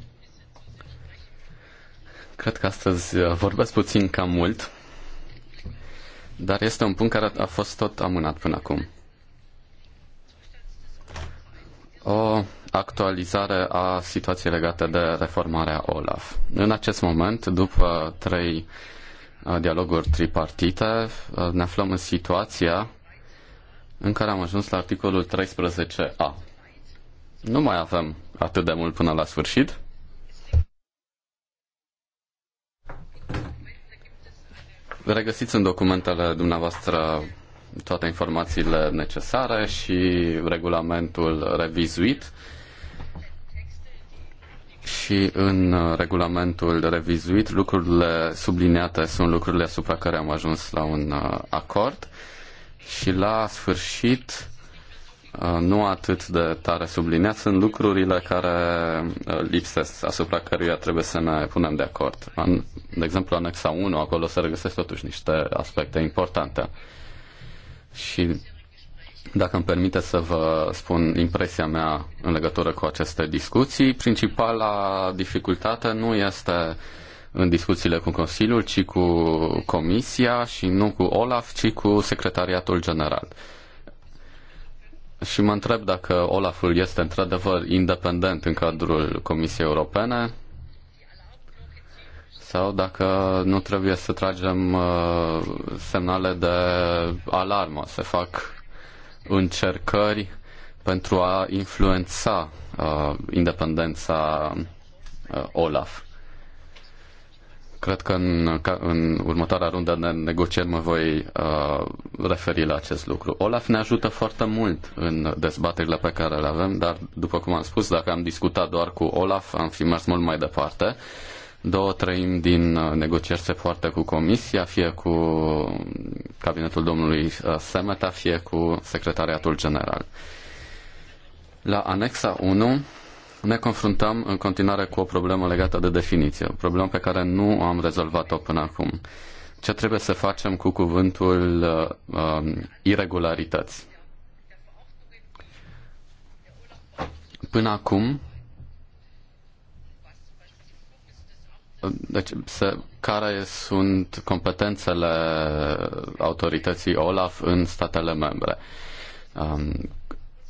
Cred că astăzi uh, vorbesc puțin cam mult, dar este un punct care a fost tot amânat până acum. o actualizare a situației legate de reformarea OLAF. În acest moment, după trei uh, dialoguri tripartite, uh, ne aflăm în situația în care am ajuns la articolul 13a. Nu mai avem atât de mult până la sfârșit. Regăsiți în documentele dumneavoastră toate informațiile necesare și regulamentul revizuit. Și în regulamentul revizuit, lucrurile subliniate sunt lucrurile asupra care am ajuns la un uh, acord. Și la sfârșit, uh, nu atât de tare subliniat, sunt lucrurile care uh, lipsesc, asupra căruia trebuie să ne punem de acord. De exemplu, anexa 1, acolo se regăsesc totuși niște aspecte importante. Și dacă îmi permite să vă spun impresia mea în legătură cu aceste discuții, principala dificultate nu este în discuțiile cu Consiliul, ci cu Comisia și nu cu Olaf, ci cu Secretariatul General. Și mă întreb dacă Olaful este într-adevăr independent în cadrul Comisiei Europene sau dacă nu trebuie să tragem uh, semnale de alarmă, se fac încercări pentru a influența uh, independența uh, Olaf. Cred că în, în următoarea rundă de negocieri mă voi uh, referi la acest lucru. Olaf ne ajută foarte mult în dezbaterile pe care le avem, dar, după cum am spus, dacă am discutat doar cu Olaf, am fi mers mult mai departe. Uh, Două treimi din uh, negocieri se poartă cu Comisia, fie cu mm, cabinetul domnului uh, Semeta, fie cu Secretariatul General. La anexa 1 ne confruntăm în continuare cu o problemă legată de definiție, o problemă pe care nu am rezolvat-o până acum. Ce trebuie să facem cu cuvântul uh, um, irregularități? Până acum, Deci, se, care sunt competențele autorității OLAF în statele membre? Um,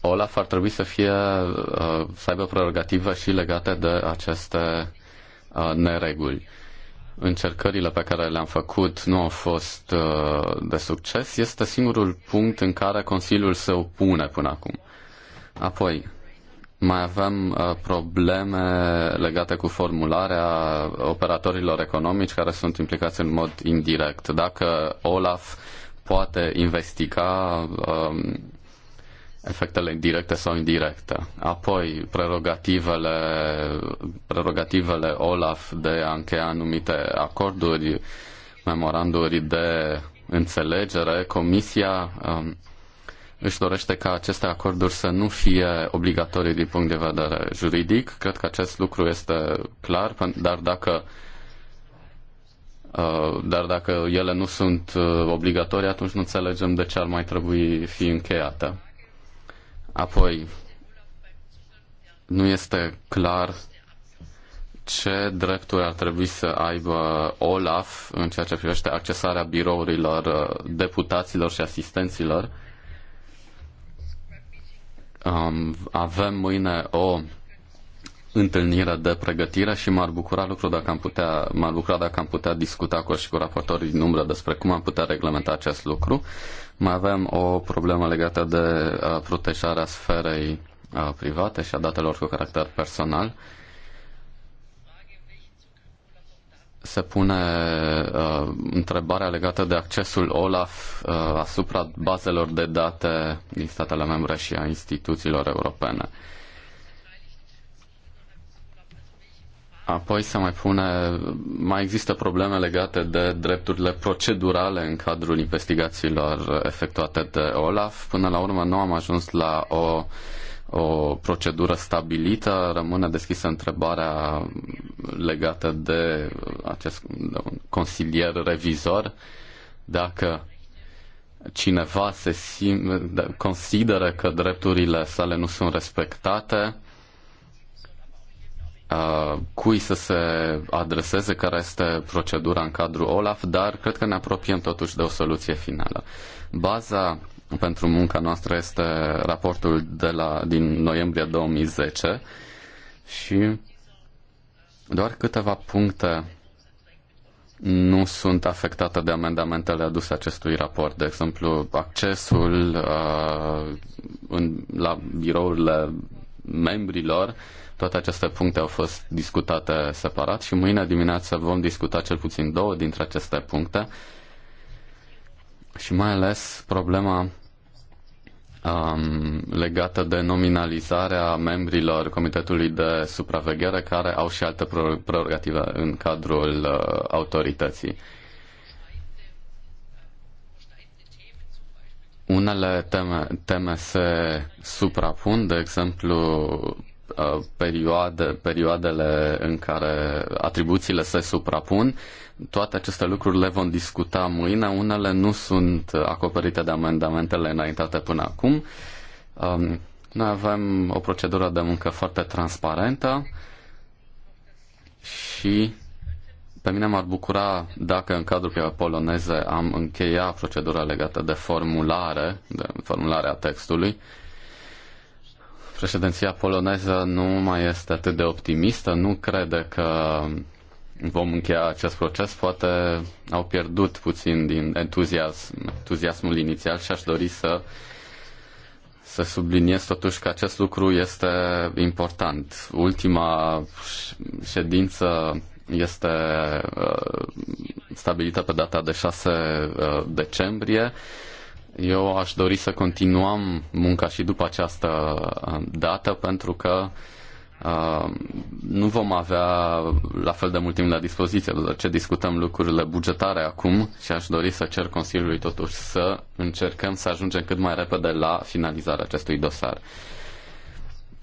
OLAF ar trebui să fie uh, să aibă prerogative și legate de aceste uh, nereguli. Încercările pe care le-am făcut nu au fost uh, de succes. Este singurul punct în care Consiliul se opune până acum. Apoi, mai avem uh, probleme legate cu formularea operatorilor economici care sunt implicați în mod indirect. Dacă Olaf poate investiga um, efectele directe sau indirecte. Apoi, prerogativele, prerogativele Olaf de a încheia anumite acorduri, memoranduri de înțelegere, Comisia um, își dorește ca aceste acorduri să nu fie obligatorii din punct de vedere juridic. Cred că acest lucru este clar, dar dacă uh, dar dacă ele nu sunt uh, obligatorii, atunci nu înțelegem de ce ar mai trebui fi încheiată. Apoi, nu este clar ce drepturi ar trebui să aibă Olaf în ceea ce privește accesarea birourilor uh, deputaților și asistenților Um, avem mâine o întâlnire de pregătire și m-ar bucura lucru dacă am putea, m-ar bucura dacă am putea discuta cu și cu raportorii din umbră despre cum am putea reglementa acest lucru. Mai avem o problemă legată de uh, protejarea sferei uh, private și a datelor cu caracter personal. se pune uh, întrebarea legată de accesul OLAF uh, asupra bazelor de date din statele membre și a instituțiilor europene. Apoi se mai pune, mai există probleme legate de drepturile procedurale în cadrul investigațiilor efectuate de OLAF. Până la urmă nu am ajuns la o uh, o procedură stabilită. Rămâne deschisă întrebarea legată de acest consilier revizor. Dacă cineva se sim- consideră că drepturile sale nu sunt respectate, cui să se adreseze, care este procedura în cadrul OLAF, dar cred că ne apropiem totuși de o soluție finală. Baza pentru munca noastră este raportul de la, din noiembrie 2010 și doar câteva puncte nu sunt afectate de amendamentele aduse acestui raport. De exemplu, accesul uh, în, la birourile membrilor, toate aceste puncte au fost discutate separat și mâine dimineață vom discuta cel puțin două dintre aceste puncte. Uh, și mai ales problema um, legată de nominalizarea membrilor Comitetului de Supraveghere care au și alte prerogative în cadrul uh, autorității. Unele teme, teme se suprapun, de exemplu Uh, perioade, perioadele în care atribuțiile se suprapun. Toate aceste lucruri le vom discuta mâine. Unele nu sunt acoperite de amendamentele înaintate până acum. Um, noi avem o procedură de muncă foarte transparentă și pe mine m-ar bucura dacă în cadrul poloneze am încheiat procedura legată de formulare, de formularea textului Președinția poloneză nu mai este atât de optimistă, nu crede că vom încheia acest proces. Poate au pierdut puțin din entuziasm, entuziasmul inițial și aș dori să să subliniez totuși că acest lucru este important. Ultima ședință este uh, stabilită pe data de 6 uh, decembrie. Eu aș dori să continuăm munca și după această uh, dată pentru că Uh, nu vom avea la fel de mult timp la dispoziție, doar ce discutăm lucrurile bugetare acum și aș dori să cer Consiliului totuși să încercăm să ajungem cât mai repede la finalizarea acestui dosar.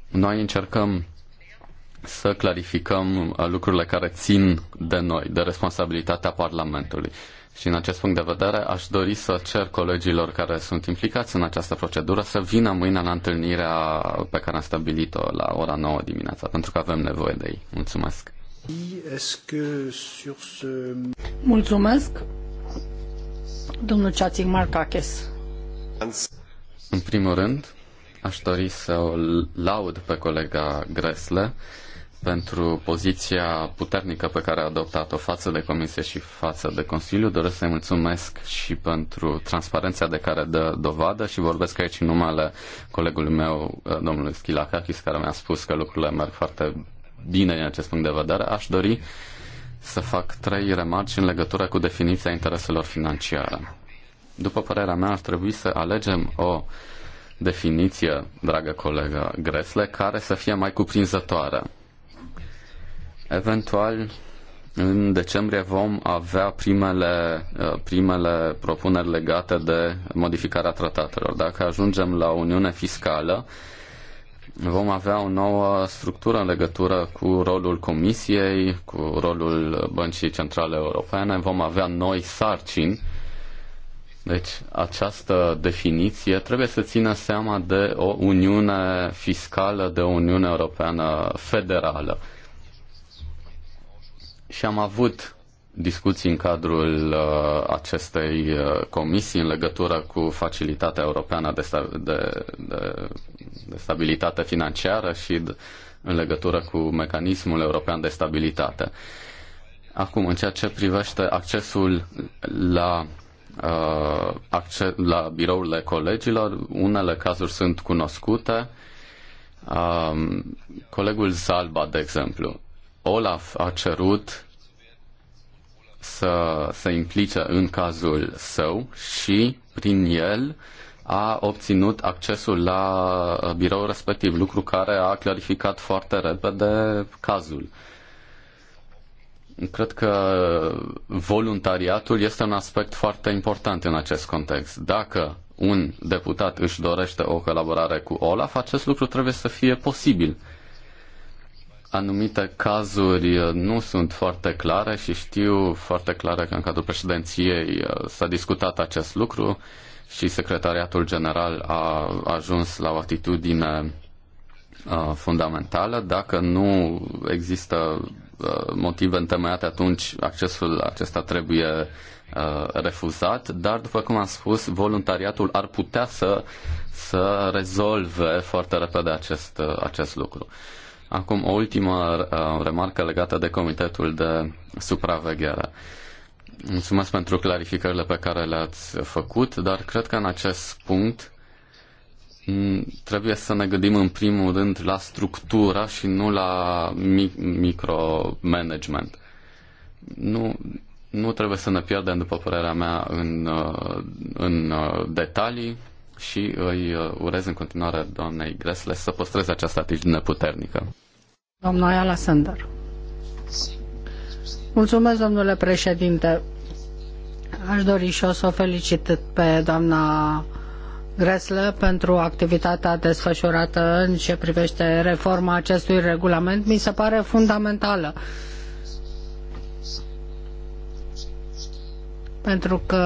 Noi încercăm să clarificăm uh, lucrurile care țin de noi, de responsabilitatea Parlamentului. Și în acest punct de vedere aș dori să cer colegilor care sunt implicați în această procedură să vină mâine la întâlnirea pe care am stabilit-o la ora 9 dimineața, pentru că avem nevoie de ei. Mulțumesc! Mulțumesc! Domnul Ceațic Marcaches. În primul rând, aș dori să o laud pe colega Gresle pentru poziția puternică pe care a adoptat-o față de Comisie și față de Consiliu. Doresc să-i mulțumesc și pentru transparența de care dă dovadă și vorbesc aici în numele colegului meu, eh, domnului Schilacakis, care mi-a spus că lucrurile merg foarte bine din acest punct de vedere. Aș dori să fac trei remarci în legătură cu definiția intereselor financiare. După părerea mea, ar trebui să alegem o definiție, dragă colegă Gresle, care să fie mai cuprinzătoare Eventual, în decembrie vom avea primele, uh, primele propuneri legate de modificarea tratatelor. Dacă ajungem la Uniune Fiscală, vom avea o nouă structură în legătură cu rolul Comisiei, cu rolul Băncii Centrale Europene, vom avea noi sarcini. Deci această definiție trebuie să țină seama de o Uniune fiscală, de o Uniune Europeană federală și am avut discuții în cadrul uh, acestei uh, comisii în legătură cu Facilitatea Europeană de, sta- de, de, de Stabilitate Financiară și de, în legătură cu Mecanismul European de Stabilitate. Acum, în ceea ce privește accesul la, uh, acces, la birourile colegilor, unele cazuri sunt cunoscute. Uh, colegul Salba, de exemplu, Olaf a cerut să se implice în cazul său și prin el a obținut accesul la uh, biroul respectiv, lucru care a clarificat foarte repede cazul. Cred că voluntariatul este un aspect foarte important în acest context. Dacă un deputat își dorește o colaborare cu Olaf, acest lucru trebuie să fie posibil anumite cazuri uh, nu sunt foarte clare și știu foarte clar că în cadrul președinției uh, s-a discutat acest lucru și Secretariatul General a ajuns la o atitudine uh, fundamentală. Dacă nu există motive întemeiate, atunci accesul acesta trebuie refuzat, dar după cum am spus, voluntariatul ar putea să, să rezolve foarte repede acest, acest lucru. Acum o ultimă uh, remarcă legată de Comitetul de Supraveghere. Mulțumesc pentru clarificările pe care le-ați făcut, dar cred că în acest punct trebuie să ne gândim în primul rând la structura și nu la micromanagement. Nu, nu trebuie să ne pierdem, după părerea mea, în, uh, în uh, detalii și îi urez în continuare doamnei Gresle să păstreze această atitudine puternică. Doamna Ayala Mulțumesc, domnule președinte. Aș dori și eu să o felicit pe doamna Gresle pentru activitatea desfășurată în ce privește reforma acestui regulament. Mi se pare fundamentală. Pentru că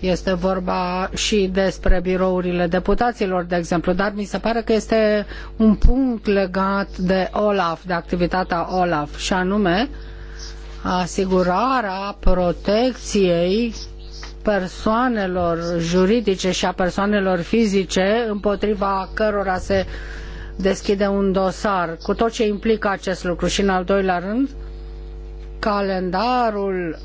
este vorba și despre birourile deputaților, de exemplu, dar mi se pare că este un punct legat de OLAF, de activitatea OLAF, și anume asigurarea protecției persoanelor juridice și a persoanelor fizice împotriva cărora se deschide un dosar, cu tot ce implică acest lucru. Și în al doilea rând, calendarul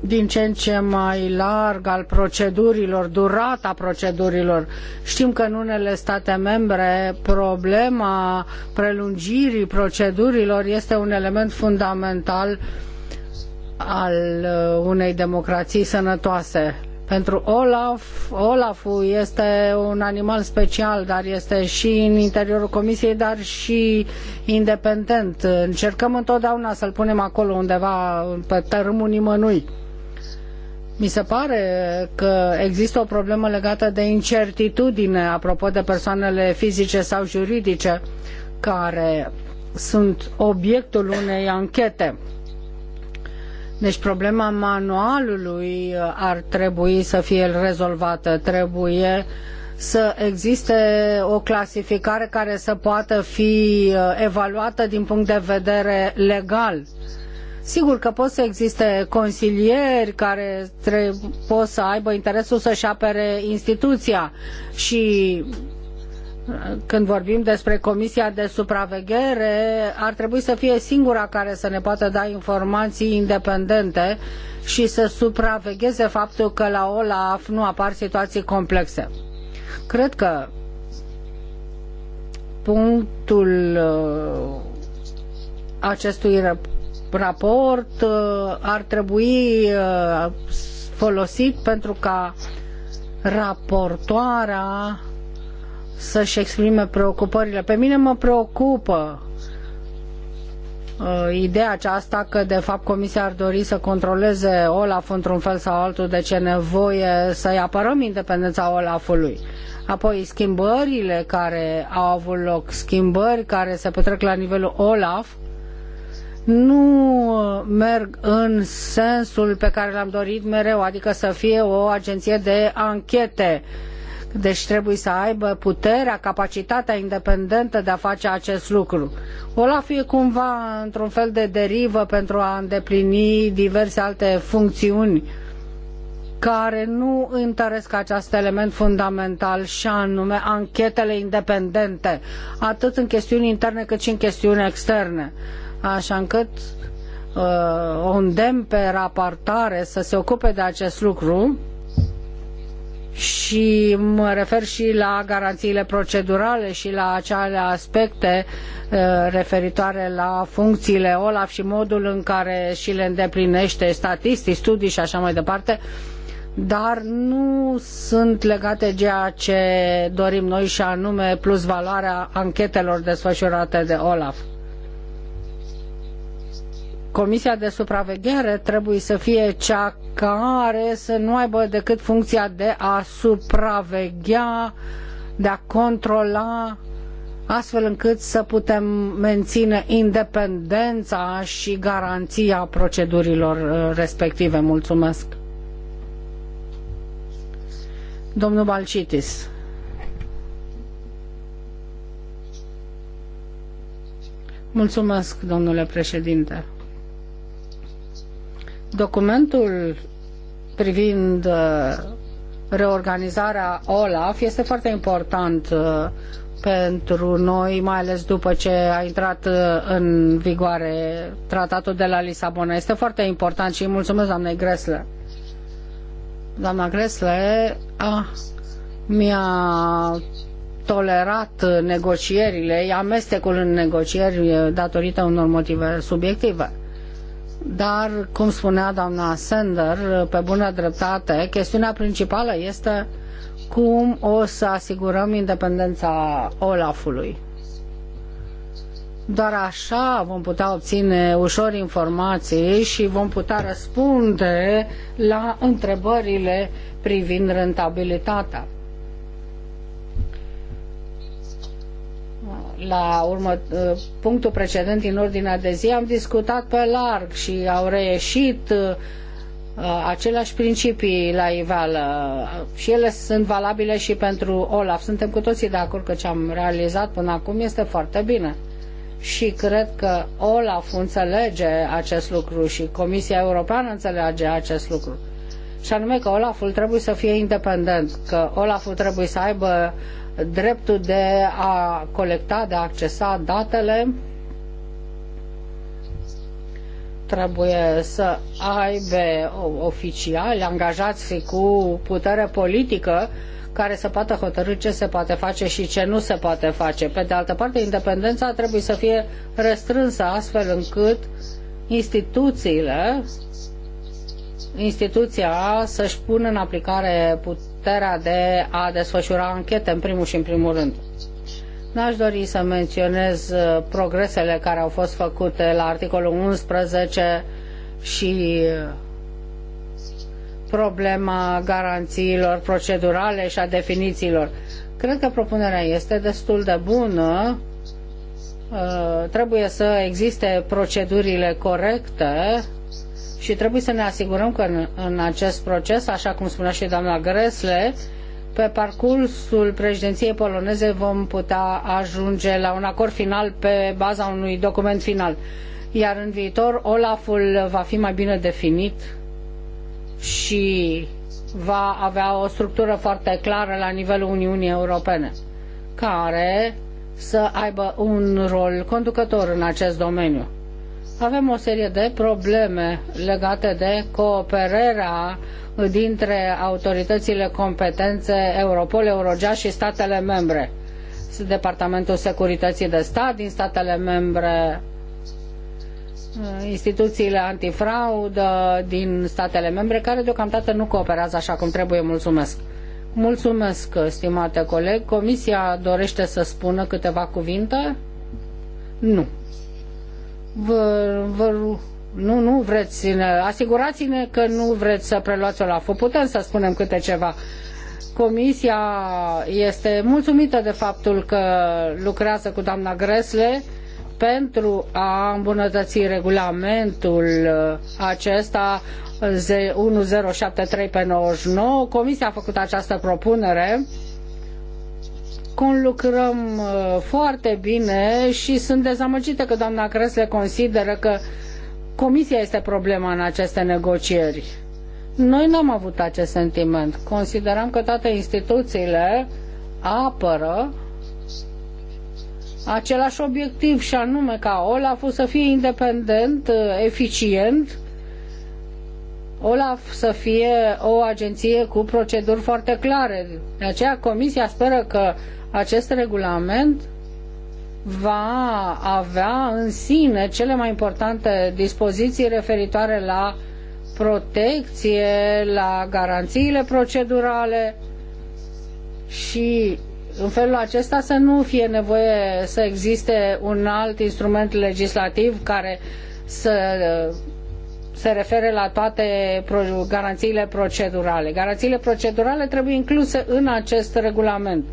din ce în ce mai larg al procedurilor, durata procedurilor. Știm că în unele state membre problema prelungirii procedurilor este un element fundamental al uh, unei democrații sănătoase. Pentru Olaf, Olaful este un animal special, dar este și în interiorul comisiei, dar și independent. Încercăm întotdeauna să-l punem acolo undeva pe tărâmul nimănui mi se pare că există o problemă legată de incertitudine apropo de persoanele fizice sau juridice care sunt obiectul unei anchete. Deci problema manualului ar trebui să fie rezolvată. Trebuie să existe o clasificare care să poată fi evaluată din punct de vedere legal. Uh, Sigur că pot să existe consilieri care pot să aibă interesul să-și apere instituția și uh, când vorbim despre Comisia de Supraveghere, ar trebui să fie singura care să ne poată da informații independente și să supravegheze faptul că la OLAF nu apar situații complexe. Cred că punctul uh, acestui raport uh, ar trebui uh, folosit pentru ca raportoarea să-și exprime preocupările. Pe mine mă preocupă uh, ideea aceasta că de fapt Comisia ar dori să controleze Olaf într-un fel sau altul, deci e nevoie să-i apărăm independența Olafului. Apoi schimbările care au avut loc, schimbări care se petrec la nivelul Olaf, uh, nu merg în sensul pe care l-am dorit mereu, adică să fie o agenție de anchete. Deci trebuie să aibă puterea, capacitatea independentă de a face acest lucru. Olaf e cumva într-un fel de derivă pentru a îndeplini diverse alte funcțiuni care nu întăresc acest element fundamental și anume anchetele independente, atât în chestiuni interne cât și în chestiuni externe așa încât o uh, îndemn pe raportare să se ocupe de acest lucru și mă refer și la garanțiile procedurale și la acele aspecte uh, referitoare la funcțiile OLAF și modul în care și le îndeplinește statistici, studii și așa mai departe, dar nu sunt legate ceea ce dorim noi și anume plus valoarea anchetelor desfășurate de OLAF. Comisia de supraveghere trebuie să fie cea care să nu aibă decât funcția de a supraveghea, de a controla astfel încât să putem menține independența și garanția procedurilor uh, respective. Mulțumesc. Domnul Balcitis. Mulțumesc, domnule președinte. Documentul privind uh, reorganizarea OLAF este foarte important uh, pentru noi, mai ales după ce a intrat uh, în vigoare tratatul de la Lisabona. Este foarte important și îi mulțumesc doamnei Gresle. Doamna Gresle a, mi-a tolerat negocierile, amestecul în negocieri datorită unor motive subiective. Dar, cum spunea doamna Sender, pe bună dreptate, chestiunea principală este cum o să asigurăm independența Olafului. Doar așa vom putea obține ușor informații și vom putea răspunde la întrebările privind rentabilitatea. la urmă, uh, punctul precedent din ordinea de zi am discutat pe larg și au reieșit uh, aceleași principii la iveală și ele sunt valabile și pentru Olaf. Suntem cu toții de acord că ce am realizat până acum este foarte bine. Și cred că Olaf înțelege acest lucru și Comisia Europeană înțelege acest lucru. Și anume că Olaful trebuie să fie independent, că Olaful trebuie să aibă dreptul de a colecta, de a accesa datele, trebuie să aibă oficiali angajați cu putere politică care să poată hotărâ ce se poate face și ce nu se poate face. Pe de altă parte, independența trebuie să fie restrânsă astfel încât instituțiile, instituția să-și pună în aplicare puterea de a desfășura anchete în primul și în primul rând. N-aș dori să menționez uh, progresele care au fost făcute la articolul 11 și uh, problema garanțiilor procedurale și a definițiilor. Cred că propunerea este destul de bună. Uh, trebuie să existe procedurile corecte și trebuie să ne asigurăm că în, în acest proces, așa cum spunea și doamna Gresle, pe parcursul președinției poloneze vom putea ajunge la un acord final pe baza unui document final. Iar în viitor Olaful va fi mai bine definit și va avea o structură foarte clară la nivelul Uniunii Europene, care să aibă un rol conducător în acest domeniu avem o serie de probleme legate de cooperarea dintre autoritățile competențe Europol, Eurogea și statele membre. Departamentul Securității de Stat din statele membre, uh, instituțiile antifraudă din statele membre, care deocamdată nu cooperează așa cum trebuie. Mulțumesc! Mulțumesc, stimate coleg. Comisia dorește să spună câteva cuvinte? Nu vă, vă, nu, nu vreți, asigurați-ne că nu vreți să preluați Olaful. Putem să spunem câte ceva. Comisia este mulțumită de faptul că lucrează cu doamna Gresle pentru a îmbunătăți regulamentul acesta 1073 pe 99. Comisia a făcut această propunere conlucrăm uh, foarte bine și sunt dezamăgită că doamna Cresle consideră că Comisia este problema în aceste negocieri. Noi n-am avut acest sentiment. Considerăm că toate instituțiile apără același obiectiv și anume ca Olaf să fie independent, uh, eficient, Olaf să fie o agenție cu proceduri foarte clare. De aceea Comisia speră că acest regulament va avea în sine cele mai importante dispoziții referitoare la protecție, la garanțiile procedurale și în felul acesta să nu fie nevoie să existe un alt instrument legislativ care să se refere la toate garanțiile procedurale. Garanțiile procedurale trebuie incluse în acest regulament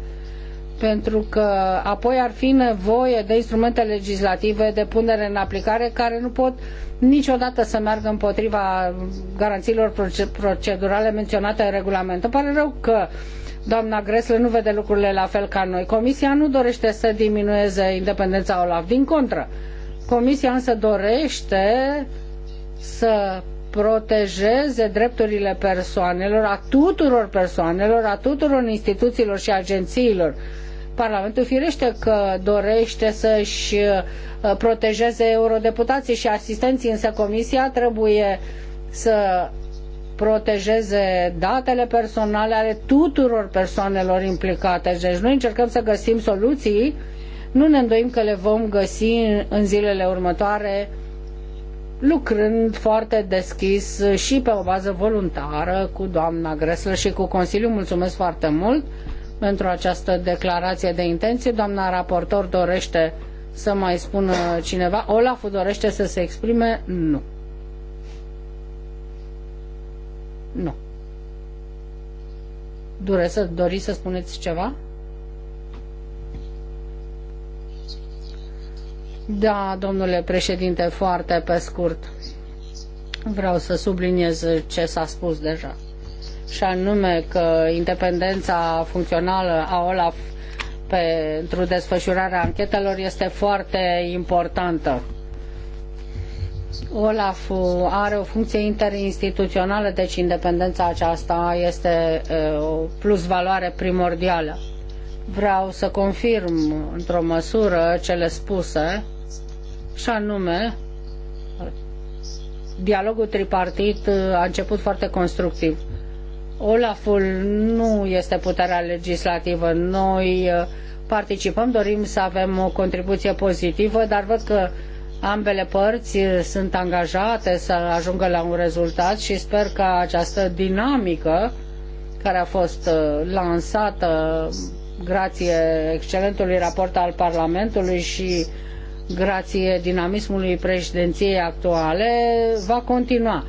pentru că apoi ar fi nevoie de instrumente legislative de punere în aplicare care nu pot niciodată să meargă împotriva garanțiilor procedurale menționate în regulament. Îmi pare rău că doamna Gresle nu vede lucrurile la fel ca noi. Comisia nu dorește să diminueze independența OLAF, din contră. Comisia însă dorește să protejeze drepturile persoanelor, a tuturor persoanelor, a tuturor instituțiilor și agențiilor. Parlamentul firește că dorește să-și uh, protejeze eurodeputații și asistenții, însă comisia trebuie să protejeze datele personale ale tuturor persoanelor implicate. Deci noi încercăm să găsim soluții, nu ne îndoim că le vom găsi în zilele următoare lucrând foarte deschis și pe o bază voluntară cu doamna Gresler și cu Consiliul. Mulțumesc foarte mult pentru această declarație de intenție. Doamna raportor dorește să mai spună cineva. Olaf dorește să se exprime? Nu. Nu. Dure să doriți să spuneți ceva? Da, domnule președinte, foarte pe scurt. Vreau să subliniez ce s-a spus deja. Și anume că independența funcțională a OLAF pentru desfășurarea anchetelor este foarte importantă. Olaf are o funcție interinstituțională, deci independența aceasta este o plusvaloare primordială. Vreau să confirm într-o măsură cele spuse și anume dialogul tripartit uh, a început foarte constructiv. Olaful nu este puterea legislativă. Noi uh, participăm, dorim să avem o contribuție pozitivă, dar văd că ambele părți uh, sunt angajate să ajungă la un rezultat și sper că această dinamică care a fost lansată grație excelentului raport al Parlamentului și grație dinamismului președinției actuale, va continua.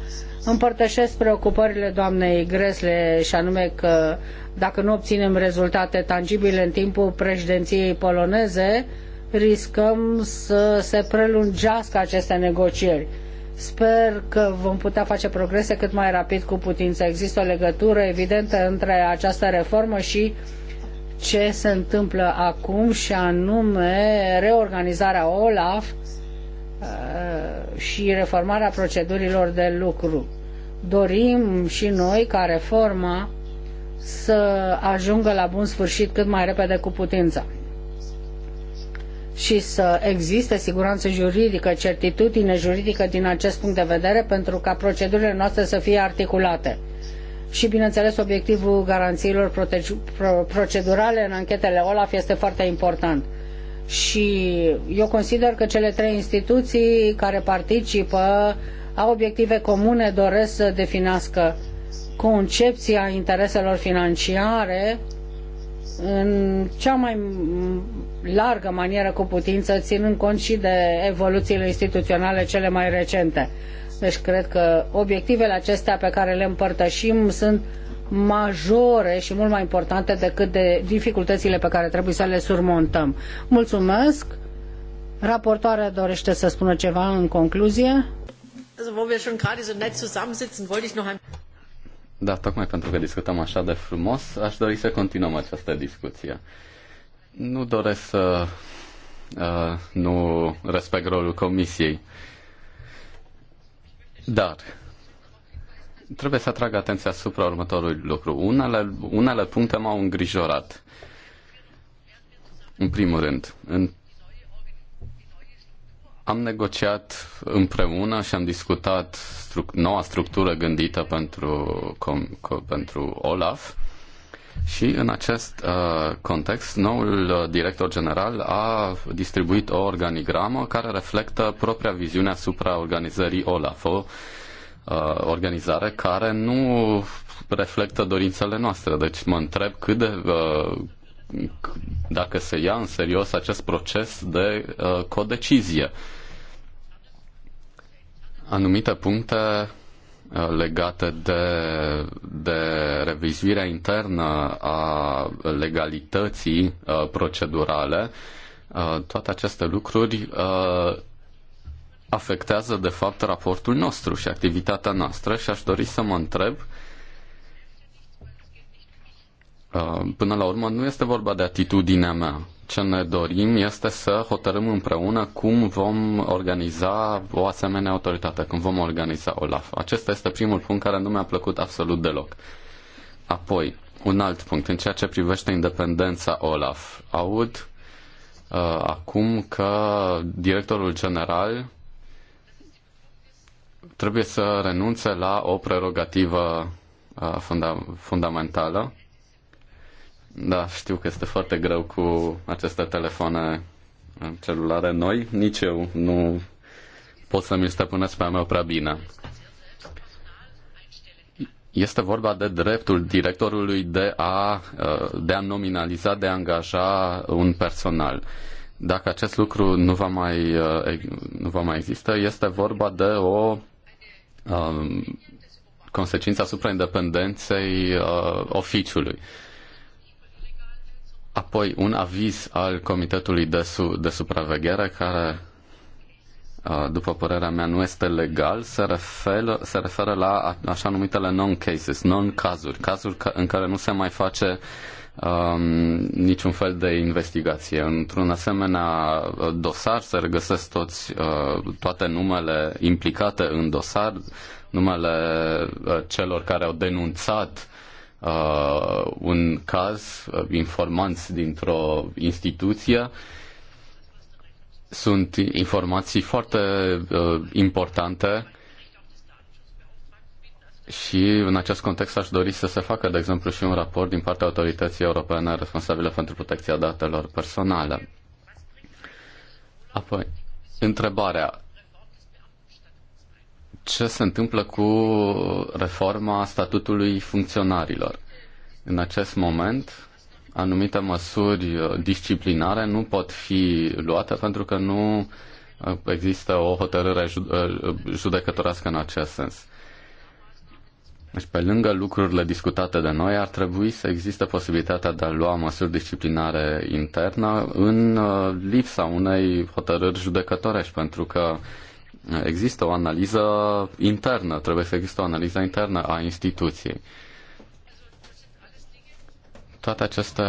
Împărtășesc preocupările doamnei Gresle și anume că dacă nu obținem rezultate tangibile în timpul președinției poloneze, riscăm să se prelungească aceste negocieri. Sper că vom putea face progrese cât mai rapid cu putință. Există o legătură evidentă între această reformă și uh, ce se întâmplă acum și anume reorganizarea OLAF uh, și reformarea procedurilor de lucru. Dorim și noi ca reforma să ajungă la bun sfârșit cât mai repede cu putință și să existe siguranță juridică, certitudine juridică din acest punct de vedere pentru ca procedurile noastre să fie articulate și, bineînțeles, obiectivul garanțiilor procedurale în anchetele OLAF este foarte important. Și eu consider că cele trei instituții care participă au obiective comune, doresc să definească concepția intereselor financiare în cea mai largă manieră cu putință, ținând cont și de evoluțiile instituționale cele mai recente. Deci cred că obiectivele acestea pe care le împărtășim sunt majore și mult mai importante decât de dificultățile pe care trebuie să le surmontăm. Mulțumesc! Raportoarea dorește să spună ceva în concluzie? Da, tocmai pentru că discutăm așa de frumos, aș dori să continuăm această discuție. Nu doresc să uh, nu respect rolul comisiei. Uh, dar trebuie să atrag atenția asupra următorului lucru. Unele, unele puncte m-au îngrijorat. În primul rând, în am negociat împreună și am discutat stru... noua structură gândită pentru, com- co- pentru Olaf și în acest uh, context, noul uh, director general a distribuit o organigramă care reflectă propria viziune asupra organizării OLAF, o uh, organizare care nu reflectă dorințele noastre. Deci mă întreb cât de, uh, dacă se ia în serios acest proces de uh, codecizie. Anumite puncte legate de, de revizuirea internă a legalității uh, procedurale, uh, toate aceste lucruri uh, afectează de fapt raportul nostru și activitatea noastră și aș dori să mă întreb Până la urmă, nu este vorba de atitudinea mea ce ne dorim este să hotărâm împreună cum vom organiza o asemenea autoritate, cum vom organiza OLAF. Acesta este primul punct care nu mi-a plăcut absolut deloc. Apoi, un alt punct, în ceea ce privește independența OLAF. Aud uh, acum că directorul general trebuie să renunțe la o prerogativă uh, funda- fundamentală da, știu că este foarte greu cu aceste telefoane celulare noi. Nici eu nu pot să mi-l stăpânesc pe a meu prea bine. Este vorba de dreptul directorului de a, de a nominaliza, de a angaja un personal. Dacă acest lucru nu va mai, nu va mai exista, este vorba de o um, consecință asupra independenței uh, oficiului. Uh, Apoi un aviz al Comitetului de, Su- de Supraveghere care, uh, după părerea mea, nu este legal, se referă, se referă la așa numitele non-cases, non-cazuri, cazuri în care nu se mai face um, niciun fel de investigație. Într-un asemenea uh, dosar se regăsesc toți, uh, toate numele implicate în dosar, numele uh, celor care au denunțat uh, un caz, uh, informanți dintr-o instituție. Sunt informații foarte uh, importante și în acest context aș dori să se facă, de exemplu, și un raport din partea autorității europene responsabile pentru protecția datelor personale. Apoi, întrebarea ce se întâmplă cu reforma statutului funcționarilor. În acest moment, anumite măsuri uh, disciplinare nu pot fi luate pentru că nu uh, există o hotărâre uh, judecătorească în acest sens. Deci, pe lângă lucrurile discutate de noi, ar trebui să existe posibilitatea de a lua măsuri disciplinare internă în lipsa unei hotărâri judecătorești, pentru că există o analiză internă, trebuie să există o analiză internă a instituției. Toate aceste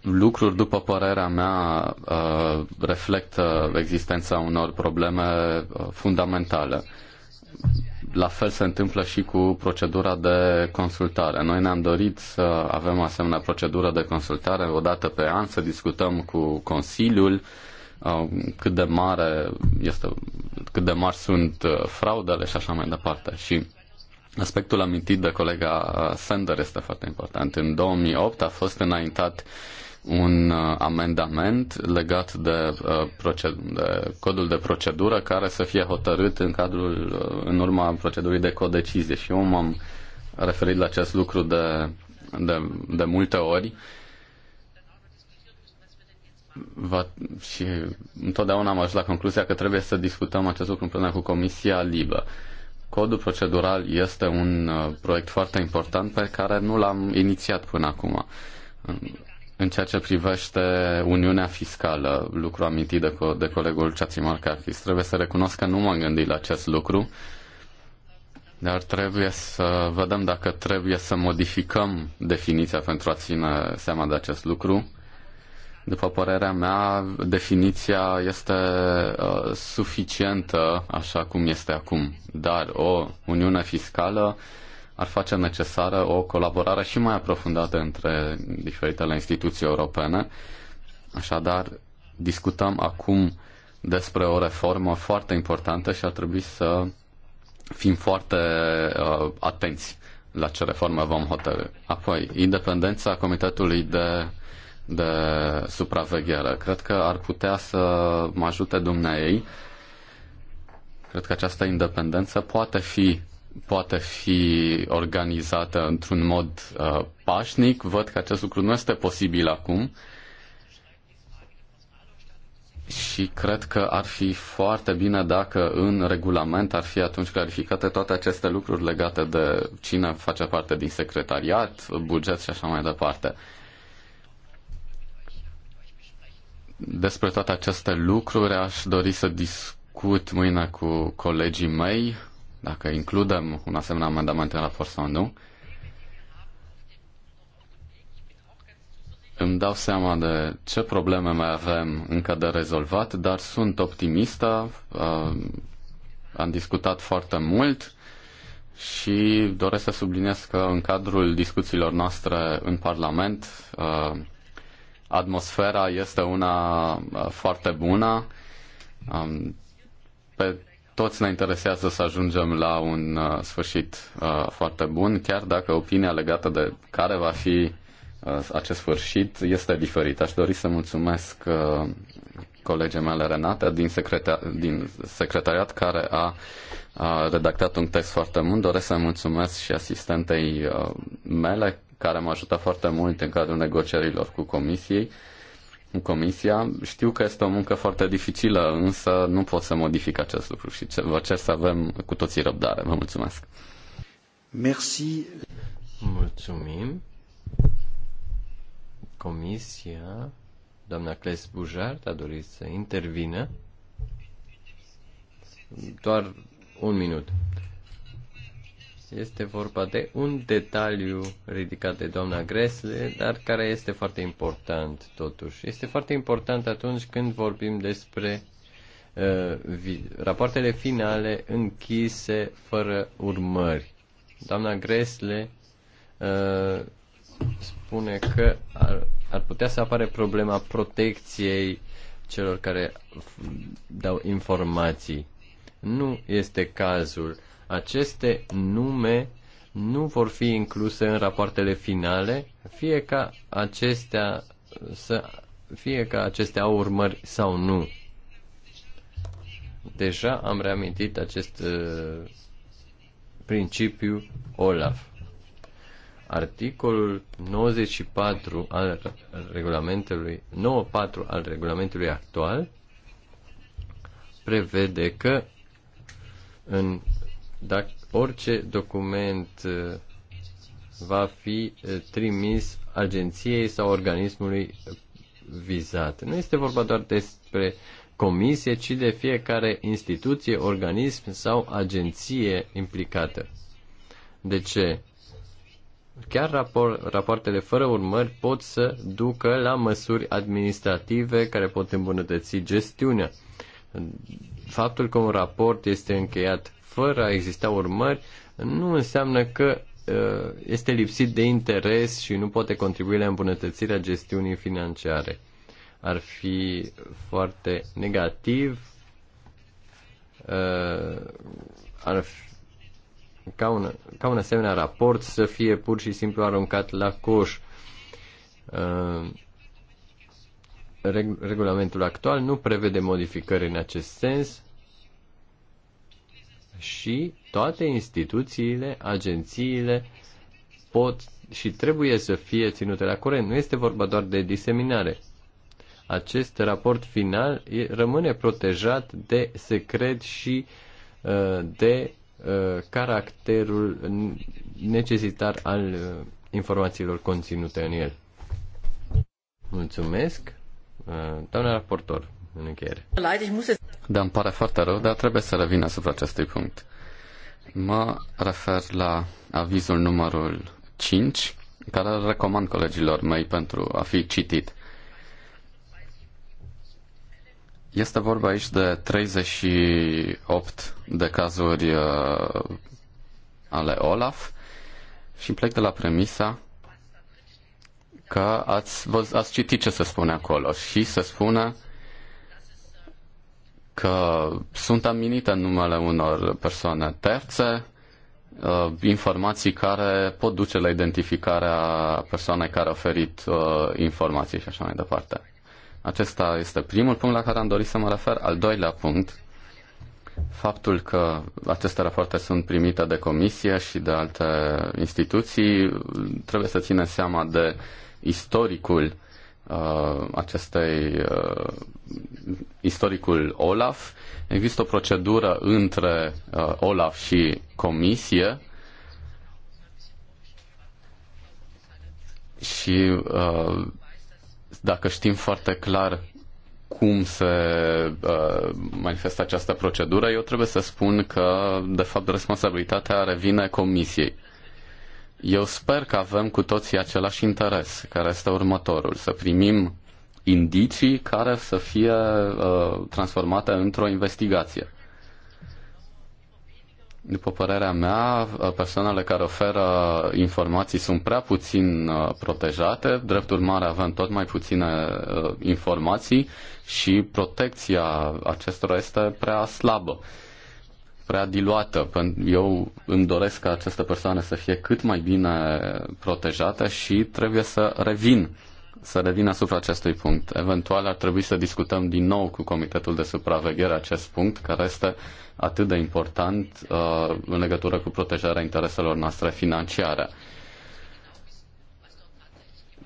lucruri, după părerea mea, uh, reflectă existența unor probleme uh, fundamentale. La fel se întâmplă și cu procedura de consultare. Noi ne-am dorit să avem o asemenea procedură de consultare o pe an, să discutăm cu Consiliul, uh, Uh, cât de mare este, cât de mari sunt uh, fraudele și așa mai departe. Și aspectul amintit de colega uh, Sender este foarte important. În 2008 a fost înaintat un amendament legat de, de codul de procedură care să fie hotărât în cadrul în urma procedurii de codecizie și eu m-am referit la acest lucru de, de, de multe ori va, și întotdeauna am ajuns la concluzia că trebuie să discutăm acest lucru împreună cu Comisia Libă. Codul procedural este un uh, proiect foarte important pe care nu l-am inițiat până acum. În ceea ce privește Uniunea Fiscală, lucru amintit de, co- de colegul Marcachis, trebuie să recunosc că nu m-am gândit la acest lucru, dar trebuie să vedem dacă trebuie să modificăm definiția pentru a ține seama de acest lucru după părerea mea, definiția este uh, suficientă așa cum este acum, dar o uniune fiscală ar face necesară o colaborare și mai aprofundată între diferitele instituții europene. Așadar, discutăm acum despre o reformă foarte importantă și ar trebui să fim foarte uh, atenți la ce reformă vom hotărâ. Apoi, independența Comitetului de de supraveghere. Cred că ar putea să mă ajute dumneai. Cred că această independență poate fi poate fi organizată într-un mod uh, pașnic. Văd că acest lucru nu este posibil acum și cred că ar fi foarte bine dacă în regulament ar fi atunci clarificate toate aceste lucruri legate de cine face parte din secretariat, buget și așa mai departe. Despre toate aceste lucruri aș dori să discut mâine cu colegii mei, dacă includem un asemenea amendament în raport sau nu. Îmi dau seama de ce probleme mai avem încă de rezolvat, dar sunt optimistă, uh, am discutat foarte mult și doresc să subliniez că în cadrul discuțiilor noastre în Parlament uh, Atmosfera este una uh, foarte bună. Um, pe toți ne interesează să ajungem la un uh, sfârșit uh, foarte bun, chiar dacă opinia legată de care va fi acest sfârșit este diferit. Aș dori să mulțumesc colegii mele Renata din, secreta- din secretariat care a, a redactat un text foarte bun. Doresc să mulțumesc și asistentei mele care m-a ajutat foarte mult în cadrul negocierilor cu comisiei, În comisia. Știu că este o muncă foarte dificilă, însă nu pot să modific acest lucru și vă cer să avem cu toții răbdare. Vă mulțumesc. Merci. Mulțumim. Comisia, doamna Cles Bujard, a dorit să intervină. Doar un minut. Este vorba de un detaliu ridicat de doamna Gresle, dar care este foarte important totuși. Este foarte important atunci când vorbim despre uh, rapoartele finale închise fără urmări. Doamna Gresle uh, spune că ar, ar putea să apare problema protecției celor care dau informații. Nu este cazul aceste nume nu vor fi incluse în rapoartele finale, fie ca acestea să fie că acestea au urmări sau nu. Deja am reamintit acest uh, principiu OLAF. Articolul 94 al regulamentului 94 al regulamentului actual prevede că în dacă orice document uh, va fi uh, trimis agenției sau organismului uh, vizat. Nu este vorba doar despre comisie, ci de fiecare instituție, organism sau agenție implicată. De ce? Chiar rapor, rapoartele fără urmări pot să ducă la măsuri administrative care pot îmbunătăți gestiunea. Faptul că un raport este încheiat fără a exista urmări, nu înseamnă că uh, este lipsit de interes și nu poate contribui la îmbunătățirea gestiunii financiare. Ar fi foarte negativ uh, ar fi, ca, un, ca un asemenea raport să fie pur și simplu aruncat la coș. Uh, regulamentul actual nu prevede modificări în acest sens și toate instituțiile, agențiile pot și trebuie să fie ținute la curent. Nu este vorba doar de diseminare. Acest raport final rămâne protejat de secret și uh, de uh, caracterul necesitar al uh, informațiilor conținute în el. Mulțumesc, doamna raportor în încheiere. Da, îmi pare foarte rău, dar trebuie să revin asupra acestui punct. Mă refer la avizul numărul 5, care îl recomand colegilor mei pentru a fi citit. Este vorba aici de 38 de cazuri uh, ale Olaf și plec de la premisa că ați, ați citit ce se spune acolo și se spune că sunt aminite numele unor persoane terțe, uh, informații care pot duce la identificarea persoanei care a oferit uh, informații și așa mai departe. Acesta este primul punct la care am dorit să mă refer. Al doilea punct, faptul că aceste rapoarte sunt primite de comisie și de alte instituții, trebuie să ținem seama de istoricul Uh, acestei uh, istoricul Olaf. Există o procedură între uh, Olaf și Comisie și uh, dacă știm foarte clar cum se uh, manifestă această procedură, eu trebuie să spun că, de fapt, responsabilitatea revine Comisiei. Eu sper că avem cu toții același interes, care este următorul, să primim indicii care să fie uh, transformate într-o investigație. După părerea mea, uh, persoanele care oferă informații sunt prea puțin uh, protejate, drept urmare avem tot mai puține uh, informații și protecția acestora este prea slabă prea diluată. Eu îmi doresc ca aceste persoane să fie cât mai bine protejate și trebuie să revin să revin asupra acestui punct. Eventual ar trebui să discutăm din nou cu Comitetul de Supraveghere acest punct, care este atât de important uh, în legătură cu protejarea intereselor noastre financiare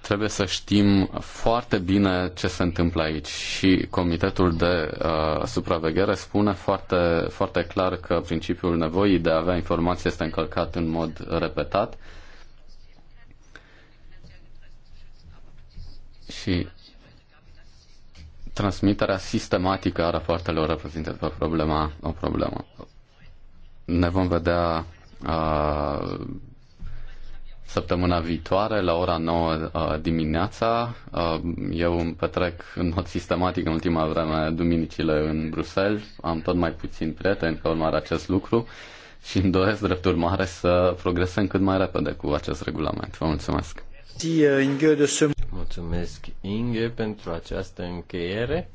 trebuie să știm foarte bine ce se întâmplă aici și Comitetul de uh, Supraveghere spune foarte, foarte clar că principiul nevoii de a avea informații este încălcat în mod repetat și transmiterea sistematică a rapoartelor reprezintă o problemă. O problemă. Ne vom vedea uh, Săptămâna viitoare, la ora 9 uh, dimineața, uh, eu îmi petrec în mod sistematic în ultima vreme duminicile în Bruxelles. Am tot mai puțin prieteni pe urmare acest lucru și îmi doresc drept urmare să progresăm cât mai repede cu acest regulament. Vă mulțumesc! Uh, mulțumesc, Inge, pentru această încheiere.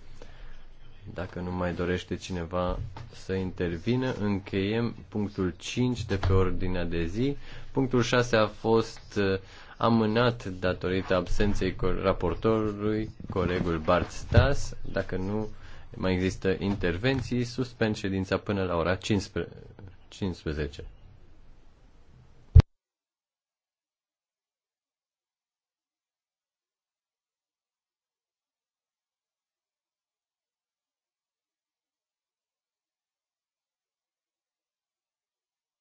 Dacă nu mai dorește cineva să intervină, încheiem punctul 5 de pe ordinea de zi. Punctul 6 a fost uh, amânat datorită absenței raportorului, colegul Bart Stas. Dacă nu mai există intervenții, suspend ședința până la ora 15. 15.